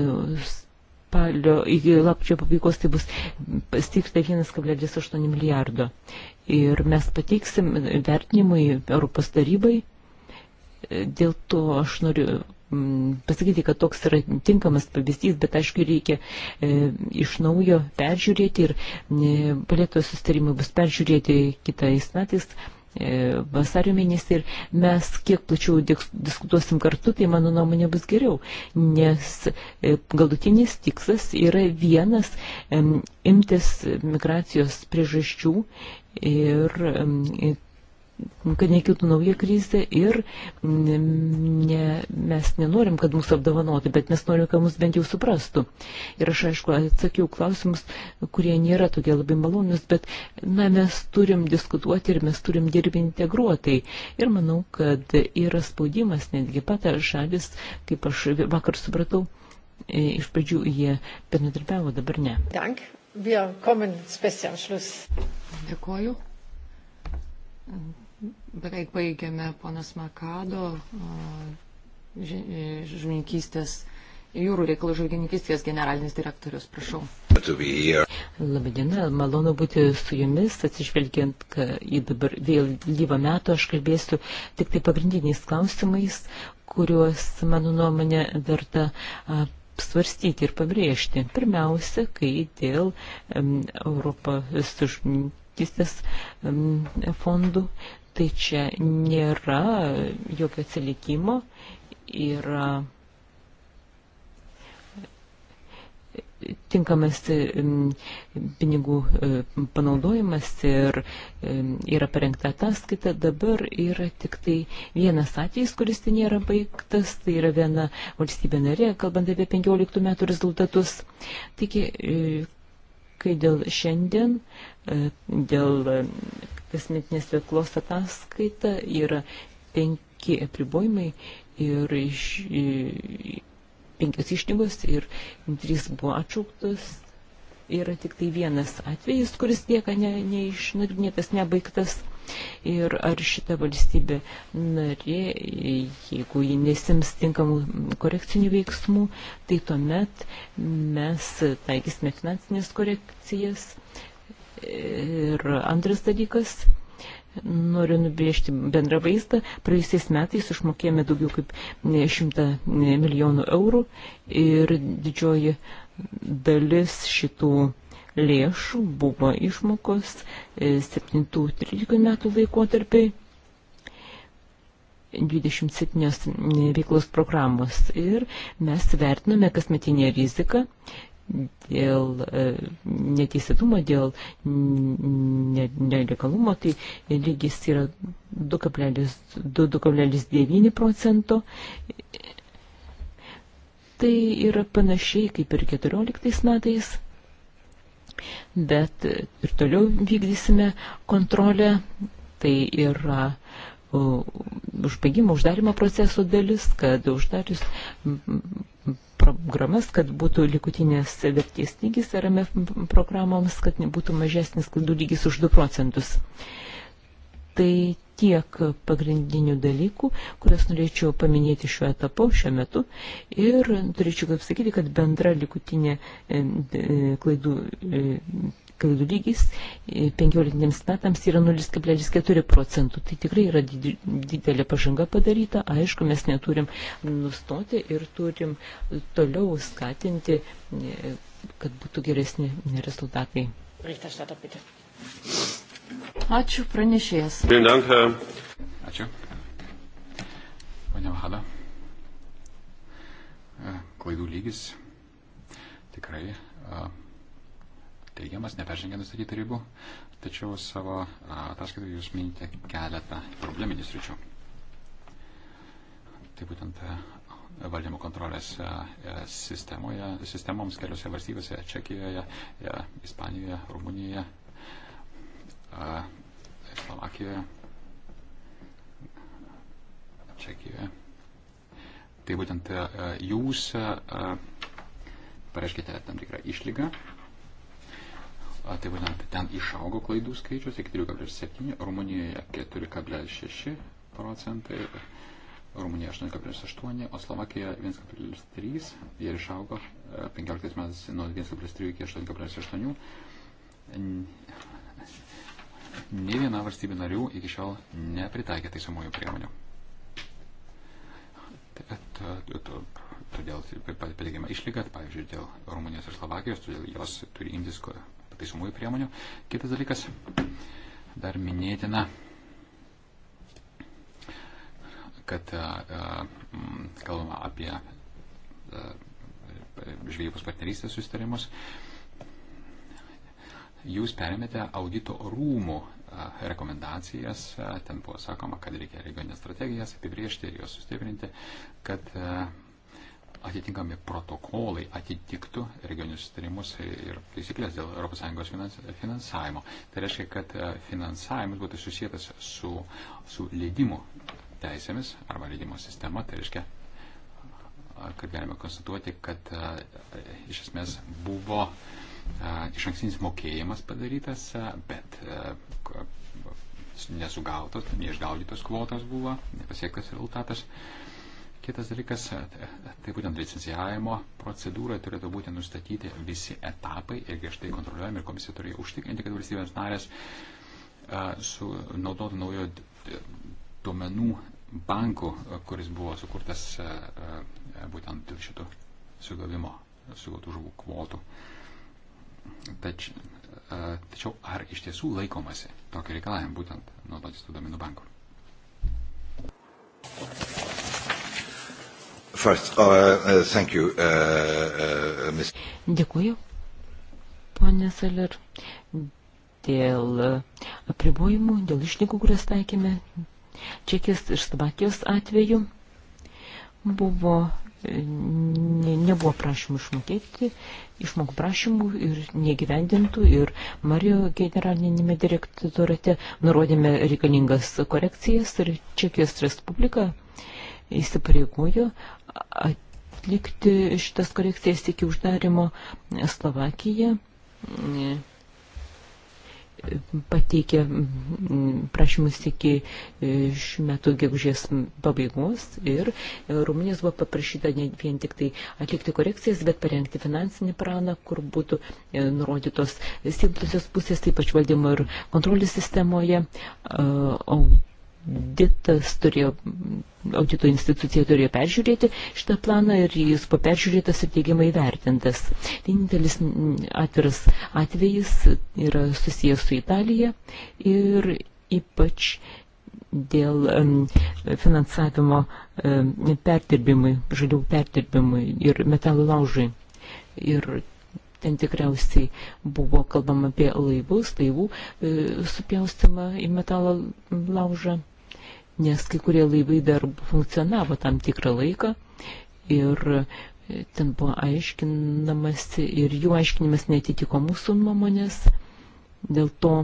spalio, iki lapčio pabaigos, tai bus stikta 1,8 milijardo. Ir mes pateiksim vertinimui Europos tarybai dėl to aš noriu Mm, pasakyti, kad toks yra tinkamas pavyzdys, bet aišku, reikia e, iš naujo peržiūrėti ir e, palėtojų sustarimai bus peržiūrėti kitais metais e, vasario mėnesį ir mes kiek plačiau diskutuosim kartu, tai mano nuomonė bus geriau, nes e, galutinis tikslas yra vienas imtis migracijos priežasčių ir kad nekiltų nauja krizė ir ne, mes nenorim, kad mūsų apdovanoti, bet mes norim, kad mus bent jau suprastų. Ir aš, aišku, atsakiau klausimus, kurie nėra tokie labai malonius, bet na, mes turim diskutuoti ir mes turim dirbti integruotai. Ir manau, kad yra spaudimas, netgi pat šalis, kaip aš vakar supratau, e, iš pradžių jie bendradarbiavo, dabar ne. Dank. Wir kommen bis zum Schluss. Dėkuoju. Beveik baigėme ponas Makado e, žuvininkystės, jūrų reikalų žuvininkystės generalinis direktorius, prašau. Labadiena, malonu būti su jumis, atsižvelgiant į dabar vėl lyvą metų, aš kalbėsiu tik tai pagrindiniais klausimais, kuriuos, mano nuomonė, verta svarstyti ir pabrėžti. Pirmiausia, kai dėl um, Europos žuvininkystės um, fondų tai čia nėra jokio atsilikimo, yra tinkamas pinigų e, panaudojimas ir yra parengta ataskaita. Dabar yra tik tai vienas atvejis, kuris tai nėra baigtas, tai yra viena valstybė narė, kalbant apie 15 metų rezultatus. Taigi, e, kai dėl šiandien, e, dėl kasmetinės veiklos ataskaita yra penki apribojimai ir iš, penkios išnygos ir trys buvo atšauktos. Yra tik tai vienas atvejis, kuris lieka neišnagrinėtas, ne nebaigtas. Ir ar šita valstybė narė, jeigu ji nesims tinkamų korekcinių veiksmų, tai tuomet mes taikysime finansinės korekcijas Ir antras dalykas, noriu nubriežti bendrą vaizdą, praėjusiais metais išmokėjome daugiau kaip 100 milijonų eurų ir didžioji dalis šitų lėšų buvo išmokos 7-13 metų laikotarpiai. 27 veiklos programos ir mes vertiname kasmetinę riziką dėl e, neteisėtumo, dėl nelegalumo, tai lygis yra 2,9 procento. Tai yra panašiai kaip ir 14 metais, bet ir toliau vykdysime kontrolę, tai yra užbaigimo, uždarimo proceso dalis, kad uždarius programas, kad būtų likutinės vertės lygis RMF programoms, kad nebūtų mažesnis klaidų lygis už 2 procentus. Tai tiek pagrindinių dalykų, kurias norėčiau paminėti šiuo etapu, šiuo metu. Ir turėčiau kaip sakyti, kad bendra likutinė e, e, klaidų e, klaidų lygis 15 e, metams yra 0,4 procentų. Tai tikrai yra didelė pažanga padaryta. Aišku, mes neturim nustoti ir turim toliau skatinti, e, kad būtų geresni rezultatai. Ačiū pranešėjas. Ačiū. Pane Vahada. E, klaidų lygis tikrai teigiamas, neperžengia nustatytų ribų, tačiau savo ataskaitoje jūs minite keletą probleminių sričių. Tai būtent valdymo kontrolės e, sistemoje, sistemoms keliose valstybėse - Čekijoje, e, Ispanijoje, Rumunijoje, Slovakijoje, Čekijoje. Tai būtent jūs pareiškite tam tikrą išlygą tai vadinant, ten išaugo klaidų skaičius iki 3,7, Rumunijoje 4,6 procentai, Rumunija 8,8, o Slovakija 1,3 ir išaugo 15 e, metais nuo 1,3 iki 8,8. Ne viena valstybė narių iki šiol nepritaikė taisomųjų priemonių. Todėl patikima išlyga, pavyzdžiui, dėl Rumunijos ir Slovakijos, todėl jos turi imtis pataisomųjų priemonių. Kitas dalykas, dar minėtina, kad kalbama apie žvejybos partnerystės sustarimus. Jūs perėmėte audito rūmų rekomendacijas, ten buvo sakoma, kad reikia regioninės strategijas apibriežti ir juos sustiprinti, kad atitinkami protokolai atitiktų regionius sutarimus ir taisyklės dėl ES finansavimo. Tai reiškia, kad e, finansavimas būtų susijęs su, su leidimų teisėmis arba leidimo sistema. Tai reiškia, kad galime konstatuoti, kad e, iš esmės buvo e, iš ankstinis mokėjimas padarytas, bet nesugautos, neišgaudytos kvotos buvo, nepasiektas rezultatas. Kitas dalykas, tai būtent licencijavimo procedūrai turėtų būti nustatyti visi etapai ir griežtai kontroliuojami ir komisija turėjo užtikrinti, kad valstybės narės su naudotų naujo duomenų bankų, kuris buvo sukurtas būtent dėl šito sugavimo, sugautų žuvų kvotų. Tač, tačiau ar iš tiesų laikomasi tokio reikalavimo būtent naudotis tų duomenų bankų? Thank you. First, uh, uh, thank you, uh, uh, uh Ms. Dėkuoju, ponė Saler, dėl uh, apribojimų, dėl išlygų, kurias taikėme Čekijos ir Slovakijos atveju. Buvo, e, ne, nebuvo prašymų išmokėti, išmokų prašymų ir negyvendintų ir Mario generalinėme direktorate nurodėme reikalingas korekcijas ir Čekijos Respublika įsipareigojo atlikti šitas korekcijas iki uždarimo Slovakija pateikė prašymus iki šių metų gegužės pabaigos ir Rumunijos buvo paprašyta ne vien tik tai atlikti korekcijas, bet parengti finansinį praną, kur būtų nurodytos silpnosios pusės, taip pat valdymo ir kontrolės sistemoje, auditas turėjo, audito institucija turėjo peržiūrėti šitą planą ir jis po peržiūrėtas ir teigiamai vertintas. Vienintelis mm, atviras atvejis yra susijęs su Italija ir ypač dėl mm, finansavimo mm, perdirbimui, žalių perdirbimui ir metalų laužai. Ir ten tikriausiai buvo kalbama apie laivus, laivų e, supjaustimą į metalo laužą nes kai kurie laivai dar funkcionavo tam tikrą laiką ir e, ten buvo aiškinamas ir jų aiškinimas netitiko mūsų nuomonės dėl to,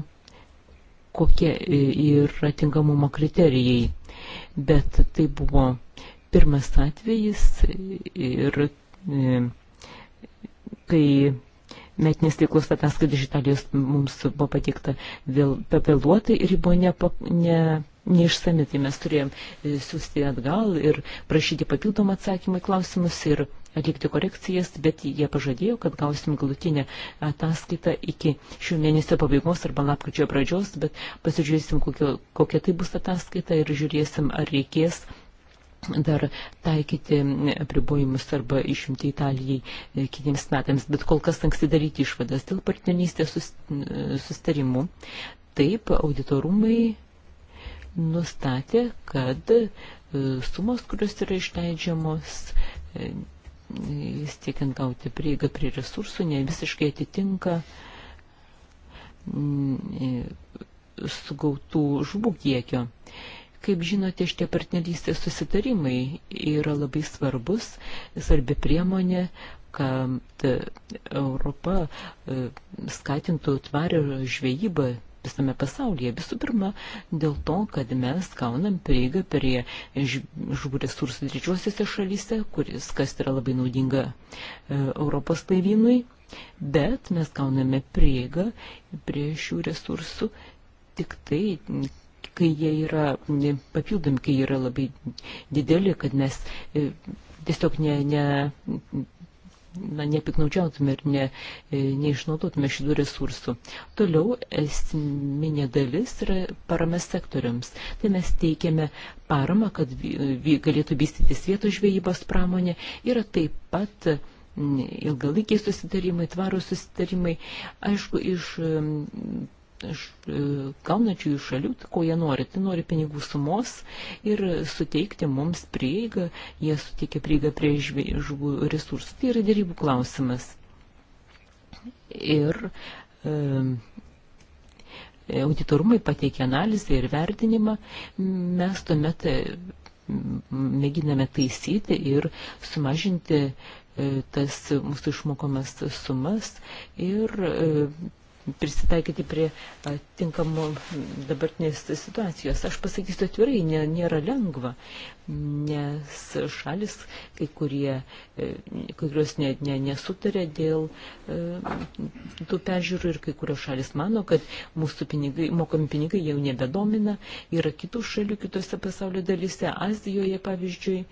kokie e, yra tinkamumo kriterijai. Bet tai buvo pirmas atvejis ir e, kai metinės veiklos ataskaita iš Italijos mums buvo patikta vėl pavėluotai ir ji buvo nepa, ne neišsami, tai mes turėjom e, siūsti atgal ir prašyti papildomą atsakymą į klausimus ir atlikti korekcijas, bet jie pažadėjo, kad gausim galutinę ataskaitą iki šių mėnesio pabaigos arba lapkričio pradžios, bet pasižiūrėsim, kokio, kokia tai bus ataskaita ir žiūrėsim, ar reikės dar taikyti apribojimus arba išimti Italijai e, kitiems metams, bet kol kas anksti daryti išvadas dėl partnerystės sustarimų. Taip, auditorumai nustatė, kad e, sumos, kurios yra išleidžiamos e, siekiant gauti prieigą prie resursų, ne visiškai atitinka e, sugautų žuvų kiekio. Kaip žinote, šitie partnerystės susitarimai yra labai svarbus, svarbi priemonė, kad Europa skatintų tvarę žvejybą visame pasaulyje. Visų pirma, dėl to, kad mes gaunam prieigą prie žuvų resursų trečiuosiuose šalyse, kuris kas yra labai naudinga e, Europos laivynui, bet mes gauname prieigą prie šių resursų tik tai kai jie yra papildomi, kai jie yra labai dideli, kad mes e, tiesiog ne, ne na, nepiknaudžiautume ir ne, e, neišnaudotume šitų resursų. Toliau esminė dalis yra parama sektoriams. Tai mes teikiame paramą, kad galėtų vystytis vietos žvejybos pramonė ir taip pat ilgalaikiai susitarimai, tvarų susitarimai, aišku, iš iš e, gaunančiųjų šalių, tai ko jie nori. Tai nori pinigų sumos ir suteikti mums prieigą, jie suteikia prieigą prie žuvų resursų. Tai yra dėrybų klausimas. Ir e, auditorumai pateikia analizę ir vertinimą, mes tuomet e, mėginame taisyti ir sumažinti e, tas mūsų išmokomas sumas ir prisitaikyti prie tinkamų dabartinės situacijos. Aš pasakysiu atvirai, nė, nėra lengva, nes šalis, kai, kurie, e, kai kurios ne, ne, nesutarė dėl e, tų peržiūrų ir kai kurios šalis mano, kad mūsų pinigai, mokami pinigai jau nebedomina, yra kitų šalių kitose pasaulio dalyse, Azijoje pavyzdžiui,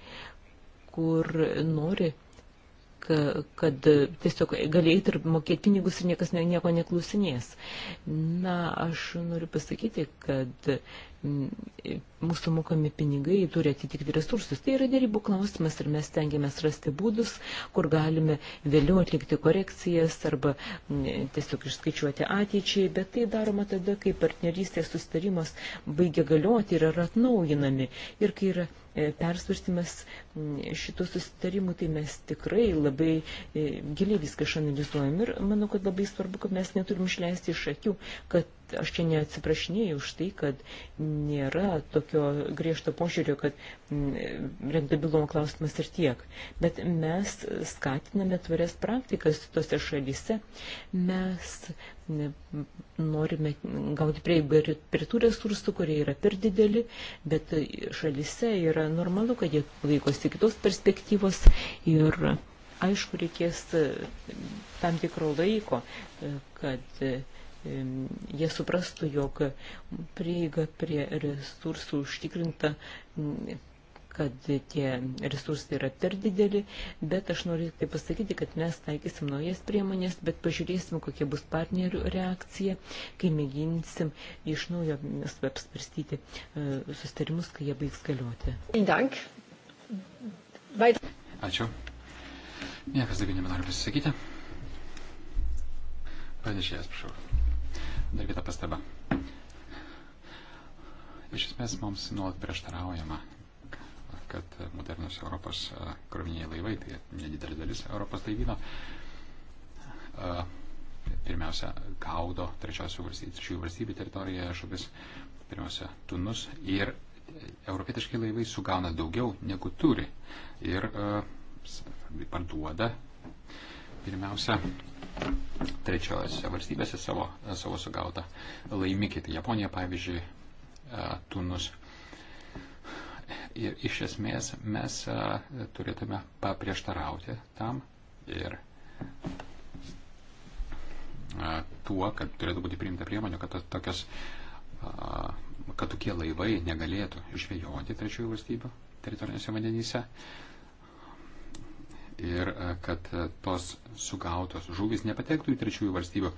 kur nori kad tiesiog gali eiti ir mokėti pinigus ir niekas nieko neklausinės. Na, aš noriu pasakyti, kad Mm, mūsų mokami pinigai turi atitikti resursus. Tai yra dėrybų klausimas ir mes tengiamės rasti būdus, kur galime vėliau atlikti korekcijas arba mm, tiesiog išskaičiuoti ateičiai, bet tai daroma tada, kai partnerystės sustarimas baigia galioti ir yra atnaujinami. Ir kai yra e, persvarstymas mm, šitų susitarimų, tai mes tikrai labai e, giliai viską išanalizuojam ir manau, kad labai svarbu, kad mes neturim išleisti iš akių, kad aš čia neatsiprašinėjau už tai, kad nėra tokio griežto požiūrio, kad rentabilumo klausimas ir tiek. Bet mes skatiname tvarias praktikas tose šalyse. Mes norime gauti prieigą prie tų resursų, kurie yra per dideli, bet šalyse yra normalu, kad jie laikosi kitos perspektyvos ir aišku reikės tam tikro laiko, kad jie suprastų, jog prieiga prie resursų užtikrinta, kad tie resursai yra per dideli, bet aš noriu tai pasakyti, kad mes taikysim naujas priemonės, bet pažiūrėsim, kokia bus partnerių reakcija, kai mėginsim iš naujo apsvarstyti e, sustarimus, kai jie baigs galioti. Ačiū. Niekas daugiau nebenori pasisakyti. Pranešėjas, prašau. Dar viena pastaba. Iš esmės mums nuolat prieštaraujama, kad modernus Europos kroviniai laivai, tai nedidelė dalis Europos laivyno, pirmiausia, gaudo trečiosių valstybių, valstybių teritorijoje žuvis, pirmiausia, tunus ir europietiški laivai sugauna daugiau negu turi ir parduoda pirmiausia, trečiojose valstybėse savo, savo sugautą laimikį. Tai Japonija, pavyzdžiui, Tunus. Ir iš esmės mes turėtume paprieštarauti tam ir tuo, kad turėtų būti priimta priemonė, kad tokios kad tokie laivai negalėtų žvejoti trečiųjų valstybių teritorinėse vandenyse. Uh, ir e, kad e, tos sugautos žuvis nepatektų į trečiųjų valstybių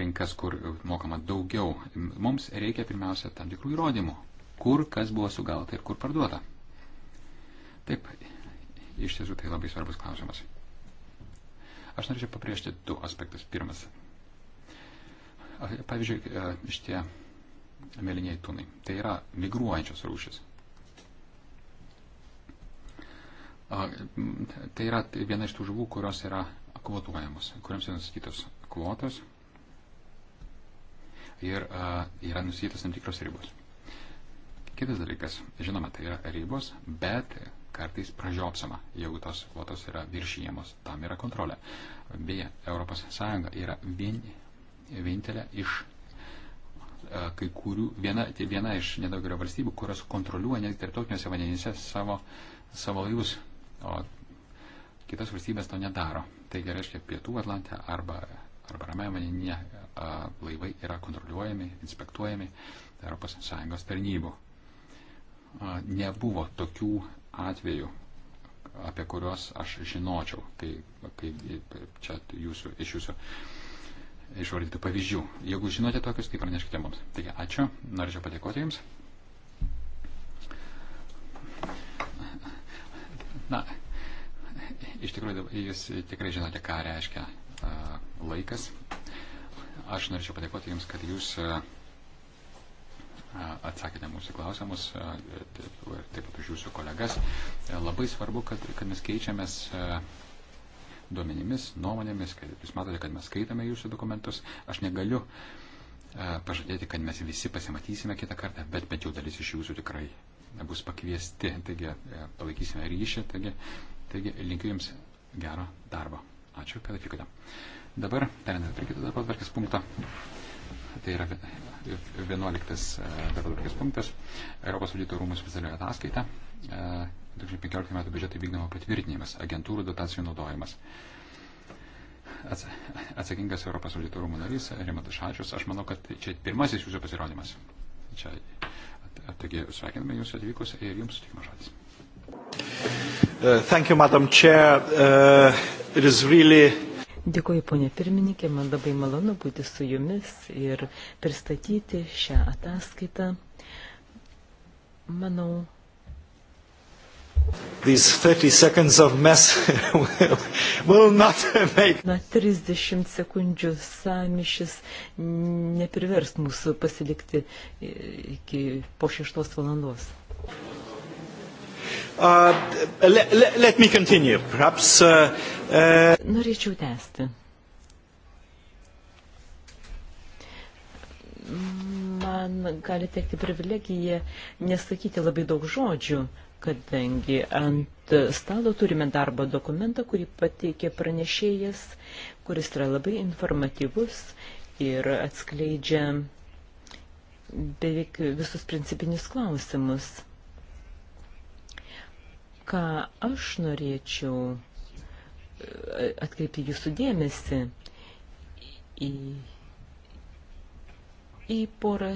rinkas, kur mokama daugiau. Mums reikia pirmiausia tam tikrų įrodymų, kur kas buvo sugauta ir kur parduota. Taip, iš tiesų tai labai svarbus klausimas. Aš norėčiau papriešti du aspektus. Pirmas. Pavyzdžiui, e, šitie mėlyniai tunai. Tai yra migruojančios rūšis. Tai yra viena iš tų žuvų, kurios yra kvotuojamos, kuriams yra nustatytos kvotos ir a, yra nustatytos tam tikros ribos. Kitas dalykas, žinoma, tai yra ribos, bet kartais pražiopsama, jeigu tos kvotos yra viršyjamos, tam yra kontrolė. Beje, ES yra vien, vienintelė iš a, kai kurių, viena, tai viena iš nedaugelio valstybių, kurios kontroliuoja net tarptautiniuose vandenyse savo, savo laivus o kitos valstybės to nedaro. Taigi reiškia, Pietų Atlantė arba, arba Ramiajame vandenyje laivai yra kontroliuojami, inspektuojami ES tarnybų. A, nebuvo tokių atvejų, apie kuriuos aš žinočiau, kai, kai čia jūsų, iš jūsų išvardytų pavyzdžių. Jeigu žinote tokius, tai praneškite mums. Taigi, ačiū, norėčiau padėkoti Jums. Na, iš tikrųjų, jūs tikrai žinote, ką reiškia laikas. Aš norėčiau padėkoti Jums, kad Jūs atsakėte mūsų klausimus ir taip pat už Jūsų kolegas. Labai svarbu, kad, kad mes keičiamės duomenimis, nuomonėmis, kad Jūs matote, kad mes skaitame Jūsų dokumentus. Aš negaliu pažadėti, kad mes visi pasimatysime kitą kartą, bet bent jau dalis iš Jūsų tikrai bus pakviesti, taigi e, palaikysime ryšį, taigi, taigi linkiu Jums gero darbo. Ačiū, kad atvykote. Dabar perinant prie kito darbo atvarkės punkto. Tai yra 11 e, darbo atvarkės punktas. Europos audito rūmų specialioje ataskaita. 2015 e, metų biudžeto vykdymo patvirtinimas, agentūrų dotacijų naudojimas. Atsakingas Europos audito rūmų narys Rimatas Šačius. Aš manau, kad čia pirmasis jūsų pasirodymas. Čia Taigi sveikiname Jūs atvykus ir Jums sutikimas žodis. Uh, thank you, Madam Chair. Uh, it is really Dėkuoju, ponė pirmininkė, man labai malonu būti su jumis ir pristatyti šią ataskaitą. Manau, These 30 seconds of mess will not make. Na, 30 sekundžių samišis neprivers mūsų pasilikti e, iki po šeštos valandos. Uh, let, let, let me continue. Perhaps, uh, uh... Norėčiau tęsti. Man gali tekti privilegiją nesakyti labai daug žodžių, kadangi ant stalo turime darbo dokumentą, kurį pateikė pranešėjas, kuris yra labai informatyvus ir atskleidžia beveik visus principinius klausimus. Ką aš norėčiau e, atkreipti jūsų dėmesį į, į porą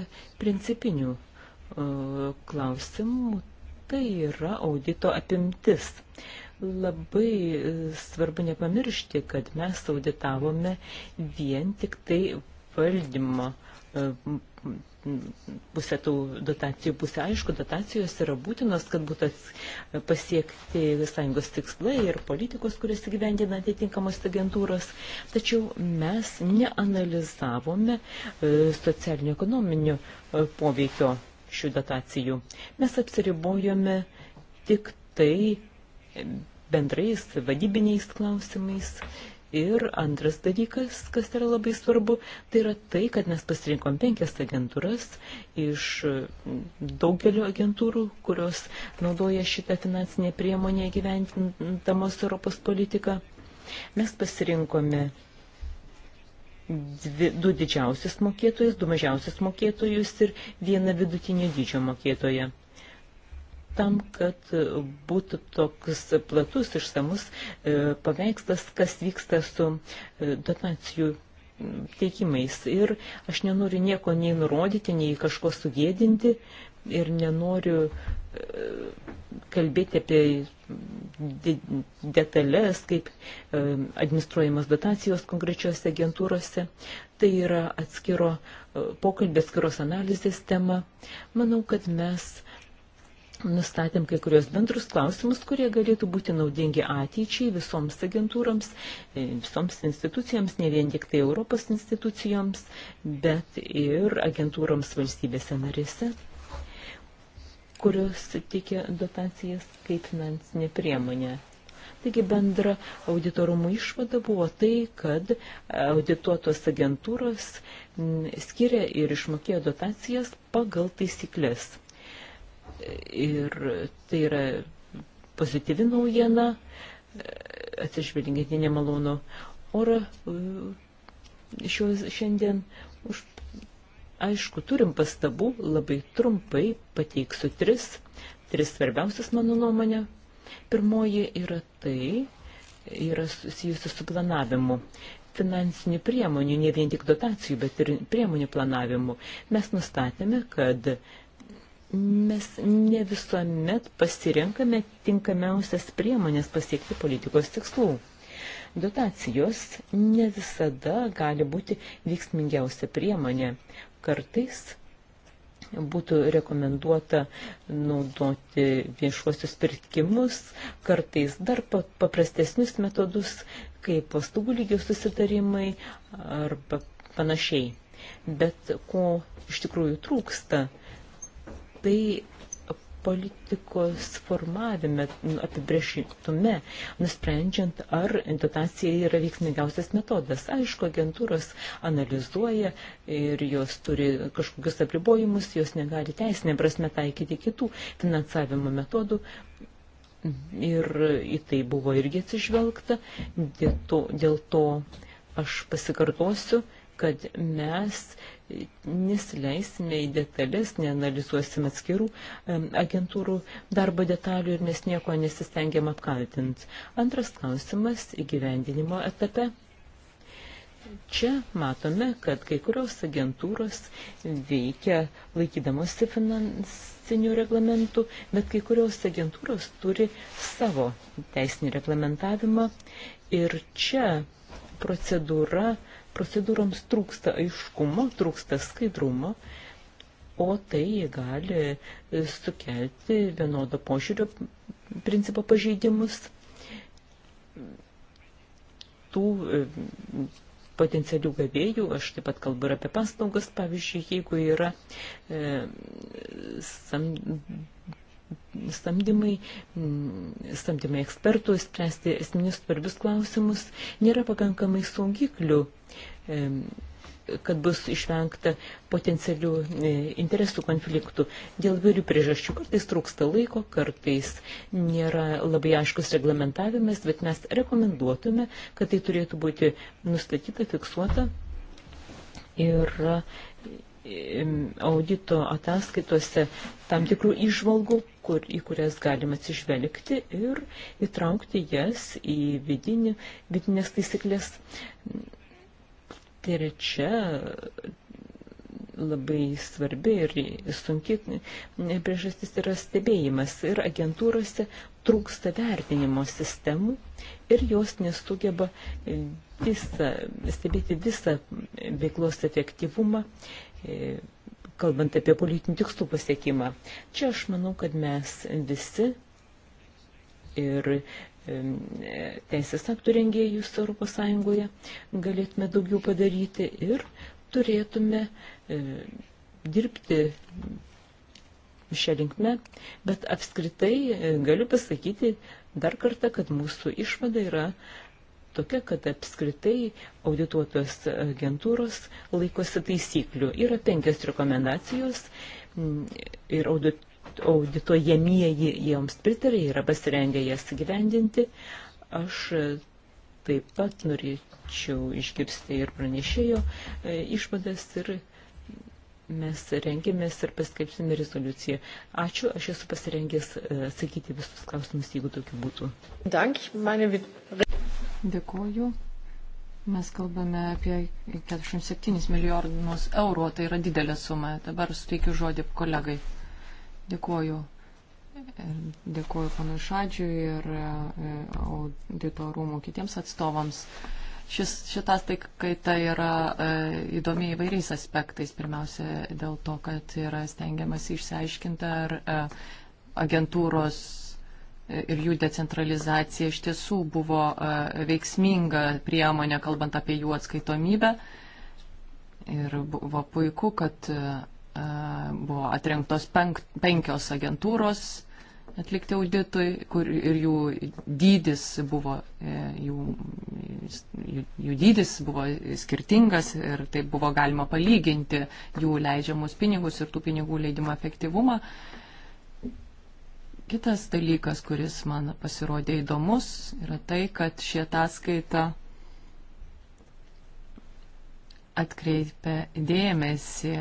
principinių e, klausimų, tai yra audito apimtis. Labai e, svarbu nepamiršti, kad mes auditavome vien tik tai valdymo e, pusė tų dotacijų, pusė aišku, dotacijos yra būtinos, kad būtų e, pasiekti sąjungos tikslai ir politikos, kurias įgyvendina atitinkamos agentūros. Tačiau mes neanalizavome socialinio ekonominio poveikio šių dotacijų. Mes apsiribojome tik tai bendrais vadybiniais klausimais. Ir antras dalykas, kas yra labai svarbu, tai yra tai, kad mes pasirinkom penkias agentūras iš daugelio agentūrų, kurios naudoja šitą finansinę priemonę gyventindamos Europos politiką. Mes pasirinkome dvi, du didžiausius mokėtojus, du mažiausius mokėtojus ir vieną vidutinio dydžio mokėtoją. Tam, kad būtų toks platus išsamus e, paveikslas, kas vyksta su e, dotacijų teikimais. Ir aš nenoriu nieko nei nurodyti, nei kažko sugėdinti ir nenoriu kalbėti apie detalės, kaip e, administruojamos dotacijos konkrečiose agentūrose. Tai yra atskiro e, pokalbė, atskiros analizės tema. Manau, kad mes nustatėm kai kurios bendrus klausimus, kurie galėtų būti naudingi ateičiai visoms agentūrams, e, visoms institucijoms, ne vien tik tai Europos institucijoms, bet ir agentūrams valstybėse narėse kurios teikia dotacijas kaip finansinė priemonė. Taigi bendra auditorumų išvada buvo tai, kad audituotos agentūros skiria ir išmokėjo dotacijas pagal taisyklės. Ir tai yra pozityvi naujiena, atsižvelgiant į nemalonų orą e, šios šiandien už Aišku, turim pastabų, labai trumpai pateiksiu tris, tris svarbiausias mano nuomonė. Pirmoji yra tai, yra susijusi su planavimu finansinių priemonių, ne vien tik dotacijų, bet ir priemonių planavimu. Mes nustatėme, kad mes ne visuomet pasirenkame tinkamiausias priemonės pasiekti politikos tikslų. Dotacijos ne visada gali būti veiksmingiausia priemonė, kartais būtų rekomenduota naudoti viešuosius pirkimus, kartais dar paprastesnius metodus, kaip paslaugų lygio susitarimai arba panašiai. Bet ko iš tikrųjų trūksta, tai politikos formavime, nu, apibriešitume, nusprendžiant, ar dotacija yra veiksmingiausias metodas. Aišku, agentūros analizuoja ir jos turi kažkokius apribojimus, jos negali teisinė prasme taikyti kitų finansavimo metodų. Ir į tai buvo irgi atsižvelgta, dėl to, dėl to aš pasikartosiu, kad mes nesileisime į detalės, neanalizuosim atskirų agentūrų darbo detalių ir mes nieko nesistengiam apkaltinti. Antras klausimas įgyvendinimo etape. Čia matome, kad kai kurios agentūros veikia laikydamosi finansinių reglamentų, bet kai kurios agentūros turi savo teisinį reglamentavimą ir čia procedūra uh, procedūroms trūksta aiškumo, trūksta skaidrumo, o tai gali sukelti vienodo požiūrio principo pažeidimus tų e, potencialių gavėjų, aš taip pat kalbu ir apie paslaugas, pavyzdžiui, jeigu yra e, sam, samdymai, mm, samdymai ekspertų, spręsti esminius svarbius klausimus, nėra pakankamai saugiklių kad bus išvengta potencialių e, interesų konfliktų. Dėl vairių priežasčių kartais trūksta laiko, kartais nėra labai aiškus reglamentavimas, bet mes rekomenduotume, kad tai turėtų būti nustatyta, fiksuota ir audito ataskaitose tam tikrų išvalgų kur, į kurias galima atsižvelgti ir įtraukti jas į vidinį, vidinės taisyklės. Tai yra čia labai svarbi ir sunki priežastis yra stebėjimas. Ir agentūrose trūksta vertinimo sistemų ir jos nesugeba visą, stebėti visą veiklos efektyvumą, kalbant apie politinių tikslų pasiekimą. Čia aš manau, kad mes visi ir teisės aktų rengėjus Europos Sąjungoje galėtume daugiau padaryti ir turėtume e, dirbti šią linkmę, bet apskritai e, galiu pasakyti dar kartą, kad mūsų išvada yra tokia, kad apskritai audituotos agentūros laikosi taisyklių. Yra penkios rekomendacijos mm, ir audit, auditojamieji joms pritarė, yra pasirengę jas gyvendinti. Aš taip pat norėčiau išgirsti ir pranešėjo e, išvadas ir mes rengėmės ir paskelbsime rezoliuciją. Ačiū, aš esu pasirengęs e, atsakyti visus klausimus, jeigu tokių būtų. Dank, Dėkoju. Mes kalbame apie 47 milijardus eurų, tai yra didelė suma. Dabar suteikiu žodį kolegai. Dėkuoju. Dėkuoju panui Šadžiui ir e, audito rūmų kitiems atstovams. Šis, šitas tai kaita yra e, įdomi įvairiais aspektais. Pirmiausia, dėl to, kad yra stengiamas išsiaiškinti, ar e, agentūros ir jų decentralizacija iš tiesų buvo e, veiksminga priemonė, kalbant apie jų atskaitomybę. Ir buvo puiku, kad e, e, buvo atrinktos penk, penkios agentūros atlikti auditui, kur ir jų dydis buvo, jų, jų, jų dydis buvo skirtingas ir taip buvo galima palyginti jų leidžiamus pinigus ir tų pinigų leidimo efektyvumą. Uh, Kitas dalykas, kuris man pasirodė įdomus, yra tai, kad šie ataskaita atkreipia dėmesį,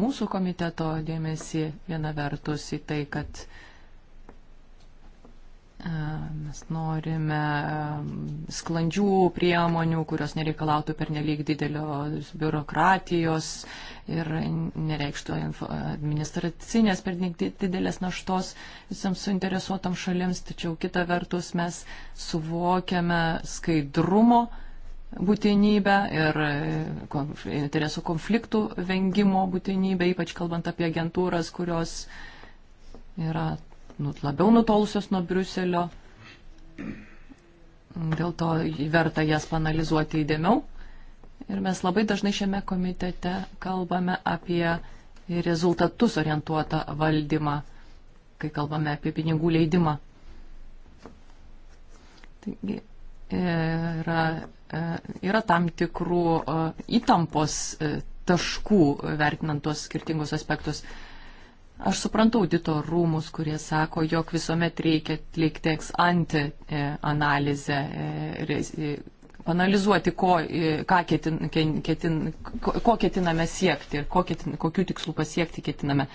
mūsų komiteto dėmesį viena vertus į tai, kad E, mes norime e, sklandžių priemonių, kurios nereikalautų per nelik didelio biurokratijos ir nereikštų administracinės per didelės naštos visams suinteresuotam šalims, tačiau kita vertus mes suvokiame skaidrumo būtinybę ir e, interesų konfliktų vengimo būtinybę, ypač kalbant apie agentūras, kurios yra nu, labiau nutolusios nuo Briuselio. Dėl to verta jas panalizuoti įdėmiau. Ir mes labai dažnai šiame komitete kalbame apie rezultatus orientuotą valdymą, kai kalbame apie pinigų leidimą. Taigi, e, yra, e, yra tam tikrų e, įtampos taškų vertinant tuos skirtingus aspektus. Aš suprantu audito rūmus, kurie sako, jog visuomet reikia atlikti eks ante analizę, e, e, analizuoti, ko, e, ką ketin, ketin, ko ketiname siekti ir ko ketin, kokių tikslų pasiekti ketiname.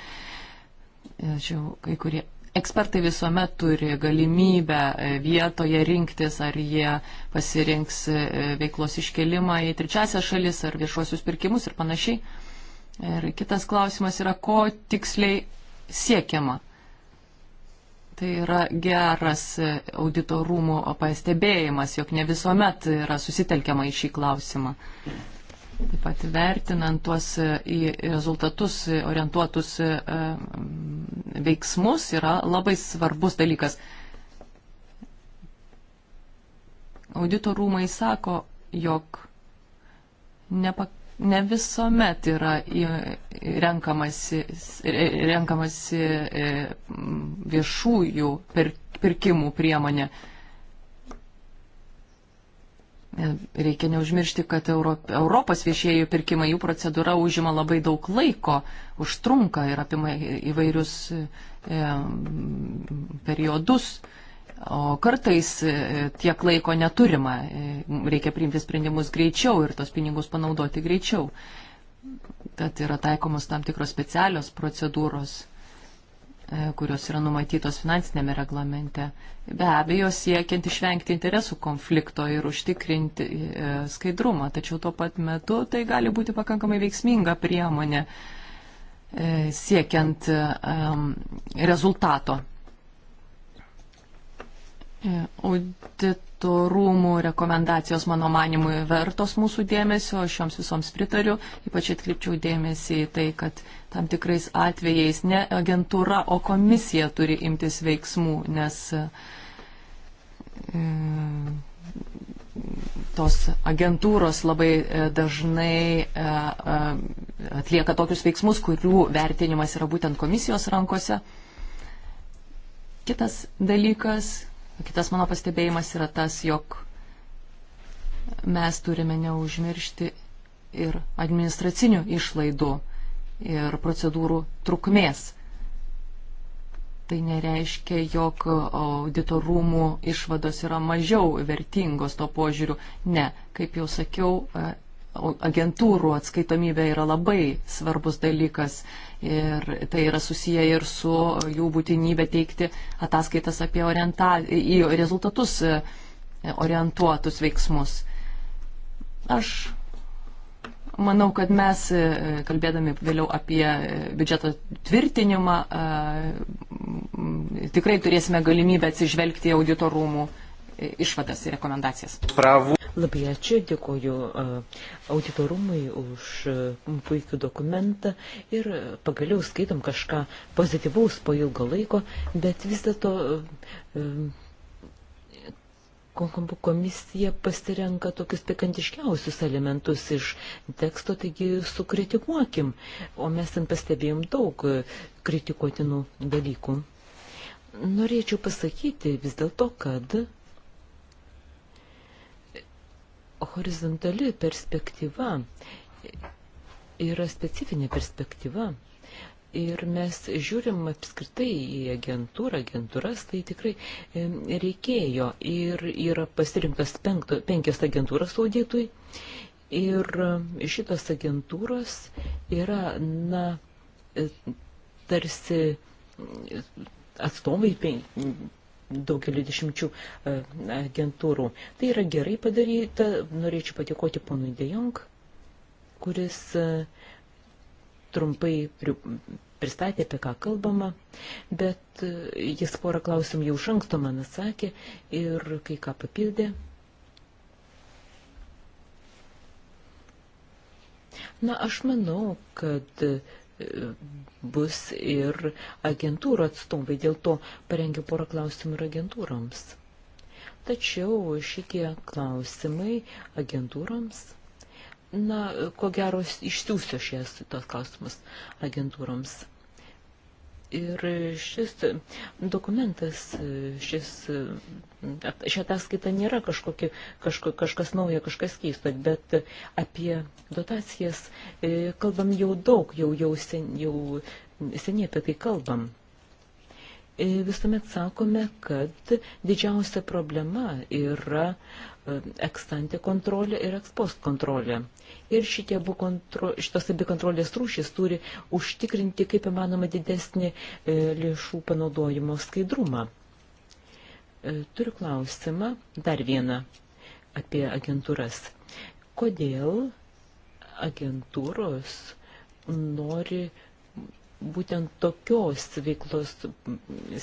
Žiūrėjau, kai kurie ekspertai visuomet turi galimybę vietoje rinktis, ar jie pasirinks veiklos iškelimą į trečiasią šalis, ar viešuosius pirkimus ir panašiai. Ir kitas klausimas yra, ko tiksliai siekiama. Tai yra geras auditorumų pastebėjimas, jog ne visuomet yra susitelkiama į šį klausimą. Taip pat vertinant tuos į rezultatus orientuotus e, veiksmus yra labai svarbus dalykas. Auditorumai sako, jog nepakankamai ne visuomet yra renkamasi, e, renkamasi e, viešųjų pirkimų priemonė. E, reikia neužmiršti, kad Europos viešieji pirkimai, jų procedūra užima labai daug laiko, užtrunka ir apima įvairius periodus. E, O kartais e, tiek laiko neturima, e, reikia priimti sprendimus greičiau ir tos pinigus panaudoti greičiau. Tad yra taikomos tam tikros specialios procedūros, e, kurios yra numatytos finansinėme reglamente. Be abejo, siekiant išvengti interesų konflikto ir užtikrinti skaidrumą, tačiau tuo pat metu tai gali būti pakankamai veiksminga priemonė siekiant rezultato E, Audito rūmų rekomendacijos, mano manimu, vertos mūsų dėmesio, aš joms visoms pritariu, ypač atkreipčiau dėmesį į tai, kad tam tikrais atvejais ne agentūra, o komisija turi imtis veiksmų, nes e, tos agentūros labai e, dažnai atlieka tokius veiksmus, kurių vertinimas yra būtent komisijos rankose. Kitas dalykas Kitas mano pastebėjimas yra tas, jog mes turime neužmiršti ir administracinių išlaidų ir procedūrų trukmės. Tai nereiškia, jog auditorumų išvados yra mažiau vertingos to požiūriu. Ne, kaip jau sakiau, e, agentūrų atskaitomybė yra labai svarbus dalykas Ir tai yra susiję ir su jų būtinybė teikti ataskaitas apie orienta, į rezultatus e, orientuotus veiksmus. Aš manau, kad mes, e, kalbėdami vėliau apie e, biudžeto tvirtinimą, tikrai turėsime galimybę atsižvelgti į auditorumų rūmų išvadas ir rekomendacijas. Pravų. Labai ačiū, dėkoju e, auditorumui už e, puikių dokumentą ir pagaliau skaitom kažką pozityvaus po ilgo laiko, bet vis dėlto e, komisija pasirenka tokius pikantiškiausius elementus iš teksto, taigi sukritikuokim, o mes ten pastebėjom daug kritikuotinų dalykų. Norėčiau pasakyti vis dėlto, kad horizontali perspektyva yra specifinė perspektyva. Ir mes žiūrim apskritai į agentūrą, agentūras, tai tikrai reikėjo. Ir yra pasirinktas penkto, penkias agentūras auditui. Ir šitos agentūros yra, na, e, tarsi atstovai pen, daugeliu dešimčių e, agentūrų. Tai yra gerai padaryta. Norėčiau patikoti ponui Dejong, kuris e, trumpai pristatė, apie ką kalbama, bet e, jis porą klausimų jau šanksto man atsakė ir kai ką papildė. Na, aš manau, kad bus ir agentūrų atstovai, dėl to parengiu porą klausimų ir agentūroms. Tačiau šitie klausimai agentūroms, na, ko gero išsiųsiu šies tos klausimus agentūroms. Ir šis dokumentas, šis, ši ataskaita nėra kažkokie, kažko, kažkas nauja, kažkas keisto, bet apie dotacijas e, kalbam jau daug, jau, jau, sen, jau seniai apie tai kalbam e, visuomet sakome, kad didžiausia problema yra e, ekstantė kontrolė ir ekspost kontrolė ir šitie abu kontro, šitos abi kontrolės rūšys turi užtikrinti kaip įmanoma didesnį e, lėšų panaudojimo skaidrumą. E, turiu klausimą, dar vieną apie agentūras. Kodėl agentūros nori būtent tokios veiklos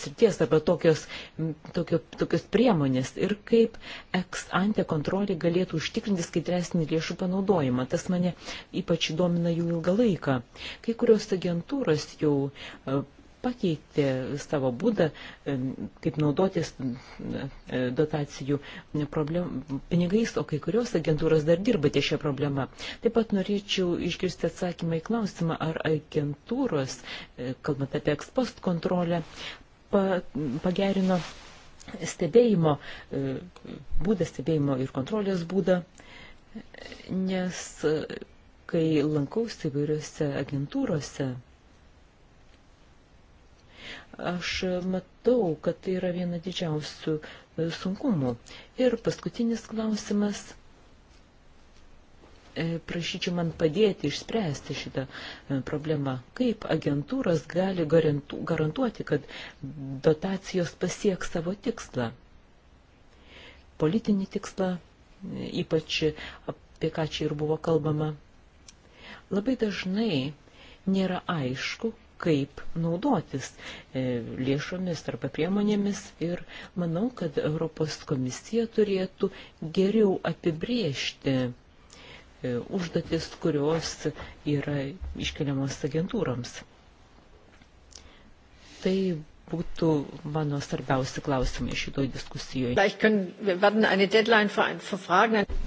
srities arba tokios, tokio, tokios priemonės ir kaip ex ante kontrolė galėtų užtikrinti skaidresnį lėšų panaudojimą. Tas mane ypač domina jau ilgą laiką. Kai kurios agentūros jau pakeitė savo būdą, e, kaip naudotis e, dotacijų problem, pinigais, o kai kurios agentūros dar dirba ties šią problemą. Taip pat norėčiau išgirsti atsakymą į klausimą, ar agentūros, e, kalbant apie ekspost kontrolę, pa, pagerino stebėjimo būdą, stebėjimo ir kontrolės būdą, nes kai lankausi įvairiuose agentūrose, Aš matau, kad tai yra viena didžiausių e, sunkumų. Ir paskutinis klausimas. E, prašyčiau man padėti išspręsti šitą e, problemą. Kaip agentūros gali garantuoti, kad dotacijos pasieks savo tikslą? Politinį tikslą, ypač apie ką čia ir buvo kalbama. Labai dažnai nėra aišku, kaip naudotis e, lėšomis arba priemonėmis ir manau, kad Europos komisija turėtų geriau apibriežti e, užduotis, kurios yra iškeliamos agentūrams. Tai būtų mano svarbiausi klausimai šitoj diskusijoje.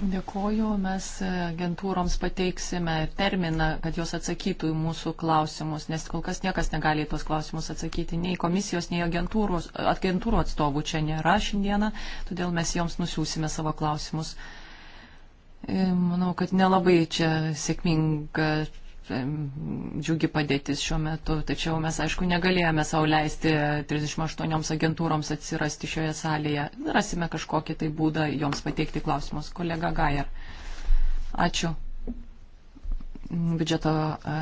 Dėkoju, mes agentūroms pateiksime terminą, kad jos atsakytų į mūsų klausimus, nes kol kas niekas negali į tos klausimus atsakyti, nei komisijos, nei agentūrų, agentūrų atstovų čia nėra šiandieną, todėl mes joms nusiūsime savo klausimus. Manau, kad nelabai čia sėkminga džiugi padėtis šiuo metu, tačiau mes, aišku, negalėjome savo leisti 38 agentūroms atsirasti šioje salėje. Rasime kažkokį tai būdą joms pateikti klausimus. Kolega Gajer. Ačiū. Biudžeto e,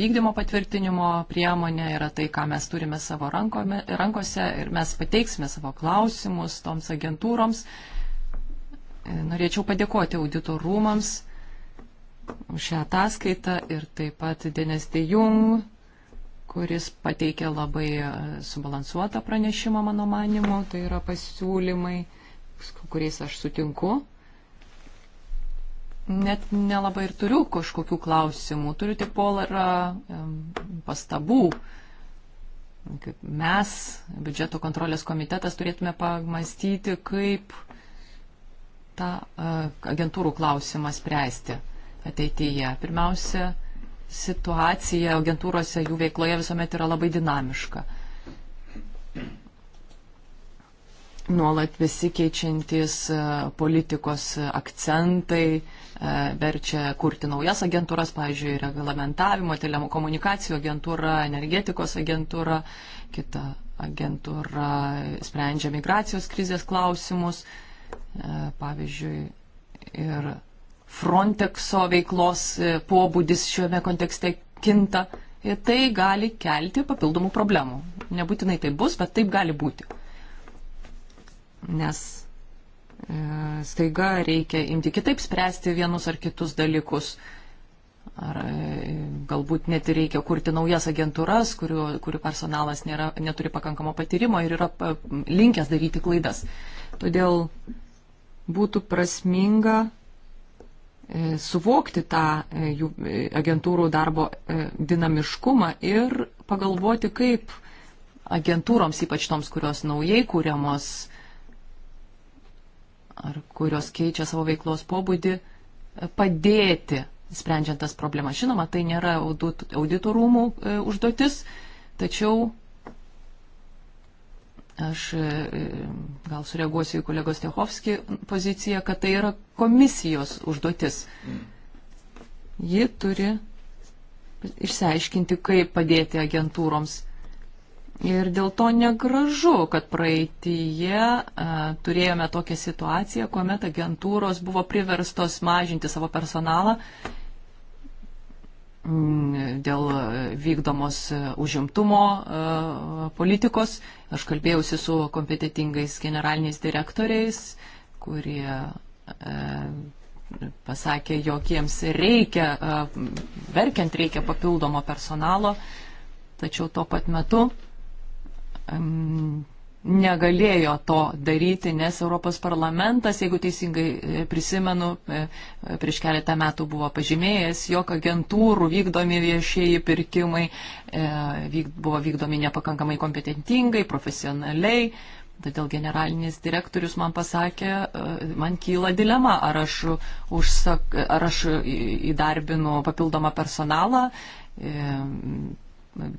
vykdymo patvirtinimo priemonė yra tai, ką mes turime savo rankome, rankose ir mes pateiksime savo klausimus toms agentūroms. E, norėčiau padėkoti auditorumams rūmams už šią ataskaitą ir taip pat Denis De Jung, kuris pateikė labai e, subalansuotą pranešimą mano manimu, tai yra pasiūlymai, kuriais aš sutinku. Net nelabai ir turiu kažkokių klausimų, turiu tik polarą pastabų. Kaip mes, biudžeto kontrolės komitetas, turėtume pamastyti, kaip tą e, agentūrų klausimą spręsti ateityje. Pirmiausia, situacija agentūrose, jų veikloje visuomet yra labai dinamiška. Nuolat visi keičiantis e, politikos e, akcentai e, verčia kurti naujas agentūras, pavyzdžiui, reglamentavimo, telekomunikacijų agentūra, energetikos agentūra, kita agentūra sprendžia migracijos krizės klausimus, pavyzdžiui, ir Frontexo veiklos e, pobūdis šiame kontekste kinta ir tai gali kelti papildomų problemų. Nebūtinai tai bus, bet taip gali būti. Nes e, staiga reikia imti kitaip spręsti vienus ar kitus dalykus. Ar e, galbūt net reikia kurti naujas agentūras, kurių, kurių personalas nėra, neturi pakankamo patyrimo ir yra linkęs daryti klaidas. Todėl būtų prasminga E, suvokti tą e, jų e, agentūrų darbo dinamiškumą ir pagalvoti, kaip agentūroms, ypač toms, kurios naujai kūriamos ar kurios keičia savo veiklos pobūdį, padėti sprendžiant tas problemas. Žinoma, tai nėra auditorumų užduotis, tačiau Aš e, gal sureaguosiu į kolegos Techovskį poziciją, kad tai yra komisijos užduotis. Ji turi išsiaiškinti, kaip padėti agentūroms. Ir dėl to negražu, kad praeitįje a, e, turėjome tokią situaciją, kuomet agentūros buvo priverstos mažinti savo personalą Mm, dėl vykdomos užimtumo e, politikos. Aš kalbėjausi su kompetitingais generaliniais direktoriais, kurie e, pasakė, jog jiems reikia, e, verkiant reikia papildomo personalo, tačiau tuo pat metu mm, negalėjo to daryti, nes Europos parlamentas, jeigu teisingai e, prisimenu, e, e, prieš keletą metų buvo pažymėjęs, jog agentūrų vykdomi viešieji pirkimai buvo vykdomi nepakankamai kompetentingai, profesionaliai. Todėl generalinis direktorius man pasakė, man kyla dilema, ar aš, užsak, ar aš įdarbinu papildomą personalą,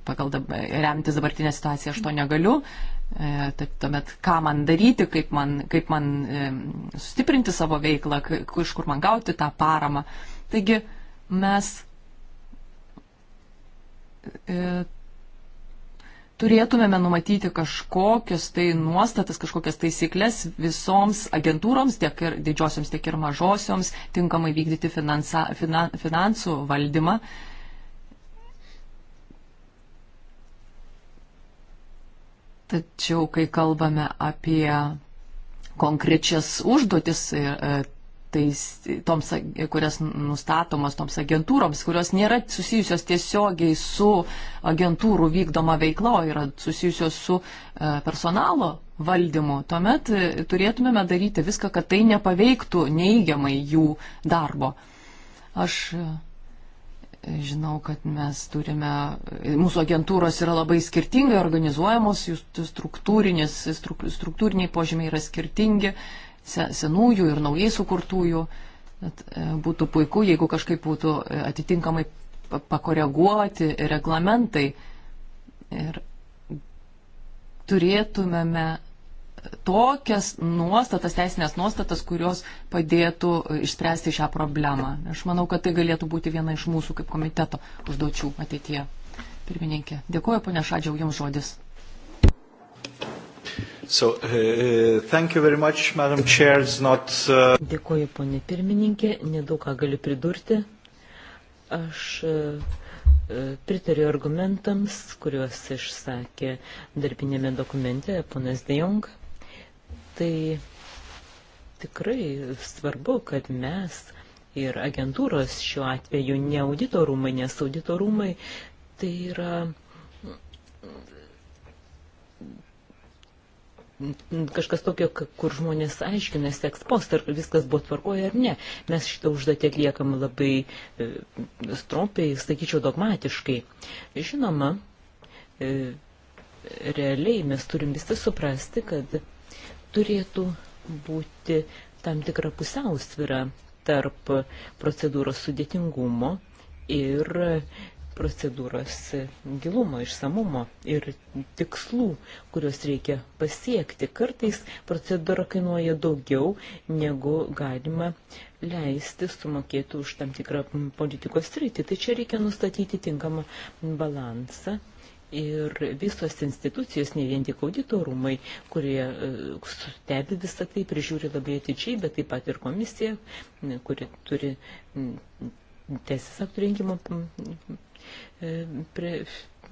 pagal remtis dabartinę situaciją aš to negaliu, E, tad tuomet, ką man daryti, kaip man, kaip man e, sustiprinti savo veiklą, iš kur man gauti tą paramą. Taigi mes e, turėtumėme numatyti kažkokias tai nuostatas, kažkokias taisyklės visoms agentūroms, tiek ir didžiosioms, tiek ir mažosioms, tinkamai vykdyti finansa, finan, finansų valdymą. E, Tačiau, kai kalbame apie konkrečias užduotis, e, e, tais, toms, kurias nustatomos toms agentūroms, kurios nėra susijusios tiesiogiai su agentūrų vykdoma veikla, o yra susijusios su e, personalo valdymu, tuomet turėtumėme daryti viską, kad tai nepaveiktų neigiamai jų darbo. Aš Žinau, kad mes turime, mūsų agentūros yra labai skirtingai organizuojamos, jų struktūrinis, struktūriniai požymiai yra skirtingi, senųjų ir naujai sukurtųjų. E, būtų puiku, jeigu kažkaip būtų e, atitinkamai pakoreguoti reglamentai ir turėtumėme tokias nuostatas, teisinės nuostatas, kurios padėtų e, išspręsti šią problemą. Aš manau, kad tai galėtų būti viena iš mūsų kaip komiteto užduočių ateityje. Pirmininkė, dėkuoju, ponia Šadžiau, jums žodis. So, uh, uh much, Chair, not, uh... Dėkuoju, ponė pirmininkė, nedaug ką galiu pridurti. Aš uh, pritariu argumentams, kuriuos išsakė darbinėme dokumente ponas Dejong. Uh, tai tikrai svarbu, kad mes ir agentūros šiuo atveju ne auditorumai, nes auditorumai tai yra mm, kažkas tokio, kur žmonės aiškinasi ekspost, ar viskas buvo tvarkoje ar ne. Mes šitą užduotį atliekam labai e, strompiai, sakyčiau, dogmatiškai. Žinoma, e, realiai mes turim visi suprasti, kad turėtų būti tam tikra pusiausvyra tarp procedūros sudėtingumo ir procedūros gilumo, išsamumo ir tikslų, kuriuos reikia pasiekti. Kartais procedūra kainuoja daugiau, negu galima leisti sumokėti už tam tikrą politikos rytį. Tai čia reikia nustatyti tinkamą balansą ir visos institucijos, ne vien tik auditorumai, kurie e, stebi visą tai, prižiūri labai atidžiai, bet taip pat ir komisija, kuri turi teisės aktų rinkimo e,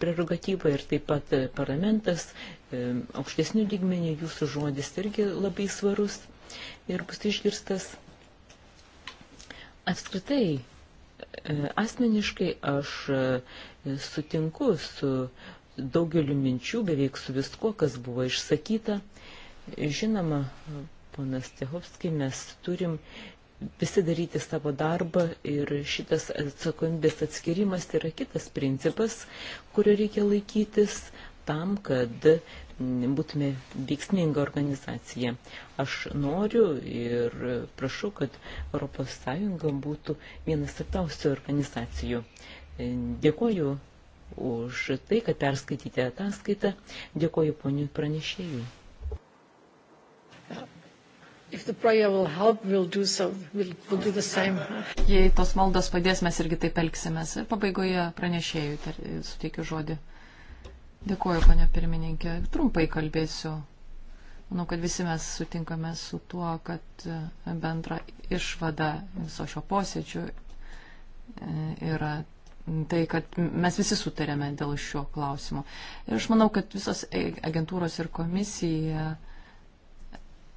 prerogatyva ir taip pat e, parlamentas, aukštesnių lygmenių jūsų žodis irgi labai svarus ir bus išgirstas. Apskritai, asmeniškai aš sutinku su daugeliu minčių, beveik su viskuo, kas buvo išsakyta. Žinoma, ponas Tehovskiai, mes turim visi daryti savo darbą ir šitas atsakomybės atskirimas yra kitas principas, kurio reikia laikytis tam, kad būtume veiksminga organizacija. Aš noriu ir prašau, kad ES būtų vienas svarbiausių organizacijų. E, dėkoju už tai, kad perskaityti ataskaitą. Dėkoju poniui pranešėjui. Help, we'll so. we'll, we'll Jei tos maldos padės, mes irgi taip elgsimės. Ir pabaigoje pranešėjui tar, e, suteikiu žodį. Dėkoju, ponia pirmininkė. Trumpai kalbėsiu. Manau, kad visi mes sutinkame su tuo, kad e, bendra išvada viso šio posėdžio yra tai, kad mes visi sutarėme dėl šio klausimo. Ir aš manau, kad visos agentūros ir komisija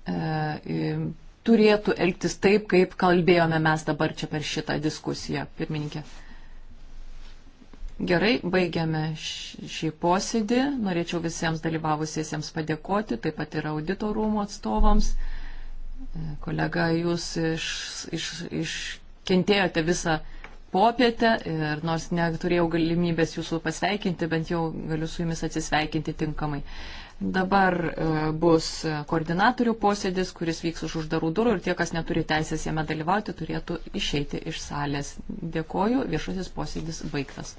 e, turėtų elgtis taip, kaip kalbėjome mes dabar čia per šitą diskusiją, pirmininkė. Gerai, baigiame šį posėdį. Norėčiau visiems dalyvavusiesiems padėkoti, taip pat ir audito rūmų atstovams. E, kolega, jūs iš, iš, iškentėjote visą popietę ir nors neturėjau galimybės jūsų pasveikinti, bent jau galiu su jumis atsisveikinti tinkamai. Dabar e, bus koordinatorių posėdis, kuris vyks už uždarų durų ir tie, kas neturi teisės jame dalyvauti, turėtų išeiti iš salės. Dėkoju, viešasis posėdis baigtas.